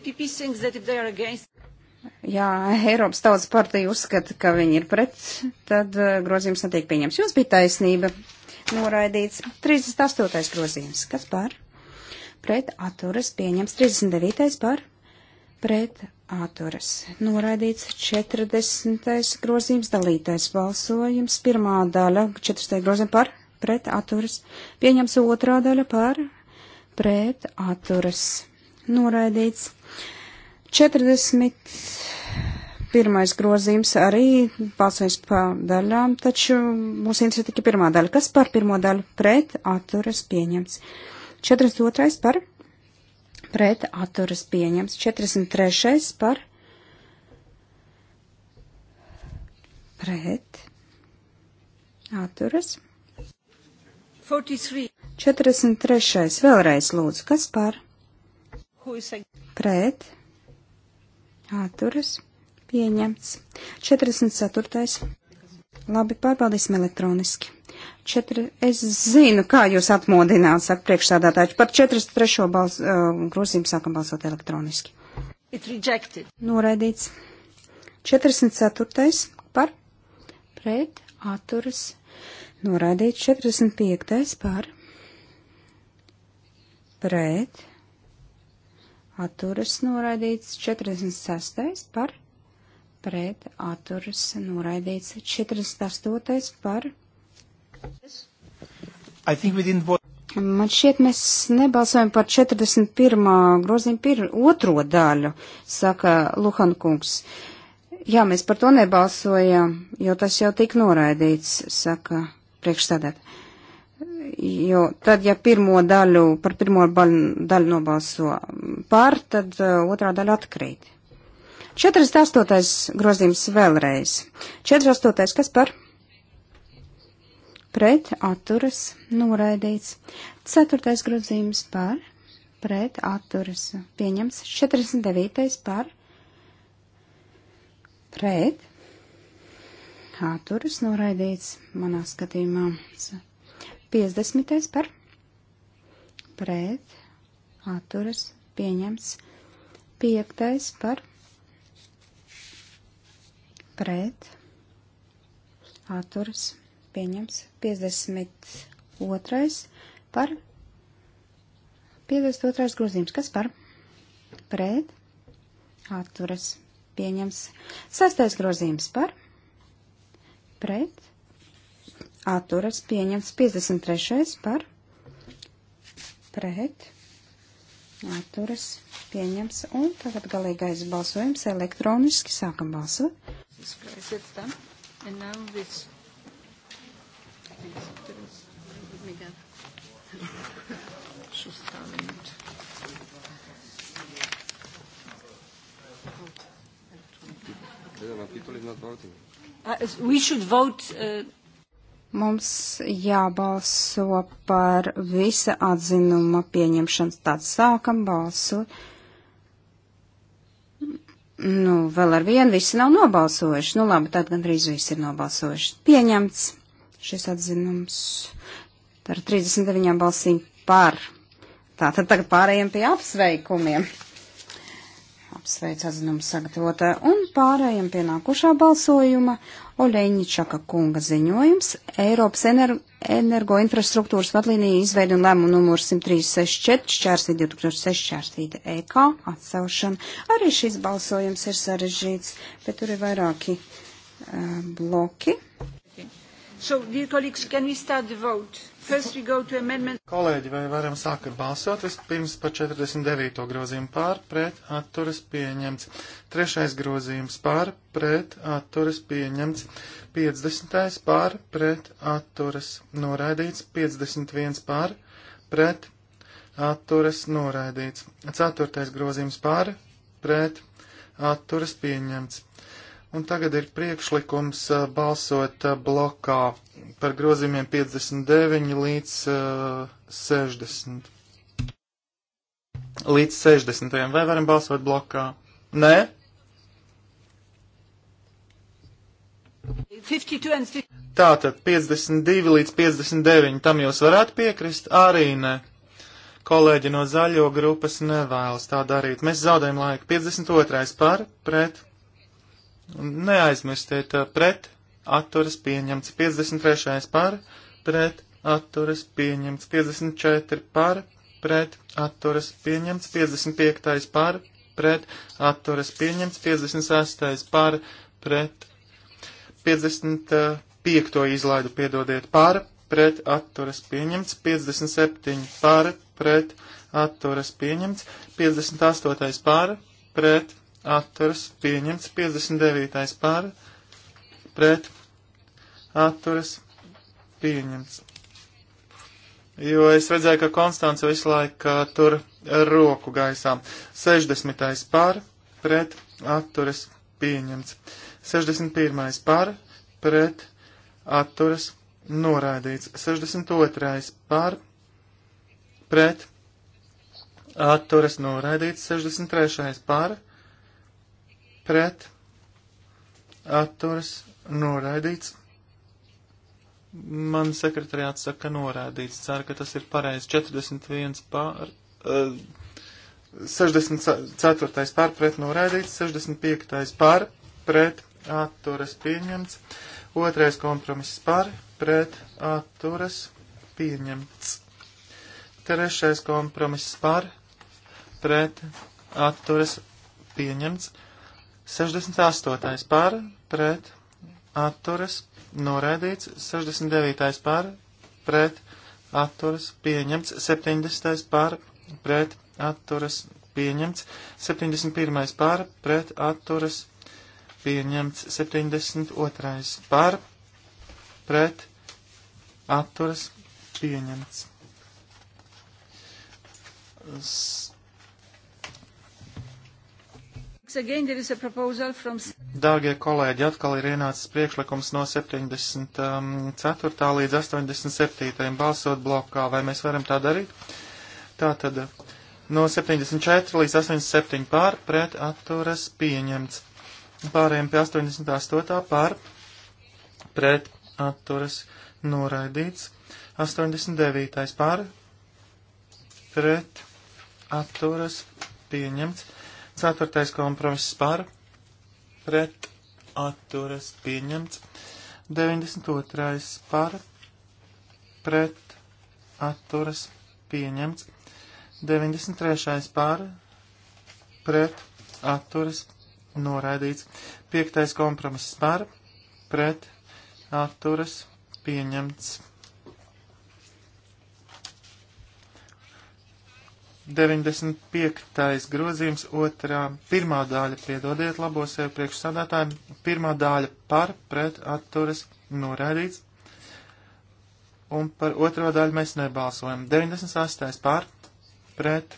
Jā, Eiropas tautas partija uzskata, ka viņi ir pret, tad uh, grozījums netiek pieņems. Jūs bija taisnība noraidīts 38. grozījums. Kas par? Pret atturas pieņems 39. par? Pret Āturas. Noraidīts 40. grozījums, dalītais balsojums, pirmā daļa, 40. grozījums par, pret atturas. Pieņems otrā daļa par, pret atturas. Noraidīts 41. grozījums arī balsojums pa daļām, taču mūs interesē tikai pirmā daļa. Kas par pirmo daļu? Pret atturas pieņems. 42. par, pret atturas pret atturas pieņems. 43. par pret atturas. 43. 43. vēlreiz lūdzu, kas par pret atturas pieņemts. 44. Labi, pārbaudīsim elektroniski četri, es zinu, kā jūs atmodināt, saka priekšsādātāji, par 43. Balz, uh, grozījumu sākam balsot elektroniski. Noraidīts. 44. par, pret, atturas, noraidīts. 45. par, pret, atturas, noraidīts. 46. par, pret, atturas, noraidīts. 48. par, pret Man šķiet, mēs nebalsojam par 41. grozījumu pir otro daļu, saka Luhankungs. Jā, mēs par to nebalsojam, jo tas jau tika noraidīts, saka priekšstādāt. Jo tad, ja pirmo daļu, par pirmo daļu nobalso pār, tad uh, otrā daļa atkrīt. 48. grozījums vēlreiz. 48. kas par? pret atturas noraidīts. Ceturtais grozījums par pret atturas pieņems. 49. par pret atturas noraidīts manā skatījumā. 50. par pret atturas pieņems. 5. par pret atturas pieņems pieņemts. 52. par 52. grozījums. Kas par? Pret. Atturas. Pieņems. Sastais grozījums par. Pret. Atturas. Pieņems. 53. par. Pret. Atturas. Pieņems. Un tagad galīgais balsojums elektroniski. Sākam balsot. This place, it's done. And now this Sostanzialmente. Uh, Mums jābalso par visa atzinuma pieņemšanu. Tad sākam balsot. Nu, vēl ar vienu visi nav nobalsojuši. Nu, labi, tad gandrīz visi ir nobalsojuši. Pieņemts. Šis atzinums ar 39 balsīm par. Tātad tagad pārējiem pie apsveikumiem. Apsveic atzinumu sagatavotā un pārējiem pie nākušā balsojuma. Oleņičaka kunga ziņojums Eiropas ener energoinfrastruktūras vadlīnija izveida un lēmuma numurs 10364 šķērsī 2006 šķērsīta EK atcelšana. Arī šis balsojums ir sarežģīts, bet tur ir vairāki uh, bloki. So, dear colleagues, can we start the vote? First we go to amendment. Kolēģi, vai varam sākt balsot? Vispirms par 49. grozījumu pār, pret, atturas pieņemts. Trešais grozījums pār, pret, atturas pieņemts. 50. pār, pret, atturas noraidīts. 51. pār, pret, atturas noraidīts. Ceturtais grozījums pār, pret, atturas pieņemts. Un tagad ir priekšlikums eh, balsot eh, blokā par grozījumiem 59 līdz uh, eh, 60. Līdz 60. Vai varam balsot blokā? Nē? 52. Tātad 52 līdz 59. Tam jūs varētu piekrist? Arī ne. Kolēģi no zaļo grupas nevēlas tā darīt. Mēs zaudējam laiku. 52. par, pret, Neaizmirstiet pret atturas pieņemts 53. par, pret atturas pieņemts 54 par, pret atturas pieņemts 55. par, pret atturas pieņemts 56. par, pret 55. izlaidu piedodiet par, pret atturas pieņemts 57 par, pret atturas pieņemts 58. par, pret atturas pieņemts 59. par pret atturas pieņemts. Jo es redzēju, ka Konstants visu laiku uh, tur roku gaisā. 60. par pret atturas pieņemts. 61. par pret atturas noraidīts. 62. par pret atturas noraidīts. 63. par pret pret atturas noraidīts. Man sekretariāts saka noraidīts, ceru, ka tas ir pareizi. 41 pār, uh, eh, 64. pār pret noraidīts, 65. pār pret atturas pieņemts, otrais kompromiss pār pret atturas pieņemts, trešais kompromiss pār pret atturas pieņemts. 68. par pret atturas noraidīts, 69. par pret atturas pieņemts, 70. par pret atturas pieņemts, 71. par pret atturas pieņemts, 72. par pret atturas pieņemts. S again, from... Dārgie kolēģi, atkal ir ienācis priekšlikums no 74. Um, līdz 87. balsot blokā. Vai mēs varam tā darīt? Tā tad uh, no 74 līdz 87 pār pret atturas pieņemts. Pārējiem pie 88 pār pret atturas noraidīts. 89 pār pret atturas pieņemts. Ceturtais kompromiss par, pret, atturas pieņemts. 92. par, pret, atturas pieņemts. 93. par, pret, atturas noraidīts. 5. kompromiss par, pret, atturas pieņemts. 95. grozījums, otrā, pirmā daļa, piedodiet, labo sev priekšsādātāji, pirmā daļa par pret atturas noraidīts, un par otro daļu mēs nebalsojam. 98. par pret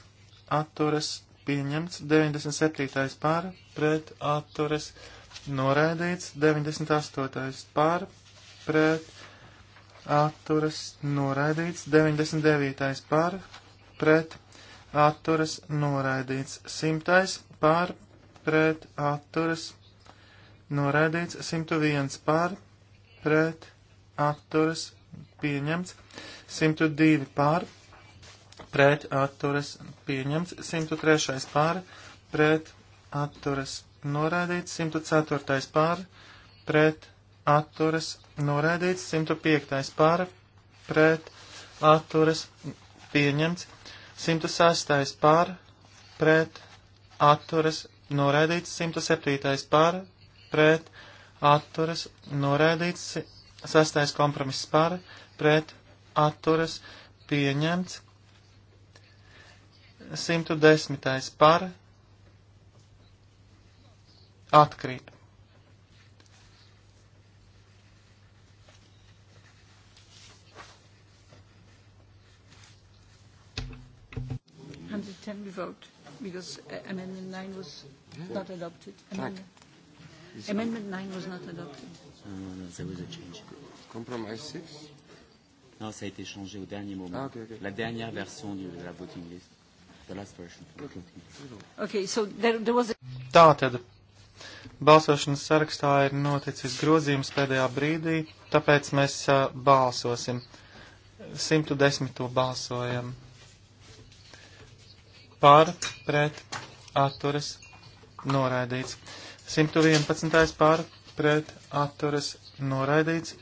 atturas pieņemts, 97. par pret atturas noraidīts, 98. par pret atturas noraidīts, 99. par pret atturas atturas noraidīts. Simtais pār pret atturas noraidīts. 101 pār pret atturas pieņemts. 102 pār pret atturas pieņemts. 103 pār pret atturas noraidīts. 104 pār pret atturas noraidīts. 105 pār pret atturas pieņemts. 106. pār pret atturas noraidīts, 107. pār pret atturas noraidīts, 6. kompromiss pār pret atturas pieņemts, 110. pār atkrīt. can we vote? Because uh, Amendment 9 was yeah. not adopted. Amendment, tak. amendment 9 was not adopted. No, no, no, there was a change. Compromise 6 Non, ça a été changé au dernier moment. Ah, okay, okay. La dernière version de la voting list. The last version. Okay, okay so there, there was a... Tātad, balsošanas sarakstā ir noticis grozījums pēdējā brīdī, tāpēc mēs uh, balsosim. 110. balsojam pār pret atturas noraidīts. 111. pār pret atturas noraidīts.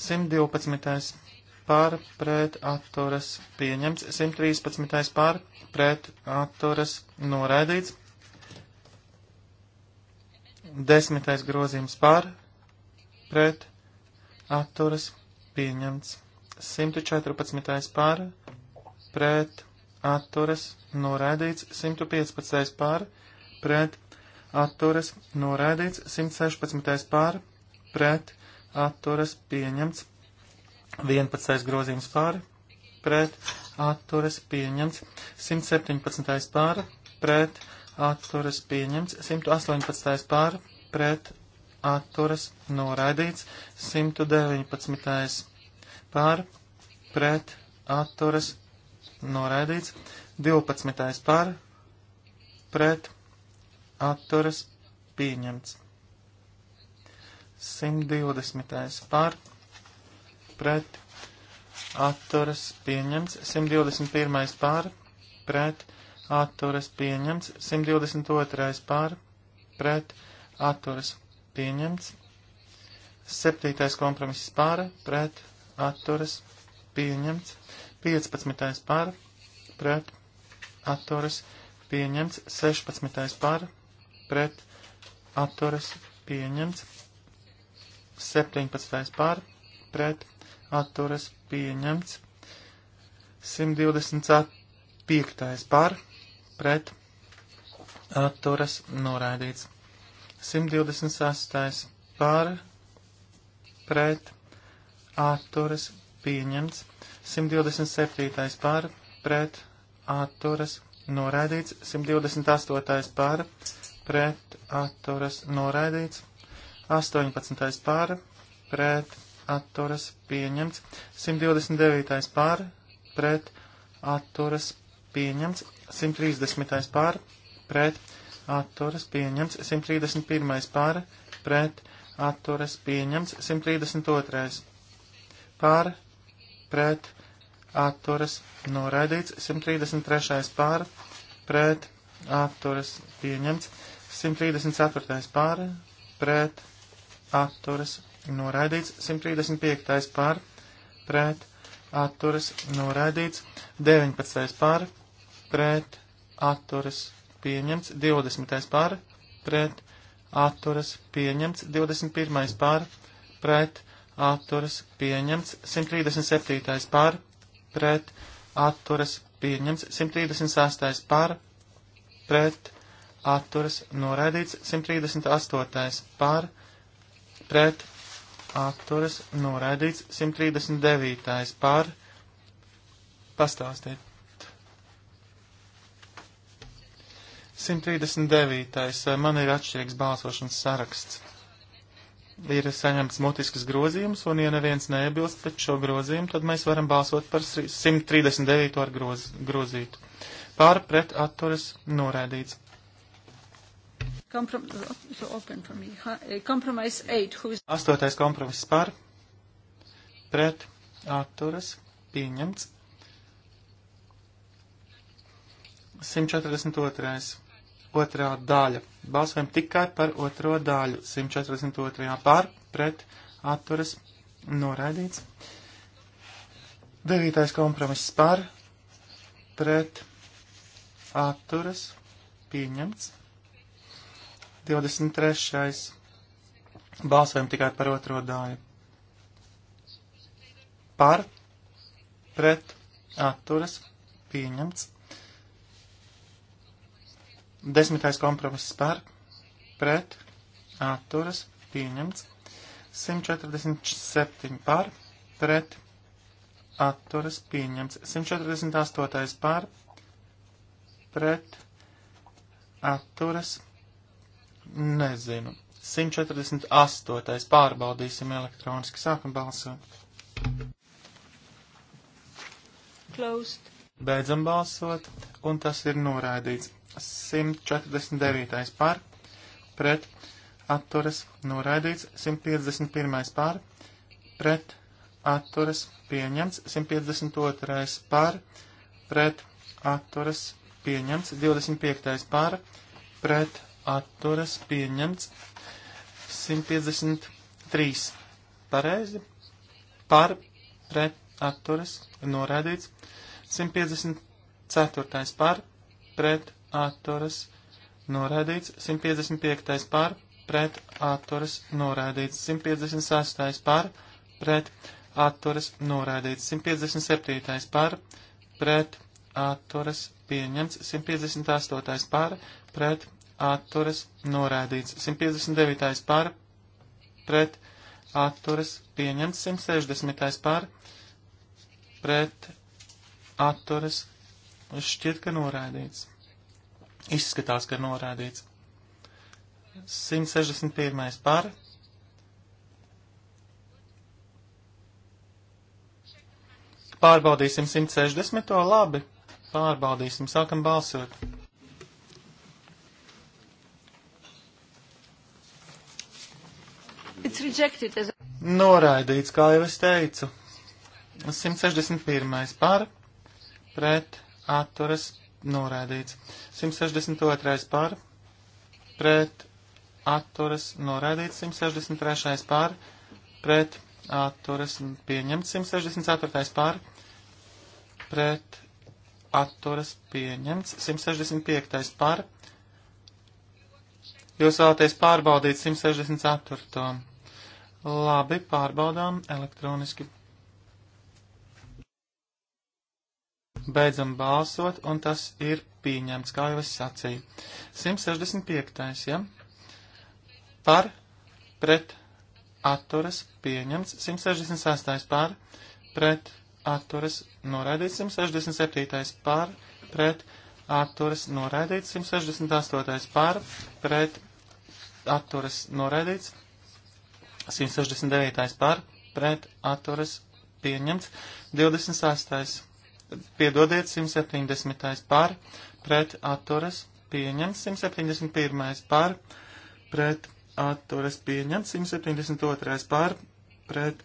112. pār pret atturas pieņemts. 113. pār pret atturas noraidīts. 10. grozījums pār pret atturas pieņemts. 114. pār pret atturas atturas noraidīts 115. pār pret atturas noraidīts 116. pār pret atturas pieņemts 11. grozījums pār pret atturas pieņemts 117. pār pret atturas pieņemts 118. pār pret atturas noraidīts 119. pār pret atturas noraidīts, 12. par, pret, atturas, pieņemts. 120. par, pret, atturas, pieņemts, 121. par, pret, atturas, pieņemts, 122. par, pret, atturas, pieņemts, 7. kompromiss par, pret, atturas, pieņemts, 15. par pret atturas pieņemts, 16. par pret atturas pieņemts, 17. par pret atturas pieņemts, 125. par pret atturas noraidīts, 126. par pret atturas pieņemts, 127. pār pret atturas noraidīts, 128. pār pret atturas noraidīts, 18. pār pret atturas pieņemts, 129. pār pret atturas pieņemts, 130. pār pret atturas pieņemts, 131. pār pret atturas pieņemts, 132. pār pret pret atturas noraidīts, 133. pār pret atturas pieņemts, 134. pār pret atturas noraidīts, 135. pār pret atturas noraidīts, 19. pār pret atturas pieņemts, 20. pār pret atturas pieņemts, 21. pār pret atturas atturas pieņemts 137. par, pret atturas pieņemts 136. par, pret atturas noraidīts 138. par, pret atturas noraidīts 139. par, pastāstiet. 139. man ir atšķirīgs balsošanas saraksts ir saņemts mutiskas grozījums, un ja neviens neiebilst pret šo grozījumu, tad mēs varam balsot par 139 ar groz, grozītu. Pār pret atturas noraidīts. Komprom kompromis eh, 8. Astotais kompromiss par, pret atturas pieņemts. 142 otrā daļa. Balsojam tikai par otro daļu. 142. pār pret atturas noraidīts. 9. kompromiss par pret atturas pieņemts. 23. Balsojam tikai par otro daļu. Par pret atturas pieņemts. Desmitais kompromiss par, pret, atturas, pieņemts. 147 par, pret, atturas, pieņemts. 148 par, pret, atturas, nezinu. 148. pārbaudīsim elektroniski. Sākam balsot. Closed. Beidzam balsot, un tas ir noraidīts. 149. par pret atturas noraidīts, 151. par pret atturas pieņemts, 152. par pret atturas pieņemts, 25. par pret atturas pieņemts, 153. pareizi par pret atturas noraidīts, 154. par pret atturas noraidīts, 155. par pret atturas noraidīts, 156. par pret atturas noraidīts, 157. par pret atturas pieņemts, 158. par pret atturas noraidīts, 159. par pret atturas pieņemts, 160. par pret atturas šķiet, ka noraidīts. Izskatās, ka norādīts. 161. par. Pārbaudīsim 160. labi. Pārbaudīsim, sākam balsot. Noraidīts, kā jau es teicu. 161. par, pret, atturas, norādīts. 162. pār pret atturas norādīts. 163. pār pret atturas pieņemts. 164. pār pret atturas pieņemts. 165. pār. Jūs vēlaties pārbaudīt 164. Labi, pārbaudām elektroniski. Beidzam balsot, un tas ir pieņemts, kā jau es sacīju. 165. Ja? Par, pret, atturas, pieņemts. 166. par, pret, atturas, noraidīts. 167. par, pret, atturas, noraidīts. 168. par, pret, atturas, noraidīts. 169. par, pret, atturas, pieņemts. 26. Piedodiet, 170. par, pret atturas pieņemts, 171. par, pret atturas pieņemts, 172. par, pret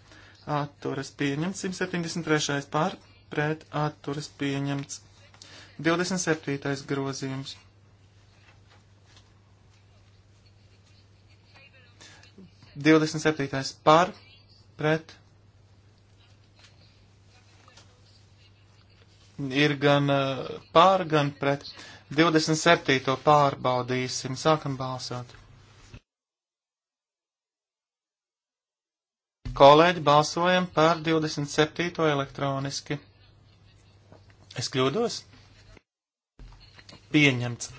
atturas pieņemts, 173. par, pret atturas pieņemts, 27. grozījums. Divdesmit septītais par, pret ir gan eh, pār, gan pret. 27. pārbaudīsim, sākam balsot. Kolēģi, balsojam par 27. elektroniski. Es kļūdos? Pieņemts.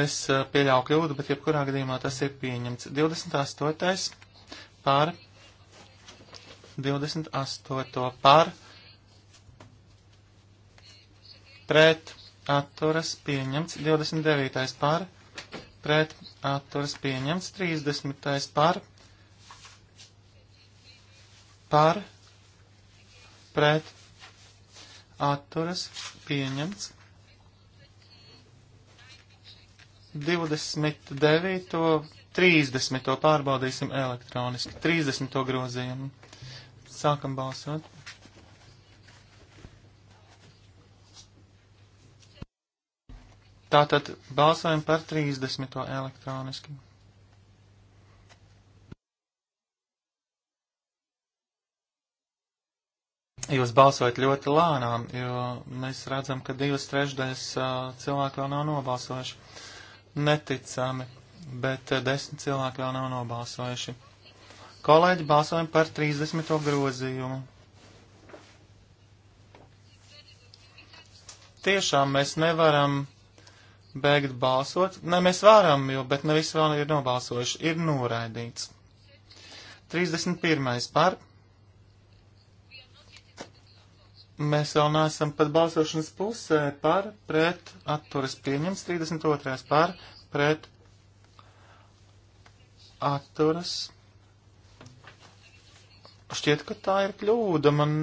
Es eh, pieļauju kļūdu, bet jebkurā gadījumā tas ir pieņemts. 28. pār 28. pār pret atturas pieņemts 29. par, pret atturas pieņemts 30. par, par, pret atturas pieņemts 29. 30. pārbaudīsim elektroniski, 30. grozījumu. Sākam balsot. Tātad balsojam par 30. elektroniski. Jūs balsojat ļoti lānām, jo mēs redzam, ka divas trešdaļas cilvēku vēl nav nobalsojuši. Neticami, bet desmit cilvēki vēl nav nobalsojuši. Kolēģi balsojam par 30. grozījumu. Tiešām mēs nevaram beigt balsot. Nē, mēs varam, jo, bet ne visi vēl ir nobalsojuši. Ir noraidīts. 31. par. Mēs vēl neesam pat balsošanas pusē par, pret, atturas pieņems. 32. par, pret, atturas. Šķiet, ka tā ir kļūda. Man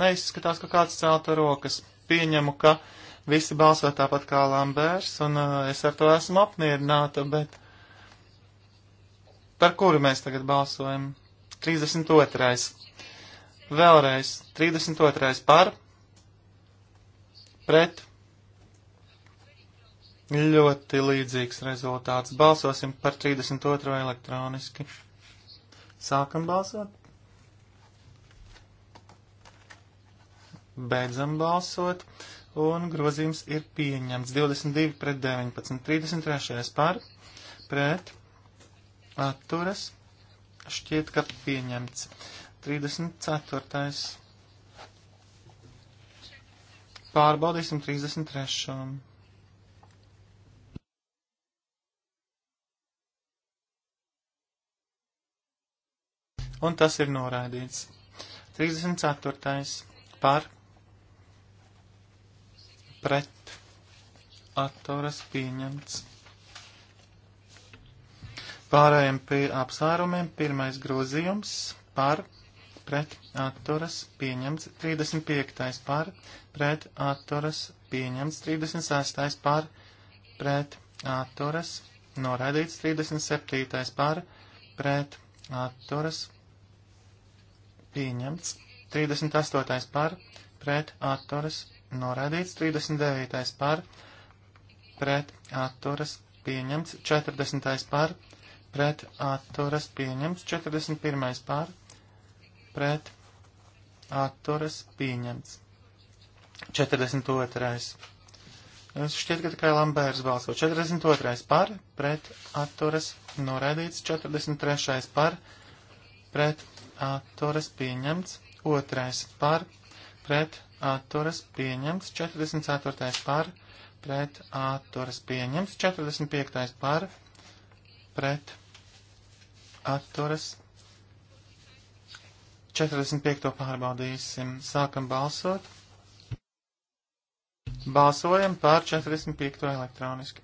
neizskatās, ka kāds celta rokas. Pieņemu, ka. Uh, Visi balso tāpat kā Lambērs, un uh, es ar to esmu apmierināta, bet par kuru mēs tagad balsojam? 32. Vēlreiz 32. par, pret, ļoti līdzīgs rezultāts. Balsosim par 32. elektroniski. Sākam balsot. Beidzam balsot un grozījums ir pieņemts 22 pret 19, 33 par, pret, atturas, šķiet, ka pieņemts 34. Pārbaudīsim 33. Un tas ir noraidīts. 34. par pret atturas pieņemts. Pārējiem pie apsvērumiem. Pirmais grozījums par pret atturas pieņemts 35. par pret atturas pieņemts 36. par pret atturas noraidīts 37. par pret atturas pieņemts 38. par pret atturas noraidīts, 39. par pret atturas pieņemts, 40. par pret atturas pieņemts, 41. par pret atturas pieņemts, 42. Es šķiet, ka tikai Lambērs balso. 42. par, pret atturas noraidīts, 43. par, pret atturas pieņemts, 2. par, pret atturas pieņemts, 44. par, pret atturas pieņemts, 45. par, pret atturas. 45. pārbaudīsim. Sākam balsot. Balsojam par 45. elektroniski.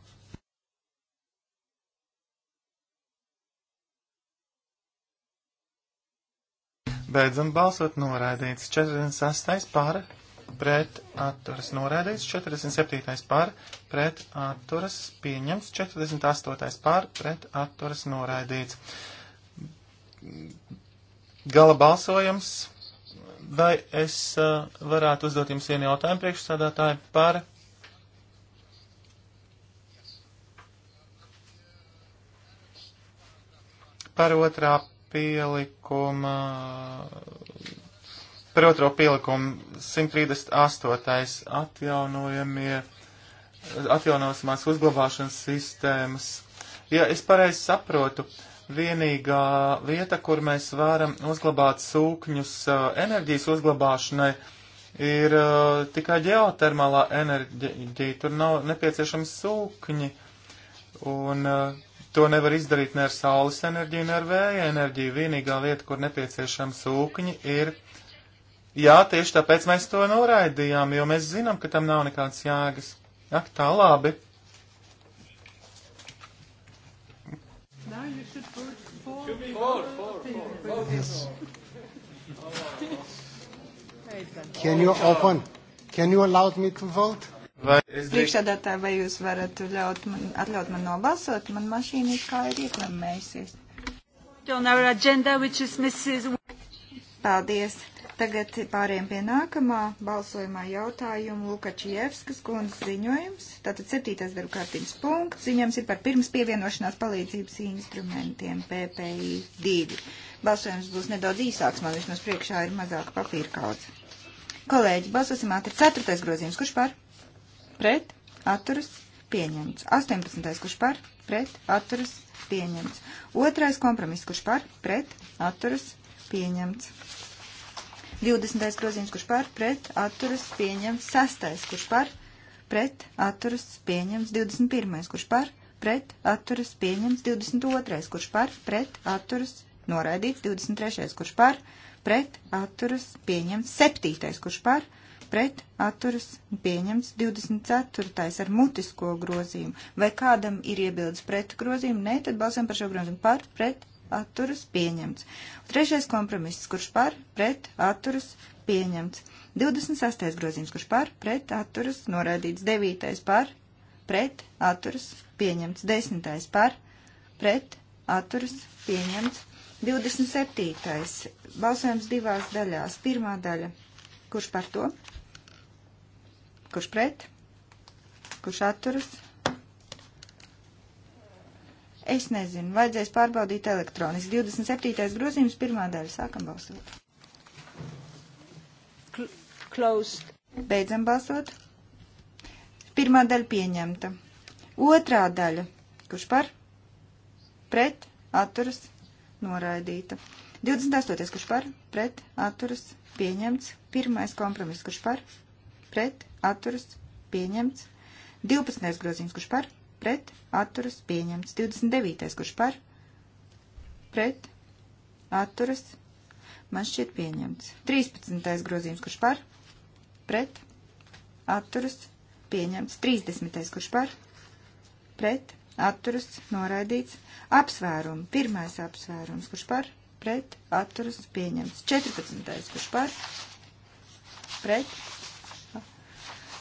Beidzam balsot noraidīts. 46. pār pret atturas noraidīts, 47. par pret atturas pieņemts, 48. par pret atturas noraidīts. Gala balsojums. Vai es uh, varētu uzdot jums vienu jautājumu priekšsādātāju par par otrā pielikuma Par otro pielikumu 138. atjaunojamie, atjaunosamās uzglabāšanas sistēmas. Ja es pareizi saprotu, vienīgā vieta, kur mēs varam uzglabāt sūkņus enerģijas uzglabāšanai, ir tikai ģeotermālā enerģija. Tur nav nepieciešams sūkņi. Un to nevar izdarīt ne ar saules enerģiju, ne ar vēja enerģiju. Vienīgā vieta, kur nepieciešams sūkņi, ir Jā, tieši tāpēc mēs to noraidījām, jo mēs zinām, ka tam nav nekādas jēgas. Ak, tā labi. Yes. Can you open? Can you allow me to vote? Vai es Priekšsēdētāji, vai jūs varat ļaut man, atļaut man nobalsot? Man mašīna it kā ir ieklemējusies. Paldies. Tagad pāriem pie nākamā balsojumā jautājumu Lukačievskas kundzes ziņojums. Tātad septītais darba kārtības punkts. Ziņojums ir par pirms pievienošanās palīdzības instrumentiem PPI 2. Balsojums būs nedaudz īsāks, man vismaz priekšā ir mazāk papīra kaudz. Kolēģi, balsosim ātri. Ceturtais grozījums, kurš par? Pret? Atturas? Pieņemts. 18. kurš par? Pret? Atturas? Pieņemts. Otrais kompromiss, kurš par? Pret? Atturas? Pieņemts. 20. grozījums, kurš par pret atturas pieņemts. 6. kurš par pret atturas pieņemts. 21. kurš par pret atturas pieņemts. 22. kurš par pret atturas noraidīts. 23. kurš par pret atturas pieņemts. 7. kurš par pret pret atturas pieņems 24. ar mutisko grozījumu. Vai kādam ir iebildes pret grozījumu? Nē, tad balsam par šo grozījumu. Par pret atturas pieņemts. Trešais kompromiss, kurš par, pret, atturas pieņemts. 26. grozījums, kurš par, pret, atturas noraidīts. 9. par, pret, atturas pieņemts. 10. par, pret, atturas pieņemts. 27. balsojums divās daļās. Pirmā daļa, kurš par to, kurš pret, kurš atturas pieņemts Es nezinu, vajadzēs pārbaudīt elektroniski. 27. grozījums, pirmā daļa, sākam balsot. Closed. Beidzam balsot. Pirmā daļa pieņemta. Otrā daļa, kurš par, pret, atturas, noraidīta. 28. kurš par, pret, atturas, pieņemts. Pirmais kompromiss, kurš par, pret, atturas, pieņemts. 12. grozījums, kurš par, pret, atturas, pieņemts. 29. kurš par, pret, atturas, man šķiet pieņemts. 13. grozījums, kurš par, pret, atturas, pieņemts. 30. kurš par, pret, atturas, noraidīts. Apsvērumi, pirmais apsvērums, kurš par, pret, atturas, pieņemts. 14. kurš par, pret,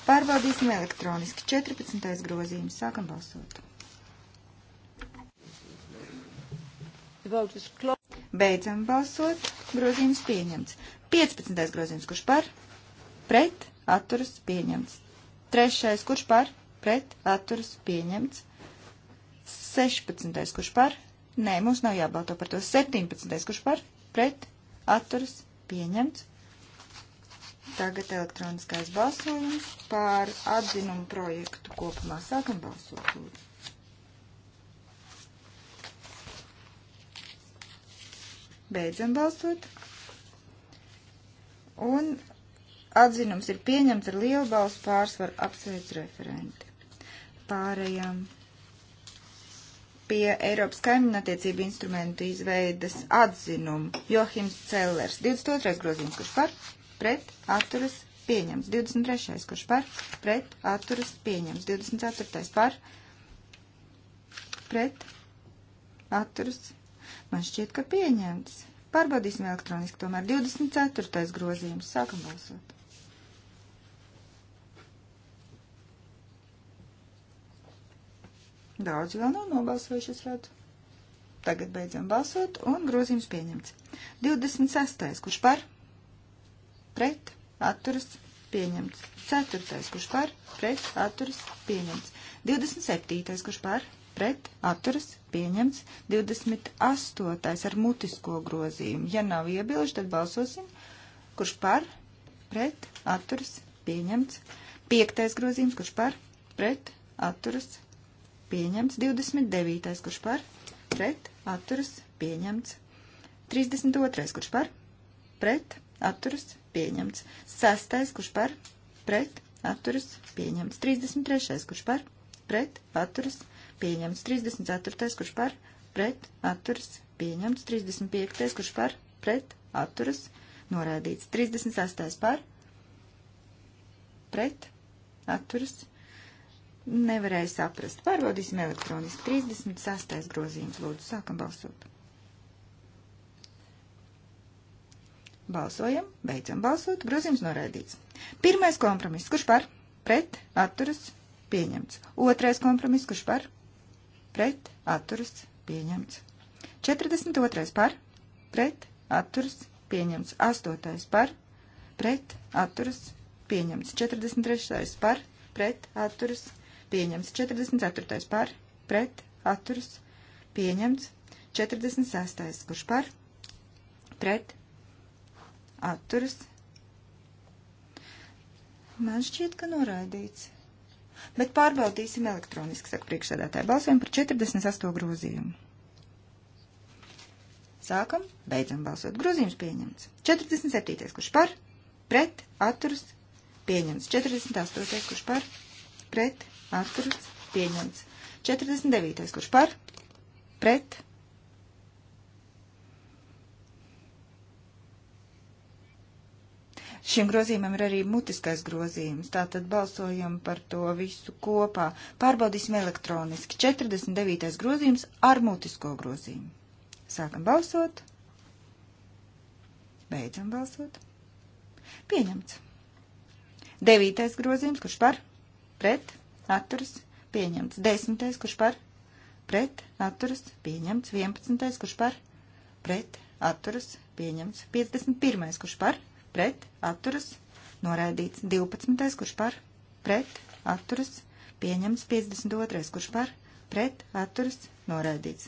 Pārbaudīsim elektroniski. 14. grozījums. Sākam balsot. Beidzam balsot. Grozījums pieņemts. 15. grozījums. Kurš par? Pret. Atturas pieņemts. 3. Kurš par? Pret. Atturas pieņemts. 16. Kurš par? Nē, mums nav jābalto par to. 17. Kurš par? Pret. Atturas pieņemts. Tagad elektroniskais balsojums par atzinumu projektu kopumā. Sākam balsot. Beidzam balsot. Un atzinums ir pieņemts ar lielu balsu pārsvaru apsveic referenti. Pārējām pie Eiropas kaimiņattiecību instrumentu izveidas atzinumu Johims Cellers. 22. grozījums, kurš par? pret atturas pieņems. 23. kurš par pret atturas pieņems. 24. par pret atturas. Man šķiet, ka pieņemts. Pārbaudīsim elektroniski tomēr. 24. grozījums. Sākam balsot. Daudz vēl nav nobalsojuši, es redzu. Tagad beidzam balsot un grozījums pieņemts. 26. kurš par? pret, atturas, pieņemts. 4. kurš par, pret, atturas, pieņemts. 27. kurš par, pret, atturas, pieņemts. 28. ar mutisko grozījumu. Ja nav iebilžu, tad balsosim, kurš par, pret, atturas, pieņemts. 5. grozījums, kurš par, pret, atturas, pieņemts. 29. kurš par, pret, atturas, pieņemts. 32. kurš par, pret, atturas pieņemts. Sastais, kurš par pret atturas pieņemts. 33. kurš par pret atturas pieņemts. 34. kurš par pret atturas pieņemts. 35. kurš par pret atturas norādīts. 36. par pret atturas nevarēja saprast. Pārbaudīsim elektroniski. 36. grozījums lūdzu sākam balsot. Balsojam, beidzam balsot, grozījums noraidīts. Pirmais kompromiss, kurš par, pret, atturas, pieņemts. Otrais kompromiss, kurš par, pret, atturas, pieņemts. 42. par, pret, atturas, pieņemts. 8. par, pret, atturas, pieņemts. 43. par, pret, atturas, pieņemts. 44. par, pret, atturas, pieņemts. 46. kurš par, pret, atturas. Man šķiet, ka noraidīts. Bet pārbaudīsim elektroniski, saka priekšsēdētāji. Balsojam par 48 grozījumu. Sākam, beidzam balsot. Grozījums pieņemts. 47. kurš par, pret, atturas, pieņemts. 48. kurš par, pret, atturas, pieņemts. 49. kurš par, pret, Šim grozījumam ir arī mutiskais grozījums, tātad balsojam par to visu kopā. Pārbaudīsim elektroniski. 49. grozījums ar mutisko grozījumu. Sākam balsot. Beidzam balsot. Pieņemts. 9. grozījums, kurš par? Pret, atturas, pieņemts. 10. kurš par? Pret, atturas, pieņemts. 11. kurš par? Pret, atturas, pieņemts. 51. kurš par? pret, atturas, noraidīts. 12. kurš par, pret, atturas, pieņemts. 52. kurš par, pret, atturas, noraidīts.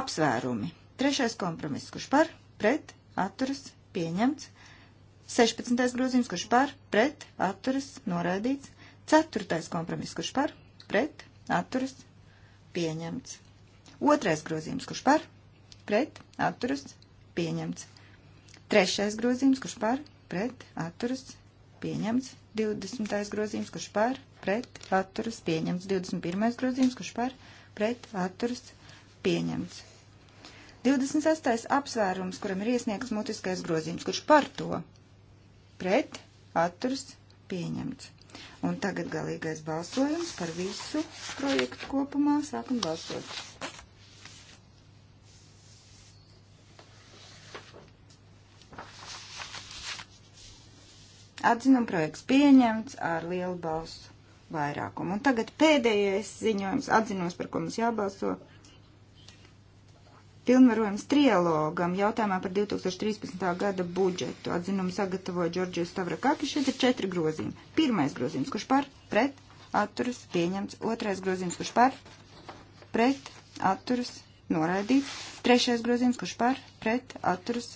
Apsvērumi. Trešais kompromiss, kurš par, pret, atturas, pieņemts. 16. grozījums, kurš par, pret, atturas, noraidīts. 4. kompromiss, kurš par, pret, atturas, pieņemts. 2. grozījums, kurš par, pret, atturas, pieņemts. Trešais grozījums, kurš par, pret, atturas, pieņemts. 20. grozījums, kurš par, pret, atturas, pieņemts. 21. grozījums, kurš par, pret, atturas, pieņemts. 26. apsvērums, kuram ir iesniegts mutiskais grozījums, kurš par to, pret, atturas, pieņemts. Un tagad galīgais balsojums par visu projektu kopumā. Sākam balsot. Atzinuma projekts pieņemts ar lielu balsu vairākumu. Un tagad pēdējais ziņojums, atzinums, par ko mums jābalso. Pilnvarojums trialogam jautājumā par 2013. gada budžetu. Atzinumu sagatavoja Džordžiju Stavrakakis. Šeit ir četri groziņi. Pirmais groziņš, kurš par, pret, atturas, pieņemts. Otrais groziņš, kurš par, pret, atturas, noraidīts. Trešais groziņš, kurš par, pret, atturas,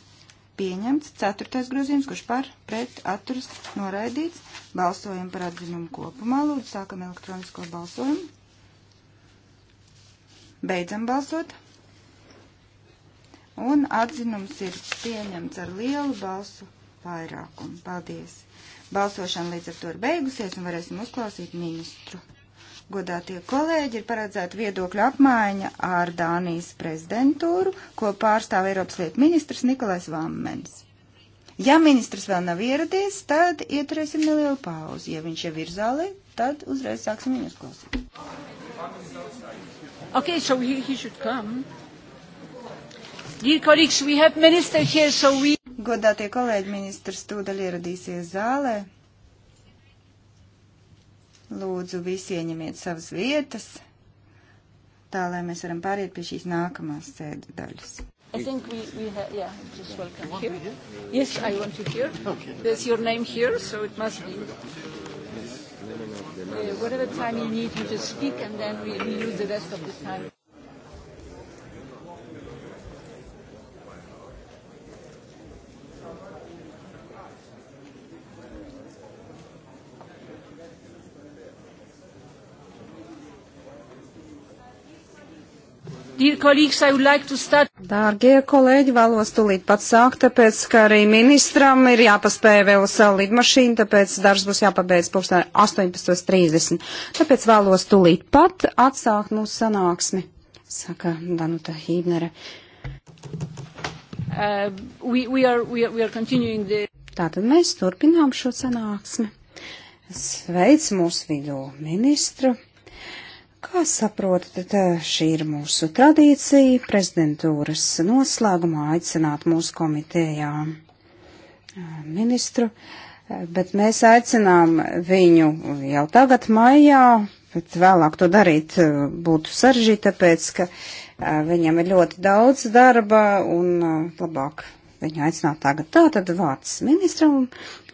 pieņemts. Ceturtais grozījums, kurš par pret atturas noraidīts. Balsojam par atzinumu kopumā. Lūdzu, sākam elektronisko balsojumu. Beidzam balsot. Un atzinums ir pieņemts ar lielu balsu vairākumu. Paldies! Balsošana līdz ar to ir beigusies un varēsim uzklausīt ministru. Godātie kolēģi, ir paredzēta viedokļa apmaiņa ar Dānijas prezidentūru, ko pārstāv Eiropas lietu ministrs Nikolais Vammens. Ja ministrs vēl nav ieradies, tad ieturēsim nelielu pauzi. Ja viņš jau ir zālē, tad uzreiz sāksim viņu uzklausīt. Okay, so he, he should come. Dear colleagues, we have minister here, so we... Godātie kolēģi, ministrs tūdaļ ieradīsies zālē. Lūdzu, visi ieņemiet savas vietas, tā lai mēs varam pāriet pie šīs nākamās sēdes daļas. I think we, we have, yeah, just welcome you here. Yes, I want you here. Okay. There's your name here, so it must be. Uh, whatever time you need, you just speak, and then we, we use the rest of the time. Dārgie kolēģi, vēlos tūlīt pat sākt, tāpēc, ka arī ministram ir jāpaspēja vēl savu lidmašīnu, tāpēc darbs būs jāpabeidz pulkstā 18.30. Tāpēc vēlos tūlīt pat atsākt mūsu sanāksmi, saka Danuta Hībnere. Uh, we, we are, we are, we are the... Tātad mēs turpinām šo sanāksmi. Sveic mūsu vidū ministru saprotat, šī ir mūsu tradīcija prezidentūras noslēgumā aicināt mūsu komitejā ministru, bet mēs aicinām viņu jau tagad maijā, bet vēlāk to darīt būtu saržģīti, tāpēc, ka viņam ir ļoti daudz darba un labāk viņu aicināt tagad. Tā tad vārds ministram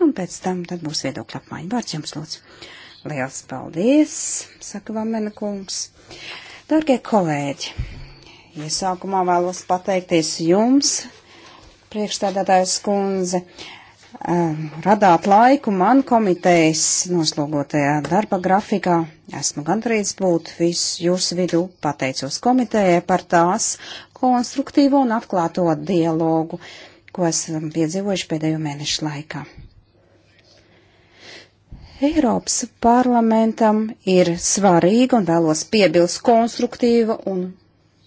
un pēc tam tad būs viedokļa apmaiņa. Vārds jums lūdzu. Liels paldies, saka Vamena kungs. Dargie kolēģi, iesākumā vēlos pateikties jums, priekšstādātājs kundze, um, radāt laiku man komitejas noslogotajā darba grafikā. Esmu gandrīz būt visu jūsu vidu pateicos komitejai par tās konstruktīvo un atklāto dialogu, ko esam piedzīvojuši pēdējo mēnešu laikā. Eiropas parlamentam ir svarīga un vēlos piebilst konstruktīva un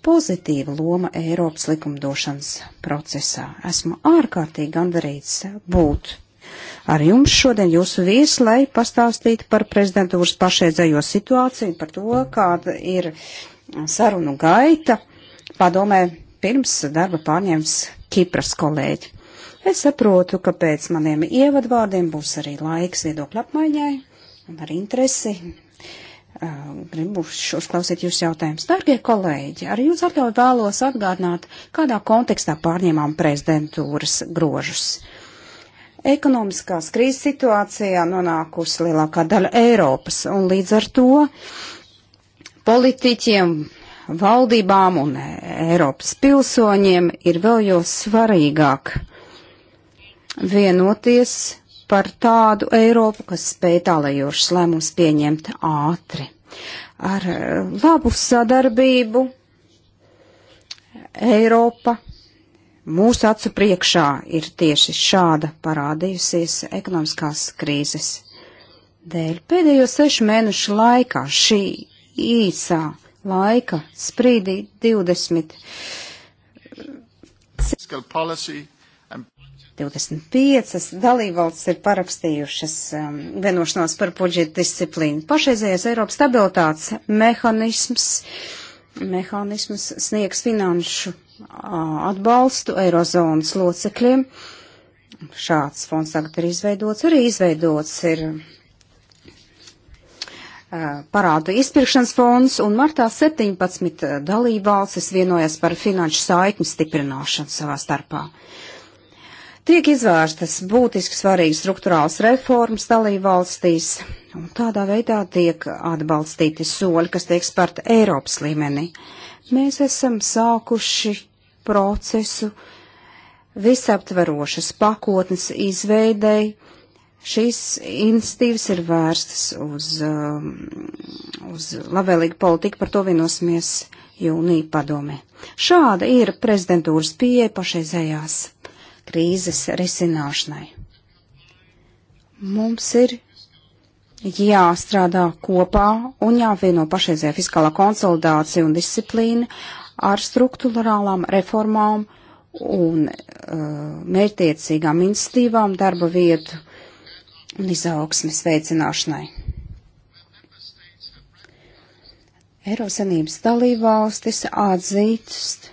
pozitīva loma Eiropas likumdošanas procesā. Esmu ārkārtīgi gandarīts būt ar jums šodien jūsu viesi, lai pastāstītu par prezidentūras pašreizējo situāciju, par to, kāda ir sarunu gaita padomē pirms darba pārņems Kipras kolēģi. Es saprotu, ka pēc maniem ievadvārdiem būs arī laiks viedokļu apmaiņai un ar interesi. Gribu uzklausīt jūsu jautājumus. Dargie kolēģi, arī jūs atļauju vēlos atgādināt, kādā kontekstā pārņēmām prezidentūras grožus. Ekonomiskās krīzes situācijā nonākusi lielākā daļa Eiropas, un līdz ar to politiķiem, valdībām un Eiropas pilsoņiem ir vēl jo svarīgāk vienoties par tādu Eiropu, kas spēj tālajošas lēmumus pieņemt ātri. Ar eh, labu sadarbību Eiropa mūsu acu priekšā ir tieši šāda parādījusies ekonomiskās krīzes dēļ. Pēdējo sešu mēnešu laikā šī īsā laika sprīdī 20. Fiscal policy 25 dalībvalstis ir parakstījušas um, vienošanos par budžeta disciplīnu. Pašreizējais Eiropas stabilitātes mehanisms, mehanisms sniegs finanšu uh, atbalstu eirozonas locekļiem. Šāds fonds tagad ir izveidots, arī izveidots ir parādu izpirkšanas fonds, un martā 17 dalībvalstis vienojas par finanšu saikņu stiprināšanu savā starpā. Uh, Tiek izvērstas būtiski svarīgas struktūrāls reformas dalībvalstīs, un tādā veidā tiek atbalstīti soļi, kas tiek spērti Eiropas līmenī. Mēs esam sākuši procesu visaptverošas pakotnes izveidēji, šīs institīvas ir vērstas uz, um, uz labvēlīgu politiku, par to vienosimies jūnija padomē. Šāda ir prezidentūras pieeja pašreizējās krīzes risināšanai. Mums ir jāstrādā kopā un jāvieno pašreizējā fiskālā konsolidācija un disciplīna ar struktūrālām reformām un uh, mērķtiecīgām institīvām darba vietu un izaugsmes veicināšanai. Eirosanības dalībvalstis atzīst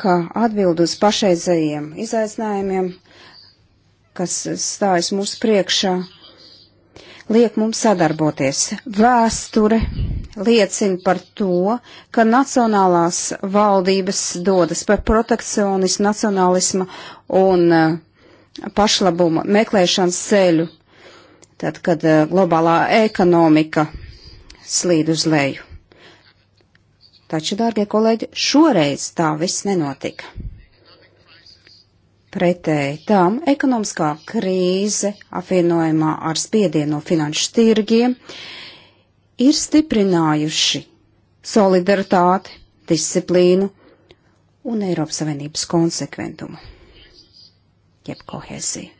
ka atbild uz pašreizējiem izaicinājumiem, kas stājas mūsu priekšā, liek mums sadarboties. Vēsture liecina par to, ka nacionālās valdības dodas par protekcionismu, nacionālismu un eh, pašlabuma meklēšanas ceļu, tad, kad eh, globālā ekonomika slīd uz leju. Taču, dārgie kolēģi, šoreiz tā viss nenotika. Pretēji tam ekonomiskā krīze apvienojumā ar spiedienu no finanšu tirgiem ir stiprinājuši solidaritāti, disciplīnu un Eiropas Savienības konsekventumu, jeb kohēziju.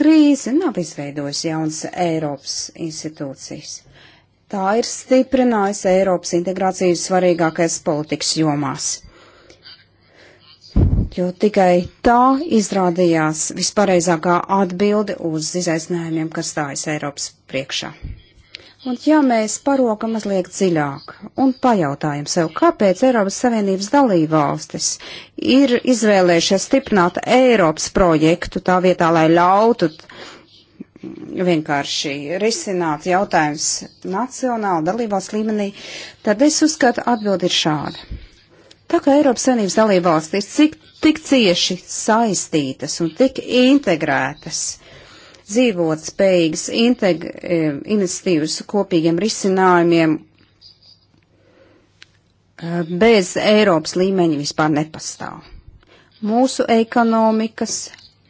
Krīze nav izveidojusi jaunas Eiropas institūcijas. Tā ir stiprinājusi Eiropas integrāciju svarīgākais politikas jomās. Jo tikai tā izrādījās vispareizākā atbilde uz izaicinājumiem, kas stājas Eiropas priekšā. Un ja mēs parokam mazliet dziļāk un pajautājam sev, kāpēc Eiropas Savienības dalībvalstis ir izvēlējušies stiprināt Eiropas projektu tā vietā, lai ļautu vienkārši risināt jautājums nacionāli dalībvalsts līmenī, tad es uzskatu atbildi ir šāda. Tā kā Eiropas Savienības dalībvalsts ir cik, tik cieši saistītas un tik integrētas, dzīvot spējīgas integ, e, iniciatīvas kopīgiem risinājumiem, e, bez Eiropas līmeņa vispār nepastāv. Mūsu ekonomikas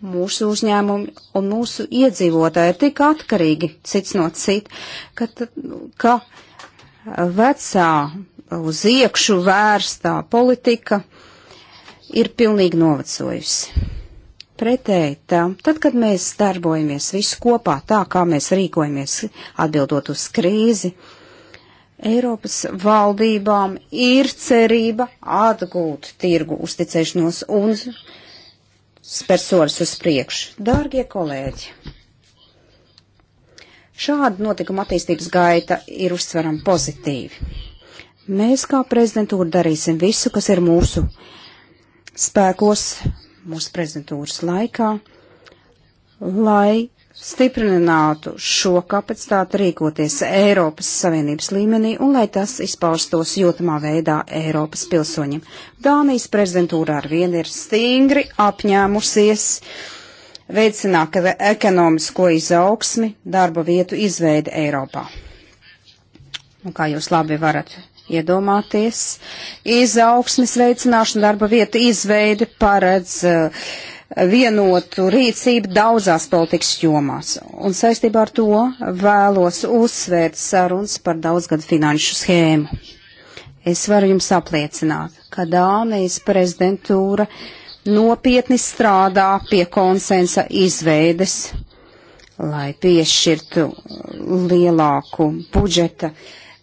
mūsu uzņēmumi un mūsu iedzīvotāji ir tik atkarīgi cits no cita, ka, ka vecā uz iekšu vērstā politika ir pilnīgi novecojusi. Pretēji tam, tad, kad mēs darbojamies visi kopā tā, kā mēs rīkojamies atbildot uz krīzi, Eiropas valdībām ir cerība atgūt tirgu uzticēšanos un spēr solis uz priekšu. Dārgie kolēģi, šāda notikuma attīstības gaita ir uzsveram pozitīvi. Mēs kā prezidentūra darīsim visu, kas ir mūsu spēkos, mūsu prezidentūras laikā, lai stiprinātu šo kapacitāti rīkoties Eiropas Savienības līmenī un lai tas izpaustos jūtamā veidā Eiropas pilsoņiem. Dānijas prezidentūra ar vienu ir stingri apņēmusies veicināt ekonomisko izaugsmi darba vietu izveidi Eiropā. Un kā jūs labi varat iedomāties, izaugsmes veicināšana darba vietu izveidi paredz uh, vienotu rīcību daudzās politikas jomās. Un saistībā ar to vēlos uzsvērt sarunas par daudzgadu finanšu schēmu. Es varu jums apliecināt, ka Dānijas prezidentūra nopietni strādā pie konsensa izveides, lai piešķirtu lielāku budžeta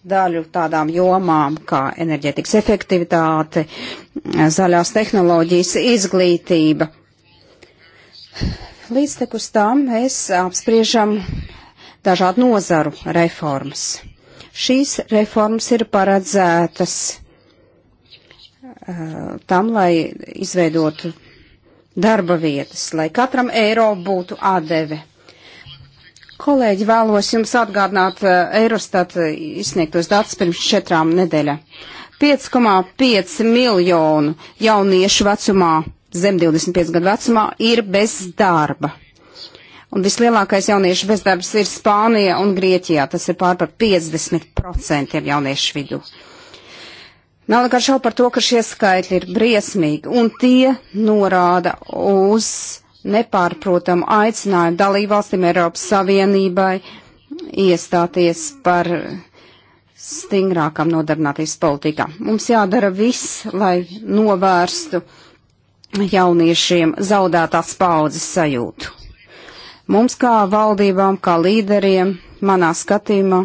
daļu tādām jomām kā enerģetikas efektivitāte, zaļās tehnoloģijas, izglītība Līdztekus tam mēs apspriežam dažādu nozaru reformas. Šīs reformas ir paredzētas uh, tam, lai izveidotu darba vietas, lai katram eiro būtu atdeve. Kolēģi, vēlos jums atgādināt eh, Eurostat izsniegtos datus pirms četrām nedēļām. 5,5 miljonu jauniešu vecumā zem 25 gadu vecumā ir bez darba. Un vislielākais jauniešu bezdarbs ir Spānija un Grieķijā. Tas ir pār par 50% jauniešu vidū. Nav nekā šaubu par to, ka šie skaitļi ir briesmīgi, un tie norāda uz nepārprotamu aicinājumu dalībvalstīm Eiropas Savienībai iestāties par stingrākam nodarbinātības politikā. Mums jādara viss, lai novērstu jauniešiem zaudētās paudzes sajūtu. Mums kā valdībām, kā līderiem, manā skatījumā,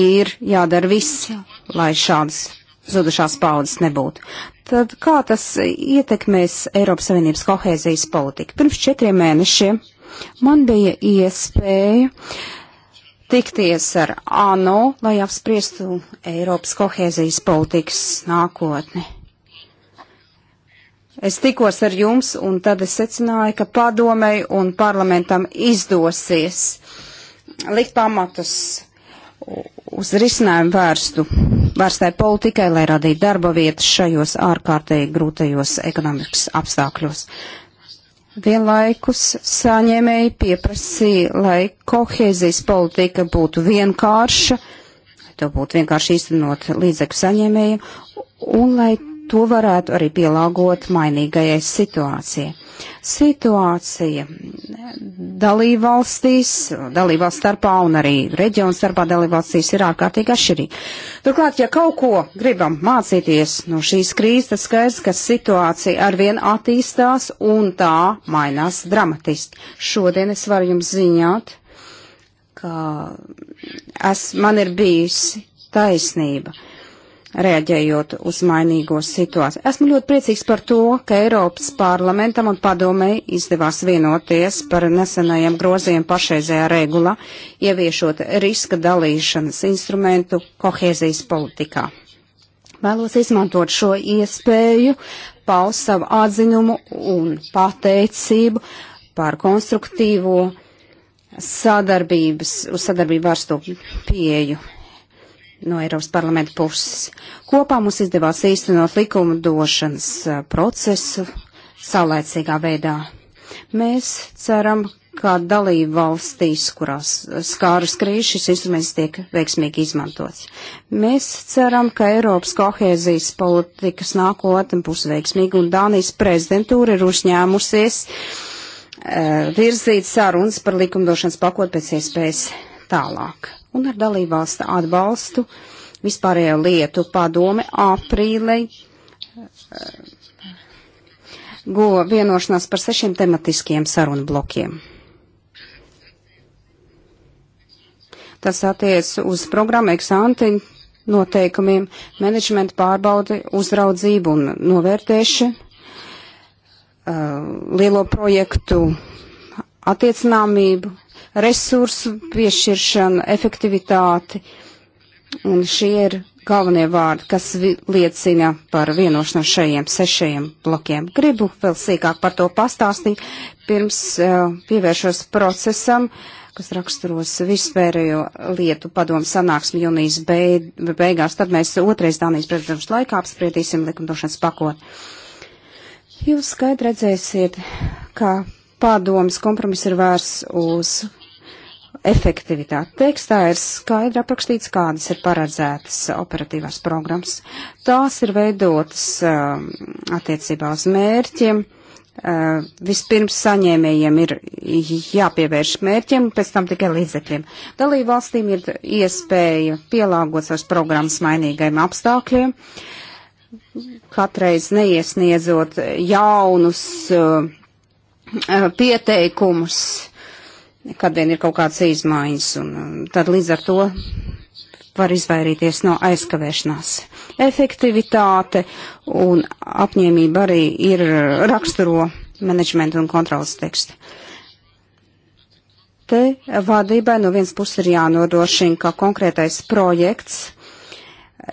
ir jādara viss, lai šādas zudušās paudzes nebūtu. Tad kā tas ietekmēs Eiropas Savienības kohēzijas politiku? Pirms četriem mēnešiem man bija iespēja tikties ar ANO, lai apspriestu Eiropas kohēzijas politikas nākotni. Es tikos ar jums, un tad es secināju, ka padomei un parlamentam izdosies likt pamatus uz risinājumu vērstu, vērstai politikai, lai radītu darba vietas šajos ārkārtēji grūtajos ekonomikas apstākļos. Vienlaikus saņēmēji pieprasīja, lai kohēzijas politika būtu vienkārša, to būtu vienkārši īstenot līdzekļu saņēmējiem, un lai to varētu arī pielāgot mainīgajai situācijai. Situācija dalībvalstīs, dalībvalsts starpā un arī reģionu starpā dalībvalstīs ir ārkārtīgi atšķirīga. Turklāt, ja kaut ko gribam mācīties no šīs krīzes, tad skaidrs, ka situācija arvien attīstās un tā mainās dramatiski. Šodien es varu jums ziņot, ka es, man ir bijusi taisnība. Uh, reaģējot uz mainīgo situāciju. Esmu ļoti priecīgs par to, ka Eiropas parlamentam un padomēji izdevās vienoties par nesenajiem groziem pašreizējā regula, ieviešot riska dalīšanas instrumentu kohēzijas politikā. Vēlos izmantot šo iespēju, paust savu atzinumu un pateicību par konstruktīvo sadarbības, uz sadarbību vērsto pieju no Eiropas parlamenta puses. Kopā mums izdevās īstenot likuma došanas eh, procesu saulēcīgā veidā. Mēs ceram, ka dalību valstīs, kurās skāras krīze, šis instruments tiek veiksmīgi izmantots. Mēs ceram, ka Eiropas kohēzijas politikas nākotne būs veiksmīga un Dānijas prezidentūra ir uzņēmusies uh, virzīt sarunas par likumdošanas pakot pēc iespējas tālāk un ar dalībvalstu atbalstu vispārējo lietu padome aprīlei eh, guva vienošanās par sešiem tematiskiem sarunu blokiem. Tas attiec uz programmu eksanti noteikumiem, menedžmenta pārbaudi, uzraudzību un novērtēšanu, eh, lielo projektu attiecināmību, resursu piešķiršanu, efektivitāti. Un šie ir galvenie vārdi, kas liecina par vienošanos šajiem sešajiem blokiem. Gribu vēl sīkāk par to pastāstīt, pirms uh, pievēršos procesam, kas raksturos vispārējo lietu padomu sanāksmi jūnijas beid, beigās. Tad mēs otrais Dānijas prezidents laikā apspriedīsim likumdošanas pakot. Jūs skaidri redzēsiet, ka padomas kompromiss ir vērs uz efektivitāti. Tekstā ir skaidri aprakstīts, kādas ir paredzētas operatīvās programmas. Tās ir veidotas uh, attiecībā uz mērķiem. Uh, vispirms saņēmējiem ir jāpievērš mērķiem, pēc tam tikai līdzekļiem. Dalību valstīm ir iespēja pielāgot savas programmas mainīgajiem apstākļiem, katreiz neiesniedzot jaunus uh, uh pieteikumus kad vien ir kaut kādas izmaiņas, un um, tad līdz ar to var izvairīties no aizkavēšanās. Efektivitāte un apņēmība arī ir raksturo menedžmenta un kontrolas tekstu. Te vadībai no vienas puses ir jānodrošina, ka konkrētais projekts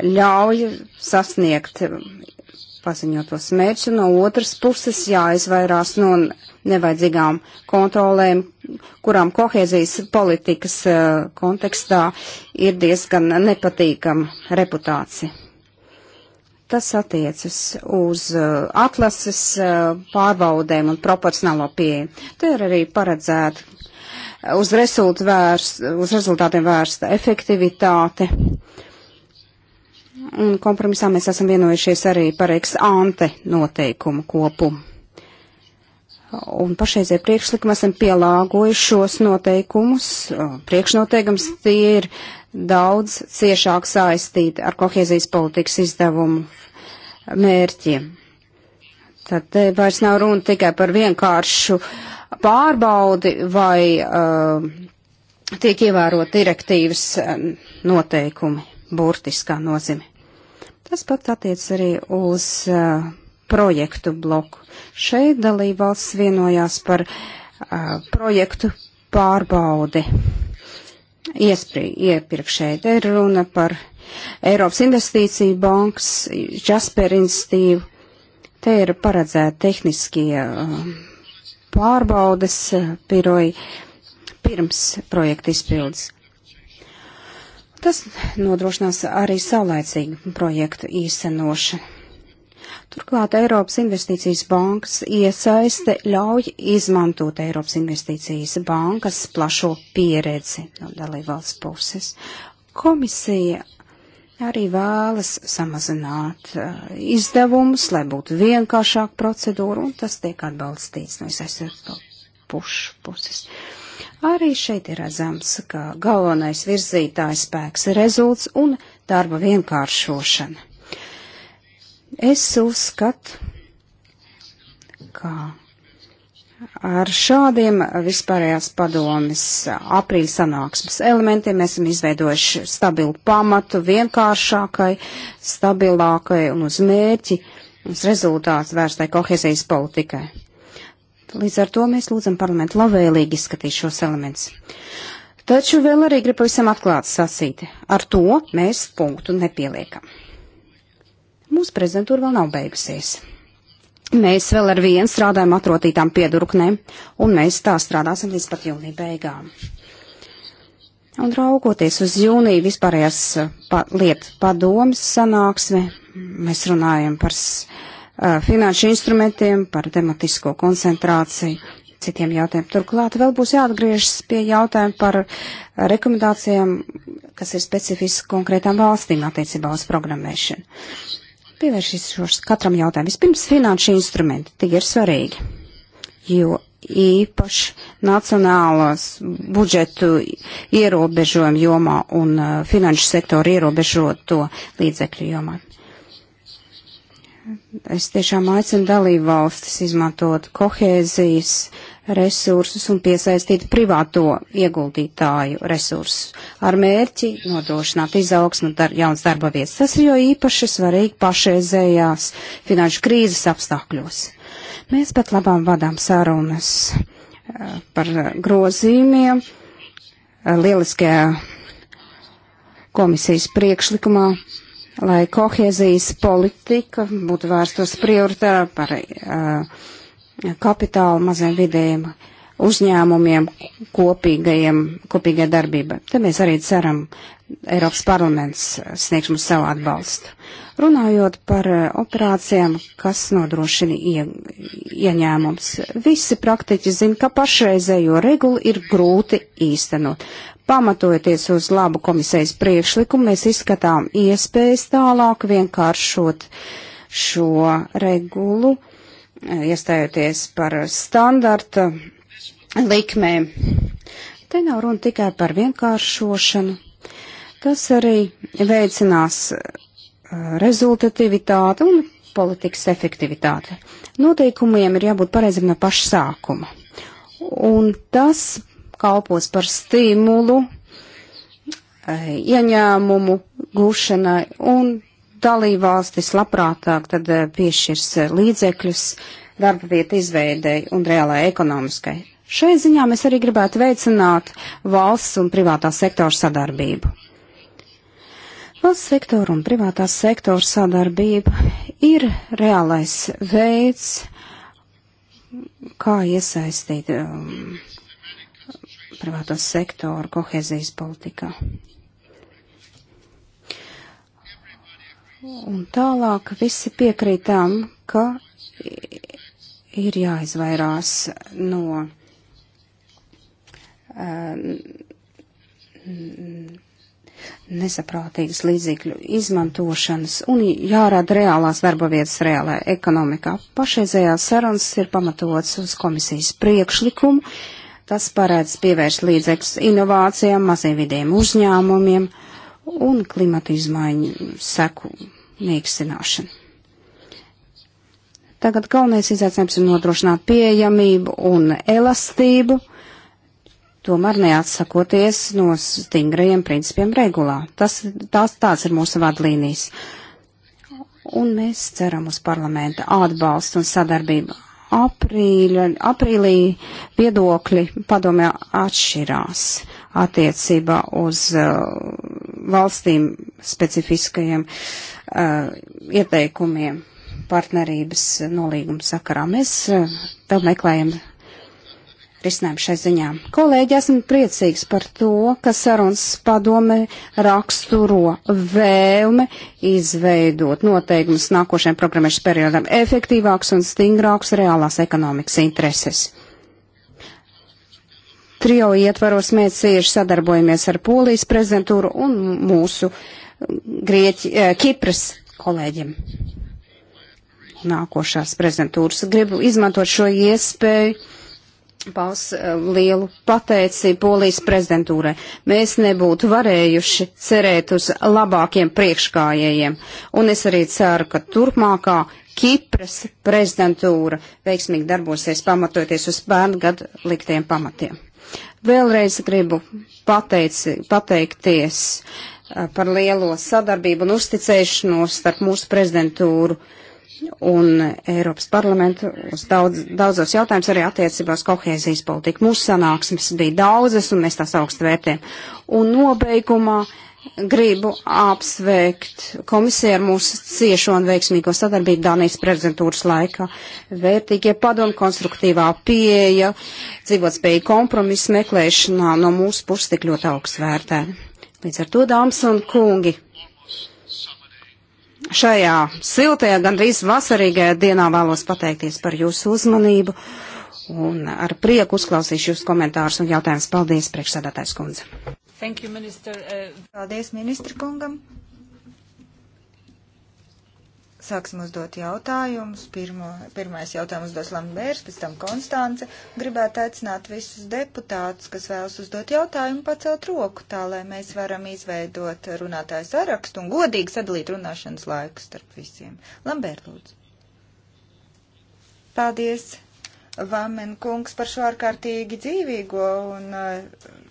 ļauj sasniegt paziņotos mērķus, un no otras puses jāizvairās no nevajadzīgām kontrolēm, kurām kohēzijas politikas uh, kontekstā ir diezgan nepatīkama reputācija. Tas attiecas uz uh, atlases uh, pārbaudēm un proporcionālo pieeju. Te ir arī paredzēta uz, vērst, uz rezultātiem vērsta efektivitāte. Uh, Un kompromisā mēs esam vienojušies arī par ex-ante noteikumu kopumu. Un pašreizie priekšlikumi esam pielāgojuši šos noteikumus. Priekšnoteikums tie ir daudz ciešāk saistīti ar kohēzijas politikas izdevumu mērķiem. Tad vairs nav runa tikai par vienkāršu pārbaudi vai uh, tiek ievērot direktīvas uh, noteikumi burtiskā nozīme. Tas pat attiec arī uz uh, projektu bloku. Šeit dalībvalsts vienojās par uh, projektu pārbaudi. Iespri, iepirkšēji te ir runa par Eiropas investīciju bankas, Jasper institīvu. Te ir paredzēta tehniskie uh, pārbaudes uh, piroji pirms projekta izpildes. Tas nodrošinās arī saulēcīgu projektu īstenošanu. Turklāt Eiropas Investīcijas bankas iesaiste ļauj izmantot Eiropas Investīcijas bankas plašo pieredzi no dalībvalsts puses. Komisija arī vēlas samazināt uh, izdevumus, lai būtu vienkāršāka procedūra, un tas tiek atbalstīts no iesaistīto pušu puses. Uh, Arī šeit ir redzams, ka galvenais virzītājs spēks ir rezults un darba vienkāršošana. Es uzskatu, ka ar šādiem vispārējās padomis aprīļa sanāksmes elementiem mēs esam izveidojuši stabilu pamatu vienkāršākai, stabilākai un uz mērķi, uz rezultātu vērstai kohezijas politikai. Līdz ar to mēs lūdzam parlamentu labvēlīgi izskatīt šos elementus. Taču vēl arī gribu pavisam atklāti sacīt, ar to mēs punktu nepieliekam. Mūsu prezidentūra vēl nav beigusies. Mēs vēl ar vienu strādājam atrotītām piedurknēm, un mēs tā strādāsim līdz pat jūnija beigām. Un raugoties uz jūniju vispārējās pa, lietu padomas sanāksmi, mēs runājam par finanšu instrumentiem, par tematisko koncentrāciju, citiem jautājumiem. Turklāt vēl būs jāatgriežas pie jautājuma par rekomendācijām, kas ir specifiski konkrētām valstīm attiecībā uz programmēšanu. Pievērsīšos katram jautājumam. Vispirms finanšu instrumenti, tie ir svarīgi, jo īpaši nacionālās budžetu ierobežojumu jomā un finanšu sektoru ierobežoto līdzekļu jomā. Es tiešām aicinu dalību valstis izmantot kohēzijas resursus un piesaistīt privāto ieguldītāju resursus ar mērķi nodrošināt izaugsmu un dar jauns darba vietas. Tas ir jo īpaši svarīgi pašreizējās finanšu krīzes apstākļos. Mēs pat labām vadām sarunas eh, par grozījumiem eh, lieliskajā komisijas priekšlikumā lai kohēzijas politika būtu vērstos prioritāri par uh, kapitālu maziem vidējiem uzņēmumiem kopīgajiem, kopīgai darbībai. Te mēs arī ceram, Eiropas parlaments sniegs mums savu atbalstu. Runājot par operācijām, kas nodrošina ie, ieņēmums, visi praktiķi zina, ka pašreizējo regulu ir grūti īstenot. Pamatojoties uz labu komisijas priekšlikumu, mēs izskatām iespējas tālāk vienkāršot šo regulu, iestājoties par standarta likmēm. Te nav runa tikai par vienkāršošanu, tas arī veicinās uh, rezultativitāti un politikas efektivitāti. Noteikumiem ir jābūt pareizam no paša sākuma. Un tas kalpos par stimulu eh, ieņēmumu gūšanai un dalībvalstis labprātāk tad eh, piešķirs eh, līdzekļus darba vietu izveidēji un reālai ekonomiskai. Šai ziņā mēs arī gribētu veicināt valsts un privātā sektora sadarbību. Valsts sektora un privātā sektora sadarbība ir reālais veids, kā iesaistīt um, privāto sektoru kohēzijas politikā. Un tālāk visi piekrīt tam, ka ir jāizvairās no uh, nesaprātīgas līdzekļu izmantošanas un jārada reālās darba vietas reālajā ekonomikā. Pašreizējās sarunas ir pamatotas uz komisijas priekšlikumu, uh, Tas parāds pievērst līdzekļus inovācijām, mazievidiem uzņēmumiem un klimatu izmaiņu seku mīkstināšanu. Tagad galvenais izaicinājums ir nodrošināt pieejamību un elastību, tomēr neatsakoties no stingrajiem principiem regulā. Tas, tās, tās ir mūsu vadlīnijas. Un mēs ceram uz parlamenta atbalstu un sadarbību aprīļa, aprīlī viedokļi padomē atšķirās attiecībā uz uh, valstīm specifiskajiem uh, ieteikumiem partnerības nolīguma sakarā. Mēs uh, vēl meklējam risinājumu šai ziņā. Kolēģi, esmu priecīgs par to, ka sarunas padome raksturo vēlme izveidot noteikumus nākošajam programmēšanas periodam efektīvāks un stingrāks reālās ekonomikas intereses. Trio ietvaros mēs cieši sadarbojamies ar Polijas prezidentūru un mūsu Grieķi, eh, Kipras kolēģiem. Nākošās prezidentūras gribu izmantot šo iespēju paus eh, lielu pateicību Polijas prezidentūrai. Mēs nebūtu varējuši cerēt uz labākiem priekškājējiem. Un es arī ceru, ka turpmākā Kipras prezidentūra veiksmīgi darbosies pamatoties uz bērnu gadu liktiem pamatiem. Vēlreiz gribu pateici, pateikties eh, par lielo sadarbību un uzticēšanos starp mūsu prezidentūru uh, un Eiropas parlamentu uz daudz, daudzos jautājumus arī attiecībās kohēzijas politiku. Mūsu sanāksmes bija daudzas, un mēs tās augstu vērtējam. Un nobeigumā gribu apsveikt komisiju ar mūsu ciešo un veiksmīgo sadarbību Dānijas prezidentūras laikā. Vērtīgie padomi, konstruktīvā pieeja, dzīvotspēja kompromisu meklēšanā no mūsu puses tik ļoti augsts vērtē. Līdz ar to, dāmas un kungi! šajā siltajā, gandrīz vasarīgajā dienā vēlos pateikties par jūsu uzmanību un ar prieku uzklausīšu jūsu komentārus un jautājumus. Paldies, priekšsēdētājs kundze. Thank you, minister, uh... Paldies ministra kungam. Sāksim uzdot jautājumus. Pirmo, pirmais jautājums uzdos Lambērs, pēc tam Konstance. Gribētu aicināt visus deputātus, kas vēlas uzdot jautājumu, pacelt roku, tā lai mēs varam izveidot runātāju sarakstu un godīgi sadalīt runāšanas laiku starp visiem. Lambēr, lūdzu. Paldies, Vamen kungs, par šo ārkārtīgi dzīvīgo un uh,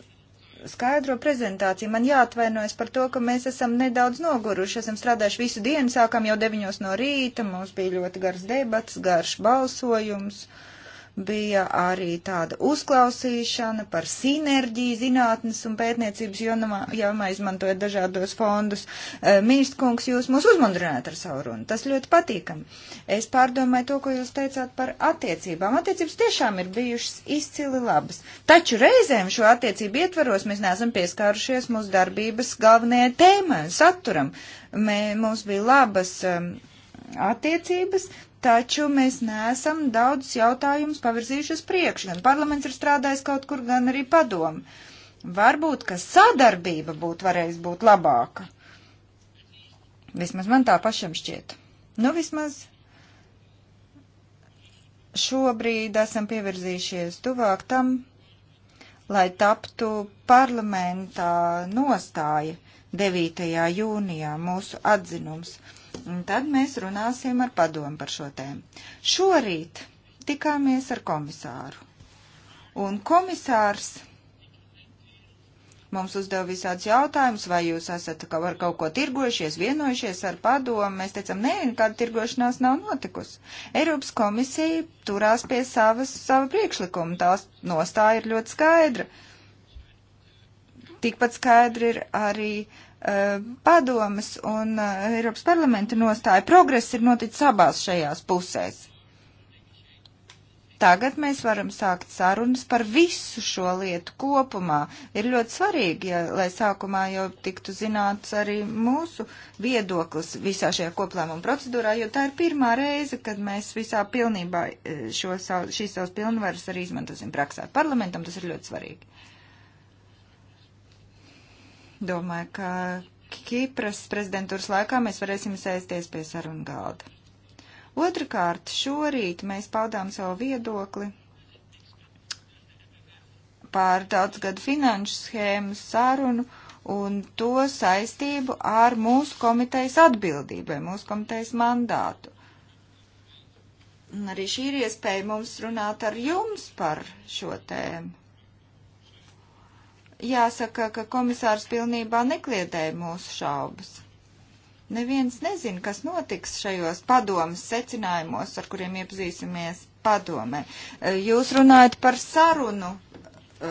skaidro prezentāciju. Man jāatvainojas par to, ka mēs esam nedaudz noguruši. Esam strādājuši visu dienu, sākam jau deviņos no rīta, mums bija ļoti gars debats, garš balsojums. Uh, bija arī tāda uzklausīšana par sinerģiju zinātnes un pētniecības jomā, izmantojot dažādos fondus. Eh, Ministrs kungs, jūs mūs uzmundrināt ar savu runu. Tas ļoti patīkam. Es pārdomāju to, ko jūs teicāt par attiecībām. Attiecības tiešām ir bijušas izcili labas. Taču reizēm šo attiecību ietvaros mēs neesam pieskārušies mūsu darbības galvenajai tēmai, saturam. Mē, mums bija labas um, attiecības, Taču mēs neesam daudzus jautājumus pavirzījuši uz priekšu. Gan parlaments ir strādājis kaut kur, gan arī padomu. Varbūt, ka sadarbība būtu varējusi būt labāka. Vismaz man tā pašam šķiet. Nu, vismaz šobrīd esam pievirzījušies tuvāk tam, lai taptu parlamentā nostāja 9. jūnijā mūsu atzinums. Un tad mēs runāsim ar padomu par šo tēmu. Šorīt tikāmies ar komisāru. Un komisārs mums uzdeva visādus jautājumus, vai jūs esat ka ar kaut ko tirgojušies, vienojušies ar padomu. Mēs teicām, nē, nekāda tirgošanās nav notikusi. Eiropas komisija turās pie savas, sava priekšlikuma, tās nostāja ir ļoti skaidra. Tikpat skaidra ir arī uh, Eh, padomas un eh, Eiropas parlamenta nostāja. Progress ir noticis abās šajās pusēs. Tagad mēs varam sākt sarunas par visu šo lietu kopumā. Ir ļoti svarīgi, ja, lai sākumā jau tiktu zināts arī mūsu viedoklis visā šajā koplēmuma procedūrā, jo tā ir pirmā reize, kad mēs visā pilnībā eh, šo, šīs savas pilnvaras arī izmantosim praksē. Parlamentam tas ir ļoti svarīgi. Domāju, ka Kipras prezidentūras laikā mēs varēsim sēsties pie sarunu galda. Otrakārt, šorīt mēs paudām savu viedokli pār daudzgadu finanšu schēmu sarunu un to saistību ar mūsu komitejas atbildību vai mūsu komitejas mandātu. Un arī šī ir iespēja mums runāt ar jums par šo tēmu jāsaka, ka komisārs pilnībā nekliedēja mūsu šaubas. Neviens nezina, kas notiks šajos padomas secinājumos, ar kuriem iepazīsimies padomē. E, jūs runājat par sarunu e,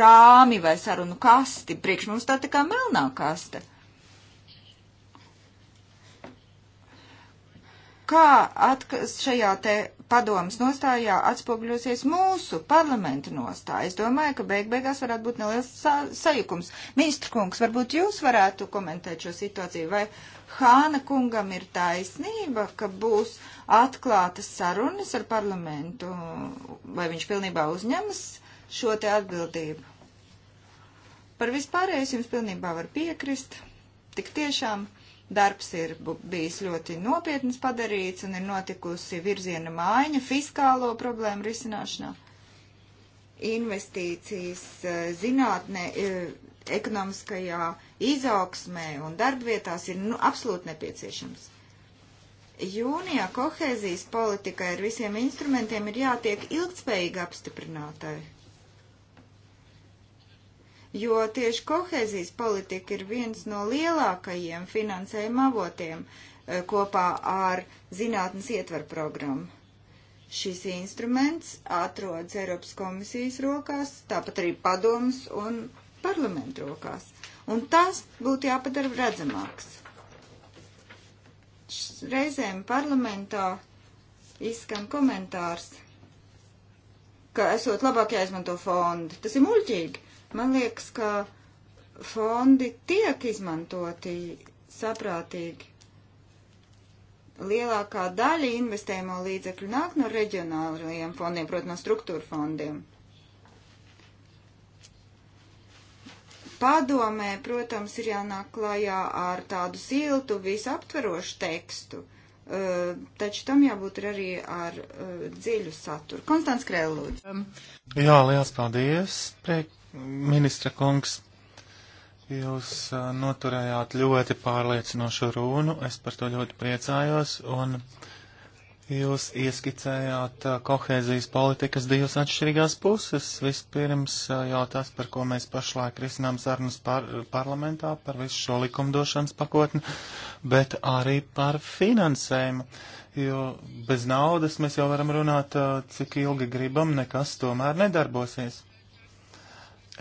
rāmi vai sarunu kasti, priekš mums tā tā kā melnā kaste. kā šajā te padomas nostājā atspogļosies mūsu parlamenta nostāja. Es domāju, ka beig beigās varētu būt neliels sa sajukums. Ministra kungs, varbūt jūs varētu komentēt šo situāciju, vai Hāna kungam ir taisnība, ka būs atklātas sarunas ar parlamentu, vai viņš pilnībā uzņemas šo te atbildību? Par vispārējais jums pilnībā var piekrist. Tik tiešām Darbs ir bijis ļoti nopietns padarīts un ir notikusi virziena maiņa fiskālo problēmu risināšanā. Investīcijas e, zinātnē, e, ekonomiskajā izaugsmē un darbvietās ir nu, absolūti nepieciešams jūnijā kohēzijas politikai ar visiem instrumentiem ir jātiek ilgtspējīgi apstiprinātai jo tieši kohēzijas politika ir viens no lielākajiem finansējuma avotiem eh, kopā ar zinātnes ietvaru programmu. Šis instruments atrodas Eiropas komisijas rokās, tāpat arī padomas un parlamentu rokās. Un tas būtu jāpadara redzamāks. Reizēm parlamentā izskan komentārs, ka esot labāk jāizmanto fondi. Tas ir muļķīgi. Man liekas, ka fondi tiek izmantoti saprātīgi. Lielākā daļa investējumo līdzekļu nāk no reģionālajiem fondiem, protams, no struktūra fondiem. Padomē, protams, ir jānāk klajā ar tādu siltu, visaptverošu tekstu, uh, taču tam jābūt arī ar uh, dziļu saturu. Konstants Krēlūds. Jā, liels paldies, priek Ministra kungs, jūs noturējāt ļoti pārliecinošu runu, es par to ļoti priecājos, un jūs ieskicējāt kohēzijas politikas divas atšķirīgās puses. Vispirms jau tas, par ko mēs pašlaik risinām sarunas par, parlamentā, par visu šo likumdošanas pakotni, bet arī par finansējumu jo bez naudas mēs jau varam runāt, cik ilgi gribam, nekas tomēr nedarbosies.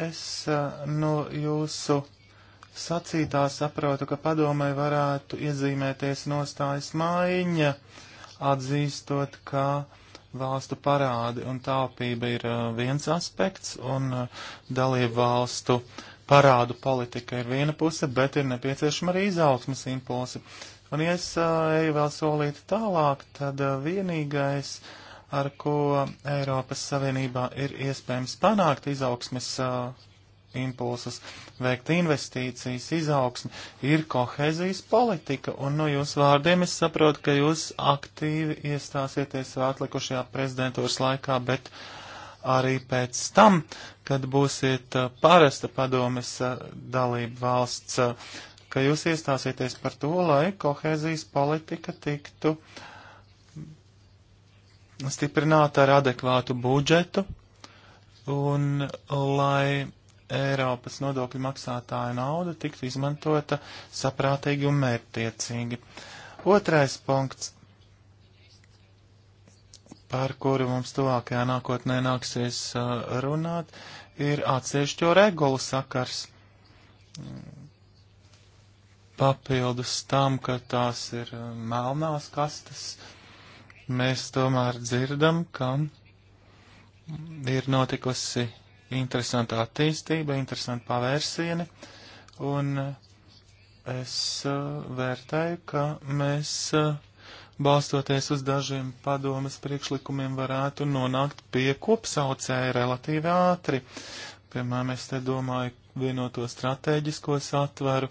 Es eh, no jūsu sacītā saprotu, ka padomai varētu iezīmēties nostājas maiņa, atzīstot, ka valstu parādi un tālpība ir eh, viens aspekts, un eh, dalību valstu parādu politika ir viena puse, bet ir nepieciešama arī izaugsmas impulsi. Un, ja es eju vēl solīti tālāk, tad vienīgais, uh, ar ko Eiropas Savienībā ir iespējams panākt izaugsmes uh, impulsus, veikt investīcijas, izaugsmi, ir kohēzijas politika, un no nu, jūsu vārdiem es saprotu, ka jūs aktīvi iestāsieties vēl atlikušajā prezidentūras laikā, bet arī pēc tam, kad būsiet uh, parasta padomes uh, dalība valsts, ka jūs iestāsieties par to, lai kohēzijas politika tiktu uh, stiprināta ar adekvātu budžetu un lai Eiropas nodokļu maksātāju nauda tiktu izmantota saprātīgi un mērķtiecīgi. Otrais punkts, par kuru mums tuvākajā nākotnē nāksies uh, runāt, ir atsevišķo regulu sakars. Papildus tam, ka tās ir uh, melnās kastes. Uh, mēs tomēr dzirdam, ka ir notikusi interesanta attīstība, interesanta pavērsieni, un es eh, vērtēju, ka mēs, eh, balstoties uz dažiem padomas priekšlikumiem, varētu nonākt pie kopsaucēja relatīvi ātri. Piemēram, es te domāju vienoto stratēģisko satvaru.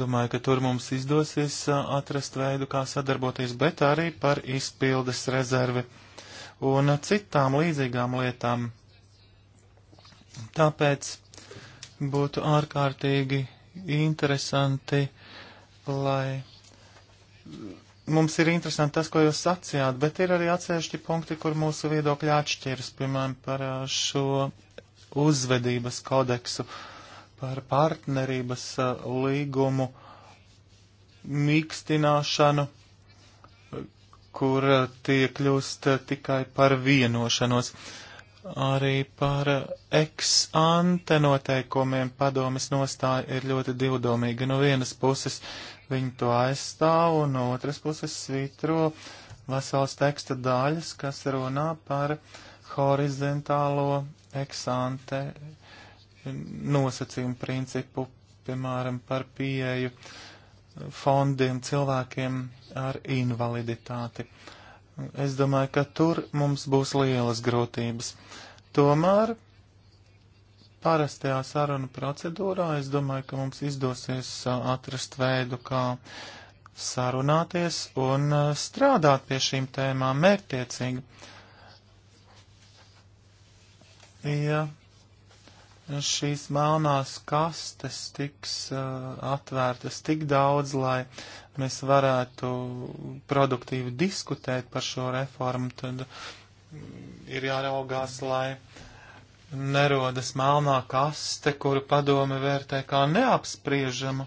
Domāju, ka tur mums izdosies atrast veidu, kā sadarboties, bet arī par izpildes rezervi un citām līdzīgām lietām. Tāpēc būtu ārkārtīgi interesanti, lai. Mums ir interesanti tas, ko jūs sacījāt, bet ir arī atsevišķi punkti, kur mūsu viedokļi atšķiras, piemēram, par šo uzvedības kodeksu. Uh, par partnerības eh, līgumu mīkstināšanu, kur eh, tie kļūst eh, tikai par vienošanos. Arī par ex-ante noteikumiem padomis nostāja ir ļoti divdomīga. No vienas puses viņi to aizstāv, un no otras puses svītro vesels teksta daļas, kas runā par horizontālo ex-ante nosacījumu principu, piemēram, par pieeju fondiem cilvēkiem ar invaliditāti. Es domāju, ka tur mums būs lielas grūtības. Tomēr parastajā saruna procedūrā es domāju, ka mums izdosies atrast veidu, kā sarunāties un strādāt pie šīm tēmām mērķtiecīgi. Ja šīs melnās kastes tiks uh, atvērtas tik daudz, lai mēs varētu produktīvi diskutēt par šo reformu, tad mm, ir jāraugās, lai nerodas melnā kaste, kuru padome vērtē kā neapspriežamu.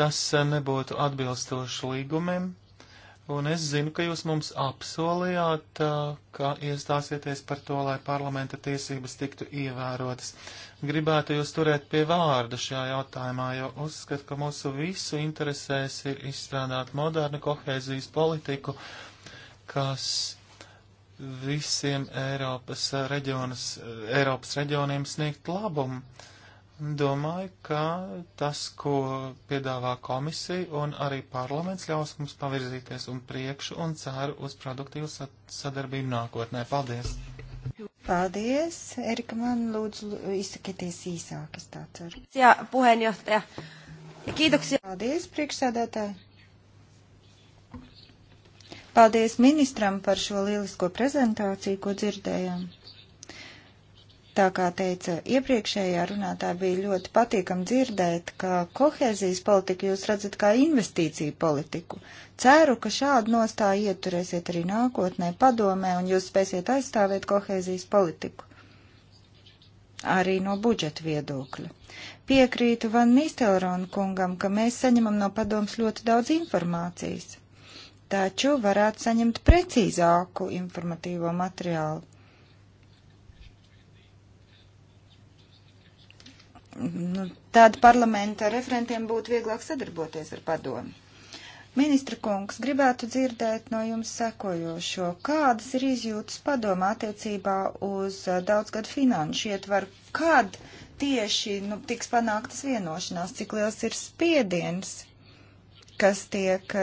Tas nebūtu atbilstoši līgumiem, un es zinu, ka jūs mums apsolījāt, ka iestāsieties par to, lai parlamenta tiesības tiktu ievērotas. Gribētu jūs turēt pie vārda šajā jautājumā, jo uzskatu, ka mūsu visu interesēs ir izstrādāt modernu kohēzijas politiku, kas visiem Eiropas, reģionas, Eiropas reģioniem sniegt labumu. Uh, Domāju, ka tas, ko piedāvā komisija un arī parlaments, ļaus mums pavirzīties un priekšu un ceru uz produktīvu sadarbību nākotnē. Paldies! Paldies! Erika, man lūdzu izsakieties īsāk, es tā ceru. Jā, puheenjohtaja. Ja kiitoksia. Paldies, priekšsēdētāji! Paldies ministram par šo lielisko prezentāciju, ko dzirdējām. Tā kā teica iepriekšējā runātā, bija ļoti patīkam dzirdēt, ka kohēzijas politiku jūs redzat kā investīciju politiku. Ceru, ka šādu nostāju ieturēsiet arī nākotnē padomē un jūs spēsiet aizstāvēt kohēzijas politiku. Arī no budžeta viedokļa. Piekrītu Van Nistelrona kungam, ka mēs saņemam no padoms ļoti daudz informācijas, taču varētu saņemt precīzāku informatīvo materiālu nu, tad parlamenta referentiem būtu vieglāk sadarboties ar padomu. Ministra kungs, gribētu dzirdēt no jums sekojošo. Kādas ir izjūtas padomā attiecībā uz daudzgadu finanšu ietvaru? Kad tieši nu, tiks panāktas vienošanās? Cik liels ir spiediens, kas tiek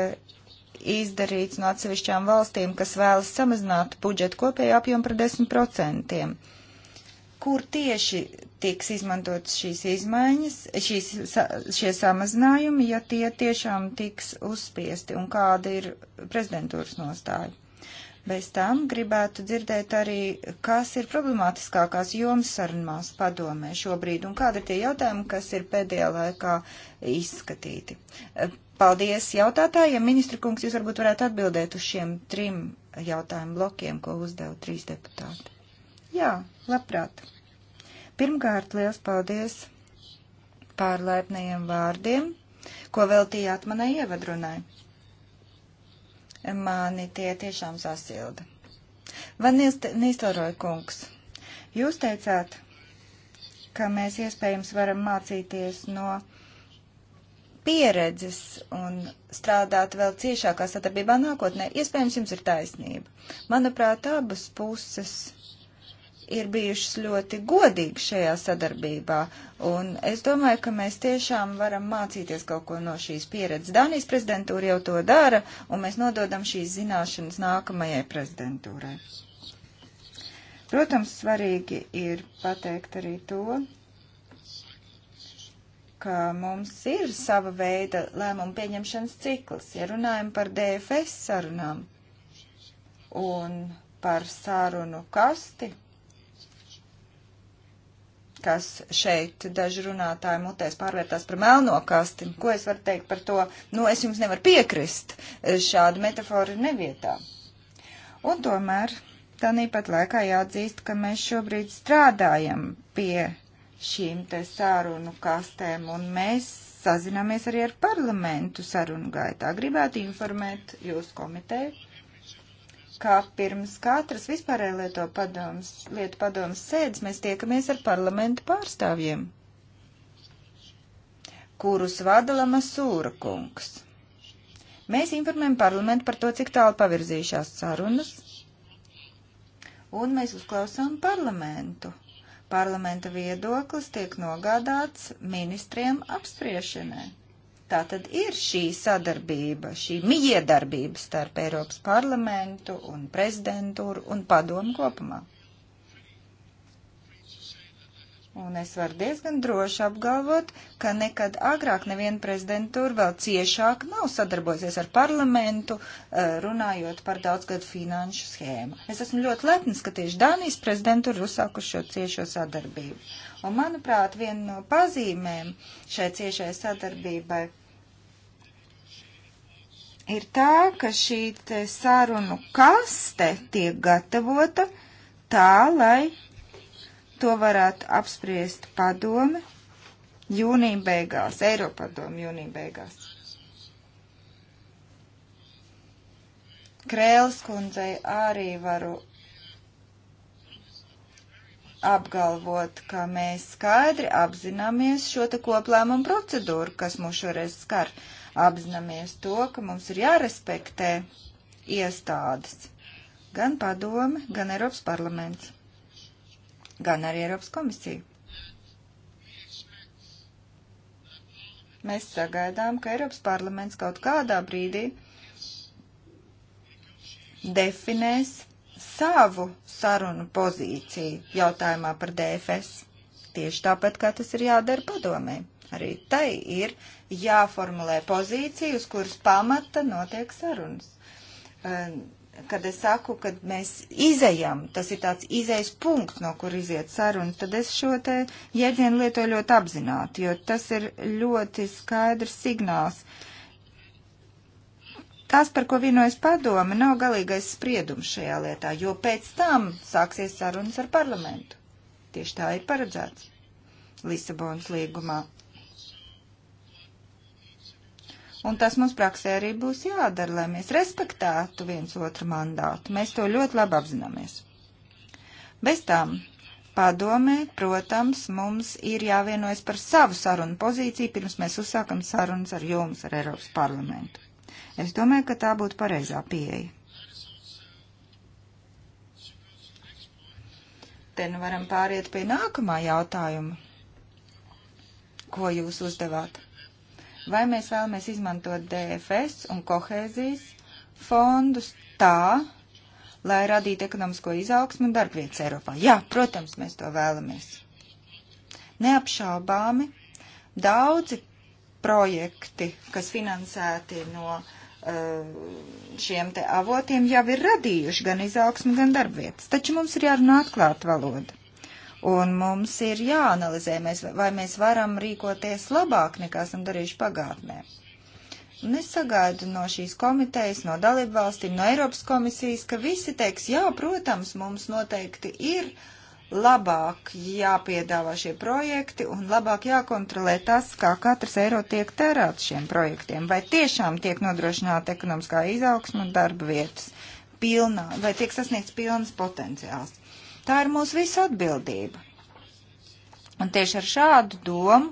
izdarīts no atsevišķām valstīm, kas vēlas samazināt budžetu kopēju apjomu par 10%? Kur tieši tiks izmantotas šīs izmaiņas, šīs, šie samazinājumi, ja tie tiešām tiks uzspiesti un kāda ir prezidentūras nostāja. Bez tam gribētu dzirdēt arī, kas ir problemātiskākās jomas sarunās padomē šobrīd un kādi ir tie jautājumi, kas ir pēdējā laikā izskatīti. Paldies jautātājiem. Ministra kungs, jūs varbūt varētu atbildēt uz šiem trim jautājumu blokiem, ko uzdeva trīs deputāti. Jā, labprāt. Pirmkārt, liels paldies par laipnajiem vārdiem, ko veltījāt manai ievadrunai. Mani tie tiešām sasilda. Van Nīstelroja kungs, jūs teicāt, ka mēs iespējams varam mācīties no pieredzes un strādāt vēl ciešākā sadarbībā nākotnē. Iespējams, jums ir taisnība. Manuprāt, abas puses ir bijušas ļoti godīgas šajā sadarbībā, un es domāju, ka mēs tiešām varam mācīties kaut ko no šīs pieredzes. Dānijas prezidentūra jau to dara, un mēs nododam šīs zināšanas nākamajai prezidentūrai. Protams, svarīgi ir pateikt arī to, ka mums ir sava veida lēmumu pieņemšanas cikls, ja runājam par DFS sarunām un par sarunu kasti, kas šeit daži runātāji mutēs pārvērtās par melno kasti. Ko es varu teikt par to? Nu, es jums nevaru piekrist. Šāda metafora ir nevietā. Un tomēr tāpat laikā jāatzīst, ka mēs šobrīd strādājam pie šīm te sārunu kastēm, un mēs sazināmies arī ar parlamentu sarunu gaitā. Gribētu informēt jūs komiteju, kā pirms katras vispārēja lietu padomas, lietu padomas sēdes mēs tiekamies ar parlamentu pārstāvjiem, kurus vada Lamasūra kungs. Mēs informējam parlamentu par to, cik tālu pavirzījušās sarunas, un mēs uzklausām parlamentu. Parlamenta viedoklis tiek nogādāts ministriem apspriešanai. Tā tad ir šī sadarbība, šī miedarbība starp Eiropas parlamentu un prezidentūru un padomu kopumā. Un es varu diezgan droši apgalvot, ka nekad agrāk neviena prezidentūra vēl ciešāk nav sadarbojusies ar parlamentu, eh, runājot par daudzgadu finanšu schēmu. Es esmu ļoti lepns, ka tieši Dānijas prezidentūra ir uzsākuši šo ciešo sadarbību. Un, manuprāt, viena no pazīmēm šai ciešai sadarbībai ir tā, ka šī sarunu kaste tiek gatavota tā, lai to varētu apspriest padome jūnija beigās, Eiropadome jūnija beigās. Krēls kundzei arī varu apgalvot, ka mēs skaidri apzināmies šo te koplēmumu procedūru, kas mūs šoreiz skar. Apzināmies to, ka mums ir jārespektē iestādes, gan padome, gan Eiropas parlaments, gan arī Eiropas komisija. Mēs sagaidām, ka Eiropas parlaments kaut kādā brīdī definēs savu sarunu pozīciju jautājumā par DFS. Tieši tāpat, kā tas ir jādara padomē. Arī tai ir jāformulē pozīcija, uz kuras pamata notiek sarunas. Ehm, kad es saku, kad mēs izējam, tas ir tāds izējas punkts, no kur iziet saruna, tad es šo te jēdzienu lietoju ļoti apzināti, jo tas ir ļoti skaidrs signāls uh, Tas, par ko vienojas padome, nav galīgais spriedums šajā lietā, jo pēc tam sāksies sarunas ar parlamentu. Tieši tā ir paredzēts Lisabonas līgumā. Un tas mums praksē arī būs jādara, lai mēs respektētu viens otru mandātu. Mēs to ļoti labi apzināmies. Bez tām padomē, protams, mums ir jāvienojas par savu sarunu pozīciju, pirms mēs uzsākam sarunas ar jums, ar Eiropas parlamentu. Es domāju, ka tā būtu pareizā pieeja. Te nu varam pāriet pie nākamā jautājuma, ko jūs uzdevāt. Vai mēs vēlamies izmantot DFS un kohēzijas fondus tā, lai radītu ekonomisko izaugsmu un darbvietas Eiropā? Jā, protams, mēs to vēlamies. Neapšaubāmi daudzi projekti, kas finansēti no uh, Eh, šiem te avotiem jau ir radījuši gan izaugsmu, gan darbvietas. Taču mums ir jārunā atklāt valodu. Un mums ir jāanalizē, mēs, vai mēs varam rīkoties labāk, nekā esam darījuši pagātnē. Un es sagaidu no šīs komitejas, no dalību valstīm, no Eiropas komisijas, ka visi teiks, jā, protams, mums noteikti ir uh, labāk jāpiedāvā šie projekti un labāk jākontrolē tas, kā katrs eiro tiek tērēts šiem projektiem, vai tiešām tiek nodrošināta ekonomiskā izaugsma un darba vietas pilnā, vai tiek sasniegts pilnas potenciāls. Tā ir mūsu visa atbildība. Un tieši ar šādu domu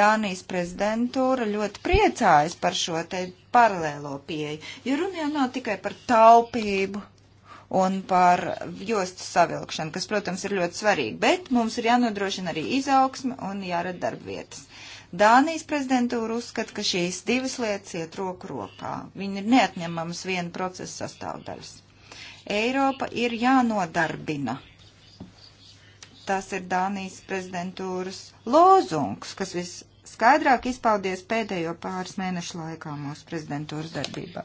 Dānijas prezidentūra ļoti priecājas par šo te paralēlo pieeju, jo runa jau nav tikai par taupību un par jostu savilkšanu, kas, protams, ir ļoti svarīgi, bet mums ir jānodrošina arī izaugsme un jārada darbvietas. Dānijas prezidentūra uzskata, ka šīs divas lietas iet roku rokā. Viņi ir neatņemamas viena procesa sastāvdaļas. Eiropa ir jānodarbina. Tas ir Dānijas prezidentūras lozungs, kas viskaidrāk izpaudies pēdējo pāris mēnešu laikā mūsu prezidentūras darbībā.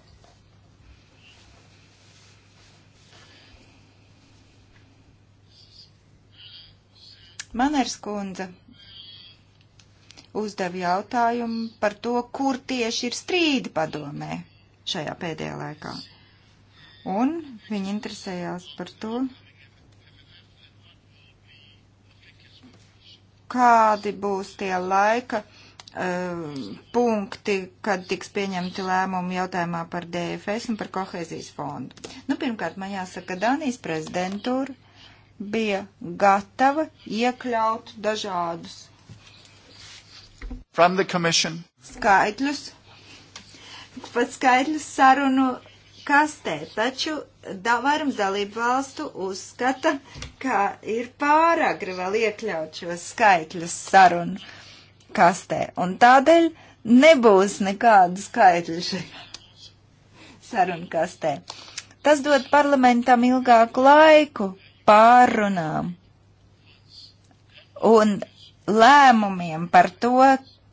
Maners kundze uzdev jautājumu par to, kur tieši ir strīdi padomē šajā pēdējā laikā. Un viņi interesējās par to, kādi būs tie laika uh, punkti, kad tiks pieņemti lēmumi jautājumā par DFS un par kohēzijas fondu. Nu, pirmkārt, man jāsaka, Danijas prezidentūra bija gatava iekļaut dažādus skaitļus, pat skaitļus sarunu kastē, taču da, vairums dalību valstu uzskata, ka ir pāragri vēl iekļaut šos skaitļus sarunu kastē, un tādēļ nebūs nekādu skaitļu šajā sarunu kastē. Tas dod parlamentam ilgāku laiku pārunām un lēmumiem par to,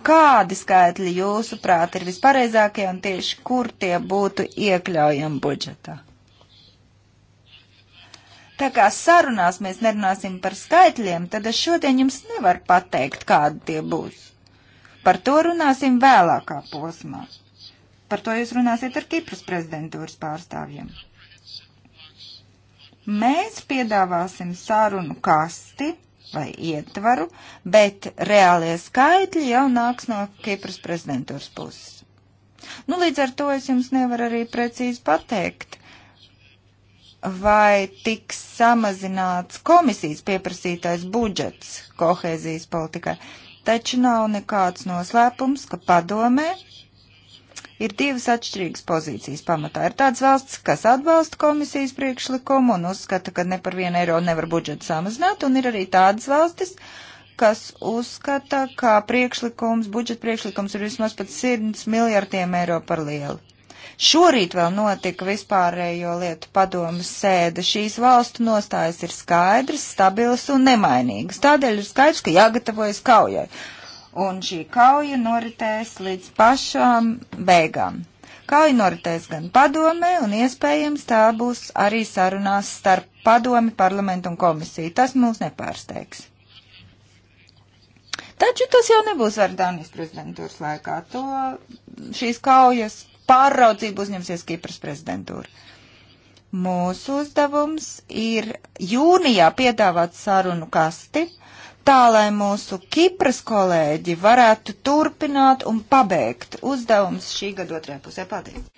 kādi skaitļi jūsuprāt ir vispareizākie un tieši kur tie būtu iekļaujami budžetā? Tā kā sarunās mēs nerunāsim par skaitļiem, tad es šodien jums nevaru pateikt, kādi tie būs. Par to runāsim vēlākā posmā. Par to jūs runāsiet ar Kipras prezidentūras pārstāvjiem. Mēs piedāvāsim sarunu kasti vai ietvaru, bet reālie skaitļi jau nāks no Kipras prezidentūras puses. Nu, līdz ar to es jums nevaru arī precīzi pateikt, vai tiks samazināts komisijas pieprasītais budžets kohēzijas politikai. Taču nav nekāds noslēpums, ka padomē Ir divas atšķirīgas pozīcijas pamatā. Ir tāds valsts, kas atbalsta komisijas priekšlikumu un uzskata, ka ne par vienu eiro nevar budžetu samazināt, un ir arī tādas valstis, kas uzskata, ka priekšlikums, budžeta priekšlikums ir vismaz pat 100 miljardiem eiro par lielu. Šorīt vēl notika vispārējo lietu padomas sēde. Šīs valstu nostājas ir skaidras, stabilas un nemainīgas. Tādēļ ir skaidrs, ka jāgatavojas kaujai un šī kauja noritēs līdz pašām beigām. Kauja noritēs gan padomē, un iespējams tā būs arī sarunās starp padomi, parlamentu un komisiju. Tas mūs nepārsteigs. Taču tas jau nebūs ar Dānijas prezidentūras laikā. To šīs kaujas pārraudzību uzņemsies Kipras prezidentūra. Mūsu uzdevums ir jūnijā piedāvāt sarunu kasti tā lai mūsu Kipras kolēģi varētu turpināt un pabeigt uzdevums šī gada otrajā pusē. Paldies!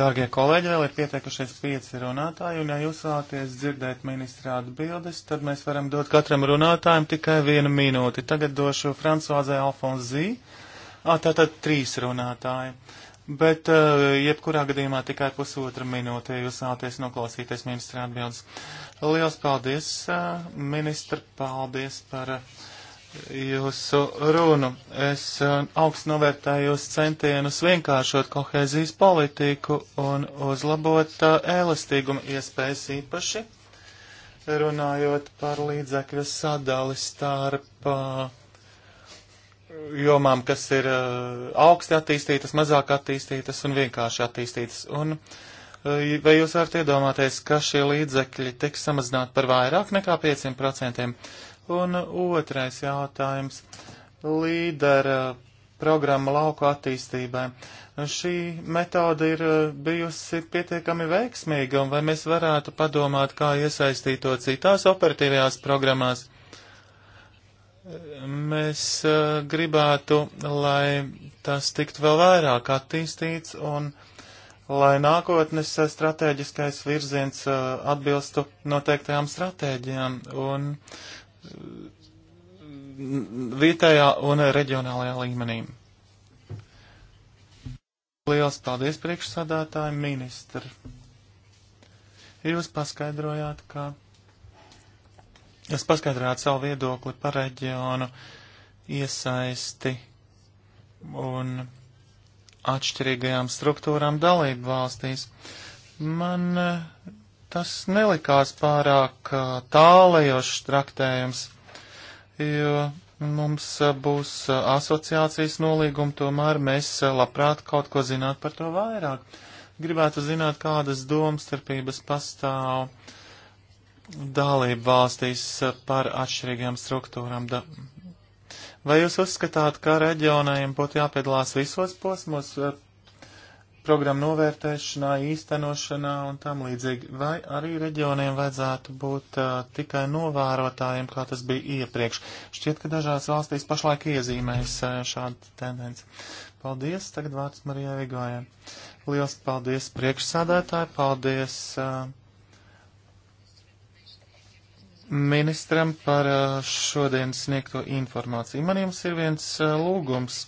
Dārgie kolēģi, vēl ir pieteikušies pieci runātāji, un ja jūs vēlaties dzirdēt ministrā atbildes, tad mēs varam dot katram runātājam tikai vienu minūti. Tagad došu Francoazē Alfonsī, tātad trīs runātāji. Bet jebkurā gadījumā tikai pusotra minūte, ja jūs vēlaties noklausīties ministrā atbildes. Liels paldies, ministra, paldies par jūsu runu. Es augstu novērtēju jūsu centienus vienkāršot kohēzijas politiku un uzlabot elastīguma iespējas īpaši, runājot par līdzekļu sadali starp jomām, kas ir augsti attīstītas, mazāk attīstītas un vienkārši attīstītas. Un, uh, Vai jūs varat iedomāties, ka šie līdzekļi tiks samazināti par vairāk nekā 5%? Un otrais jautājums - līdera programma lauku attīstībai. Šī metode ir eh, bijusi pietiekami veiksmīga, un vai mēs varētu padomāt, kā iesaistīt to citās operatīvajās programmās? Mēs eh, gribētu, lai tas tiktu vēl vairāk attīstīts un uh, lai nākotnes eh, stratēģiskais virziens eh, atbilstu noteiktajām stratēģijām un eh, vietējā un reģionālajā līmenī. Liels paldies priekšsādātāji ministri. Jūs paskaidrojāt, ka jūs paskaidrojāt savu viedokli par reģionu iesaisti un atšķirīgajām struktūrām dalību valstīs. Man e, tas nelikās pārāk e, tālajošs traktējums, jo mums e, būs asociācijas nolīguma, tomēr mēs labprāt kaut ko zināt par to vairāk. Gribētu zināt, kādas domstarpības pastāv dalību valstīs par atšķirīgām struktūrām da Vai jūs uzskatāt, ka reģioniem būtu jāpiedalās visos posmos, eh, programmu novērtēšanā, īstenošanā un tam līdzīgi? Vai arī reģioniem vajadzētu būt uh, tikai novērotājiem, kā tas bija iepriekš? Šķiet, ka dažās valstīs pašlaik iezīmējas uh, šāda tendence. Paldies, tagad vārds Marijai Vigājai. Liels paldies priekšsādētāji, paldies. Uh, ministram par šodien sniegto informāciju. Man jums ir viens lūgums.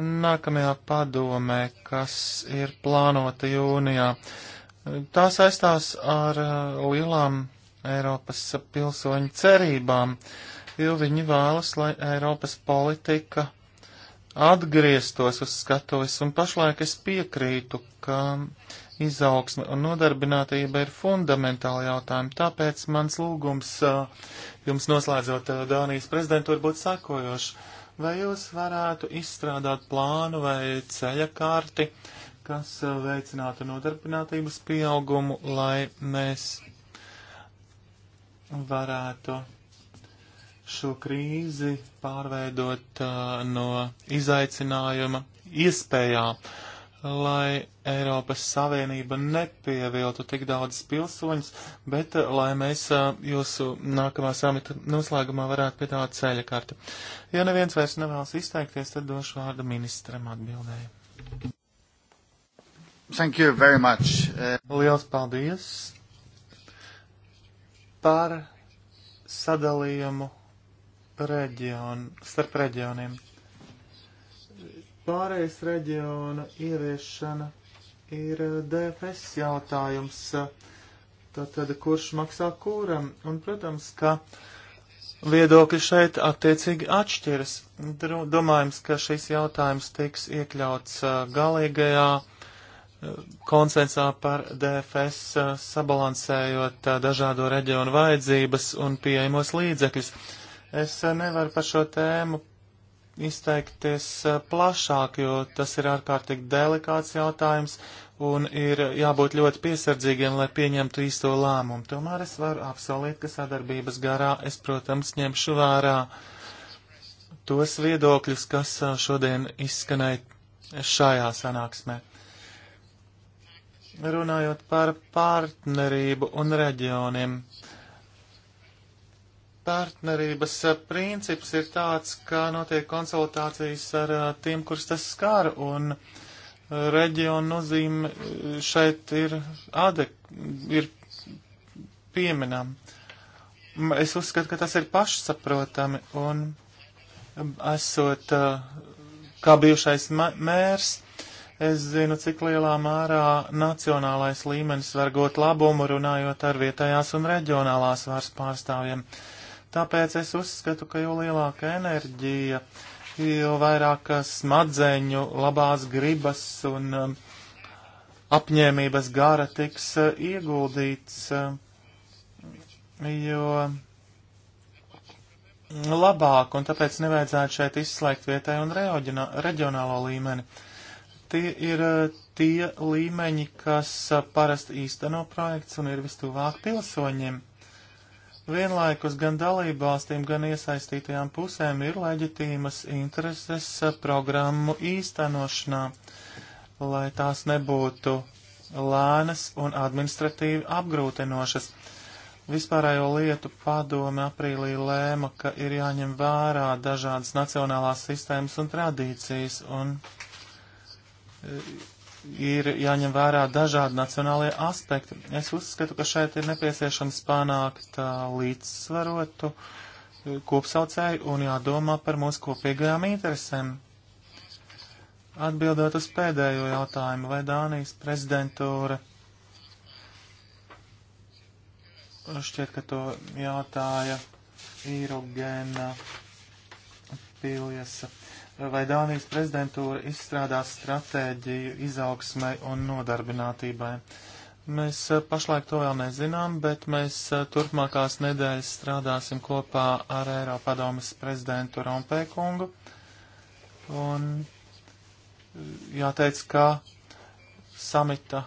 Nākamajā padomē, kas ir plānota jūnijā, tā saistās ar lielām Eiropas pilsoņu cerībām, jo viņi vēlas, lai Eiropas politika atgrieztos uz skatuves, un pašlaik es piekrītu, ka uh, Izaugsme un nodarbinātība ir fundamentāli jautājumi, tāpēc mans lūgums jums noslēdzot Dānijas prezidentūru būtu sakojošs. Vai jūs varētu izstrādāt plānu vai ceļa karti, kas veicinātu nodarbinātības pieaugumu, lai mēs varētu šo krīzi pārveidot uh, no izaicinājuma iespējā. Uh, lai Eiropas Savienība nepieviltu tik daudz pilsoņus, bet eh, lai mēs eh, jūsu nākamā samita noslēgumā varētu piedāvāt ceļa karti. Ja neviens vairs nevēlas izteikties, tad došu vārdu ministram atbildēju. Thank you very much. Eh, Liels paldies par sadalījumu reģionu, starp reģioniem. Pārējais reģiona ieviešana ir eh, DFS jautājums. Tātad, kurš maksā kuram? Un, protams, ka viedokļi šeit attiecīgi atšķiras. Domājams, ka šis jautājums tiks iekļauts eh, galīgajā eh, konsensā par DFS sabalansējot dažādo reģionu vajadzības un pieejamos līdzekļus. Es nevaru par šo tēmu izteikties eh, plašāk, jo tas ir ārkārtīgi delikāts jautājums un ir jābūt ļoti piesardzīgiem, lai pieņemtu īsto lēmumu. Tomēr es varu apsolīt, ka sadarbības garā es, protams, ņemšu vērā tos viedokļus, kas eh, šodien izskanēja šajā sanāksmē. Runājot par partnerību un reģioniem, partnerības princips ir tāds, ka notiek konsultācijas ar tiem, kurus tas skar, un reģiona nozīme šeit ir, adek, ir pieminam. Es uzskatu, ka tas ir pašsaprotami, un esot kā bijušais mērs, es zinu, cik lielā mērā nacionālais līmenis var gūt labumu runājot ar vietējās un reģionālās varas pārstāvjiem. Uh, Tāpēc es uzskatu, ka jo lielāka enerģija, jo vairāk uh, smadzeņu, labās gribas un um, apņēmības gara tiks uh, ieguldīts, uh, jo labāk, un tāpēc nevajadzētu šeit izslēgt vietēju un reoģina, reģionālo līmeni. Tie ir uh, tie līmeņi, kas uh, parasti īsteno projekts un ir vistuvāk pilsoņiem. Vienlaikus gan dalībvalstīm, gan iesaistītajām pusēm ir leģitīmas intereses programmu īstenošanā, lai tās nebūtu lēnas un administratīvi apgrūtinošas. Vispārējo lietu padome aprīlī lēma, ka ir jāņem vērā dažādas nacionālās sistēmas un tradīcijas, un e, ir jāņem vērā dažādi nacionālie aspekti. Es uzskatu, ka šeit ir nepieciešams panākt līdzsvarotu kopsaucēju un jādomā par mūsu kopīgajām interesēm. Atbildot uz pēdējo jautājumu, vai Dānijas prezidentūra šķiet, ka to jautāja Īrogēna Piljasa vai Dānijas prezidentūra izstrādās stratēģiju izaugsmai un nodarbinātībai. Mēs eh, pašlaik to vēl nezinām, bet mēs eh, turpmākās nedēļas strādāsim kopā ar Eiropadomas prezidentu Rompēkungu. Un eh, jāteic, ka samita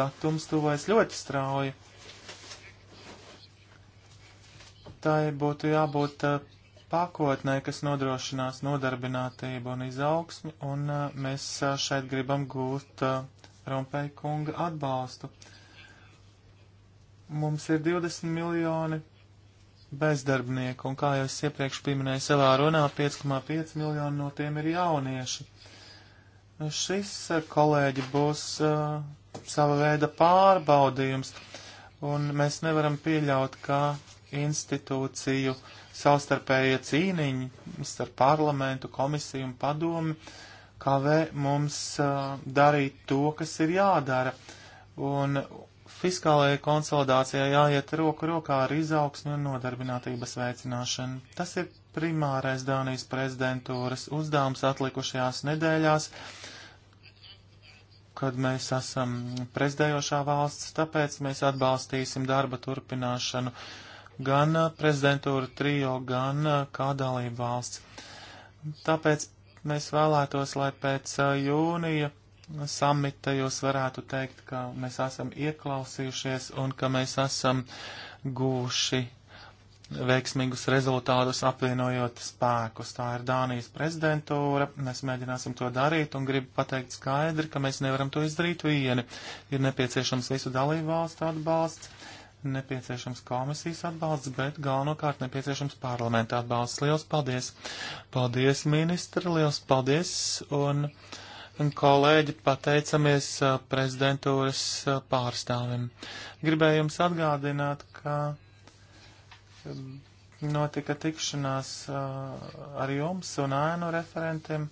datums tuvojas ļoti strauji. Tai būtu jābūt pakotnē, kas nodrošinās nodarbinātību un izaugsmi, un mēs šeit gribam gūt Rompēja kunga atbalstu. Mums ir 20 miljoni bezdarbnieku, un kā jau es iepriekš pieminēju savā runā, 5,5 miljoni no tiem ir jaunieši. Nu, šis kolēģi būs uh, sava veida pārbaudījums, un mēs nevaram pieļaut, ka institūciju uh, savstarpējie cīniņi starp parlamentu, komisiju un padomi kavē mums uh, darīt to, kas ir jādara. Un fiskālajai konsolidācijai jāiet roku rokā ar izaugsmi un nodarbinātības veicināšanu. Tas ir primārais Dānijas prezidentūras uzdevums atlikušajās nedēļās, kad mēs esam prezidējošā valsts, tāpēc mēs atbalstīsim darba turpināšanu. Uh, gan uh, prezidentūra trijo, gan uh, kā dalība valsts. Tāpēc mēs vēlētos, lai pēc uh, jūnija samita jūs varētu teikt, ka mēs esam ieklausījušies un ka mēs esam guvuši veiksmīgus rezultātus apvienojot spēkus. Tā ir Dānijas prezidentūra, mēs mēģināsim to darīt un gribu pateikt skaidri, ka mēs nevaram to izdarīt vieni. Ir nepieciešams visu dalību valstu atbalsts nepieciešams komisijas atbalsts, bet galvenokārt nepieciešams parlamenta atbalsts. Liels paldies! Paldies, ministri! Liels paldies! Un, un kolēģi, pateicamies uh, prezidentūras uh, pārstāvim. Gribēju jums atgādināt, ka notika tikšanās uh, ar jums un ēnu referentiem,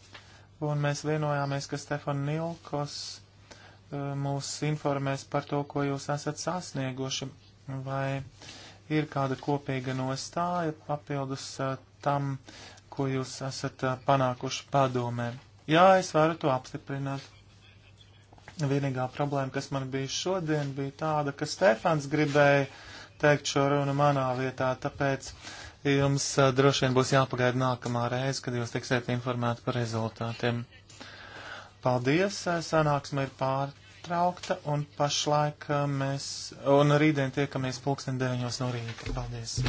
un mēs vienojāmies, ka Stefan Nilkos mūs informēs par to, ko jūs esat sasnieguši vai ir kāda kopīga nostāja papildus tam, ko jūs esat panākuši padomē. Jā, es varu to apstiprināt. Vienīgā problēma, kas man bija šodien, bija tāda, ka Stefans gribēja teikt šo runu manā vietā, tāpēc jums droši vien būs jāpagaida nākamā reize, kad jūs tiksiet informēti par rezultātiem. Paldies, sanāksme ir pār, pārtraukta, un pašlaik uh, mēs, un rītdien tiekamies pulksten 9 no rīta. Paldies!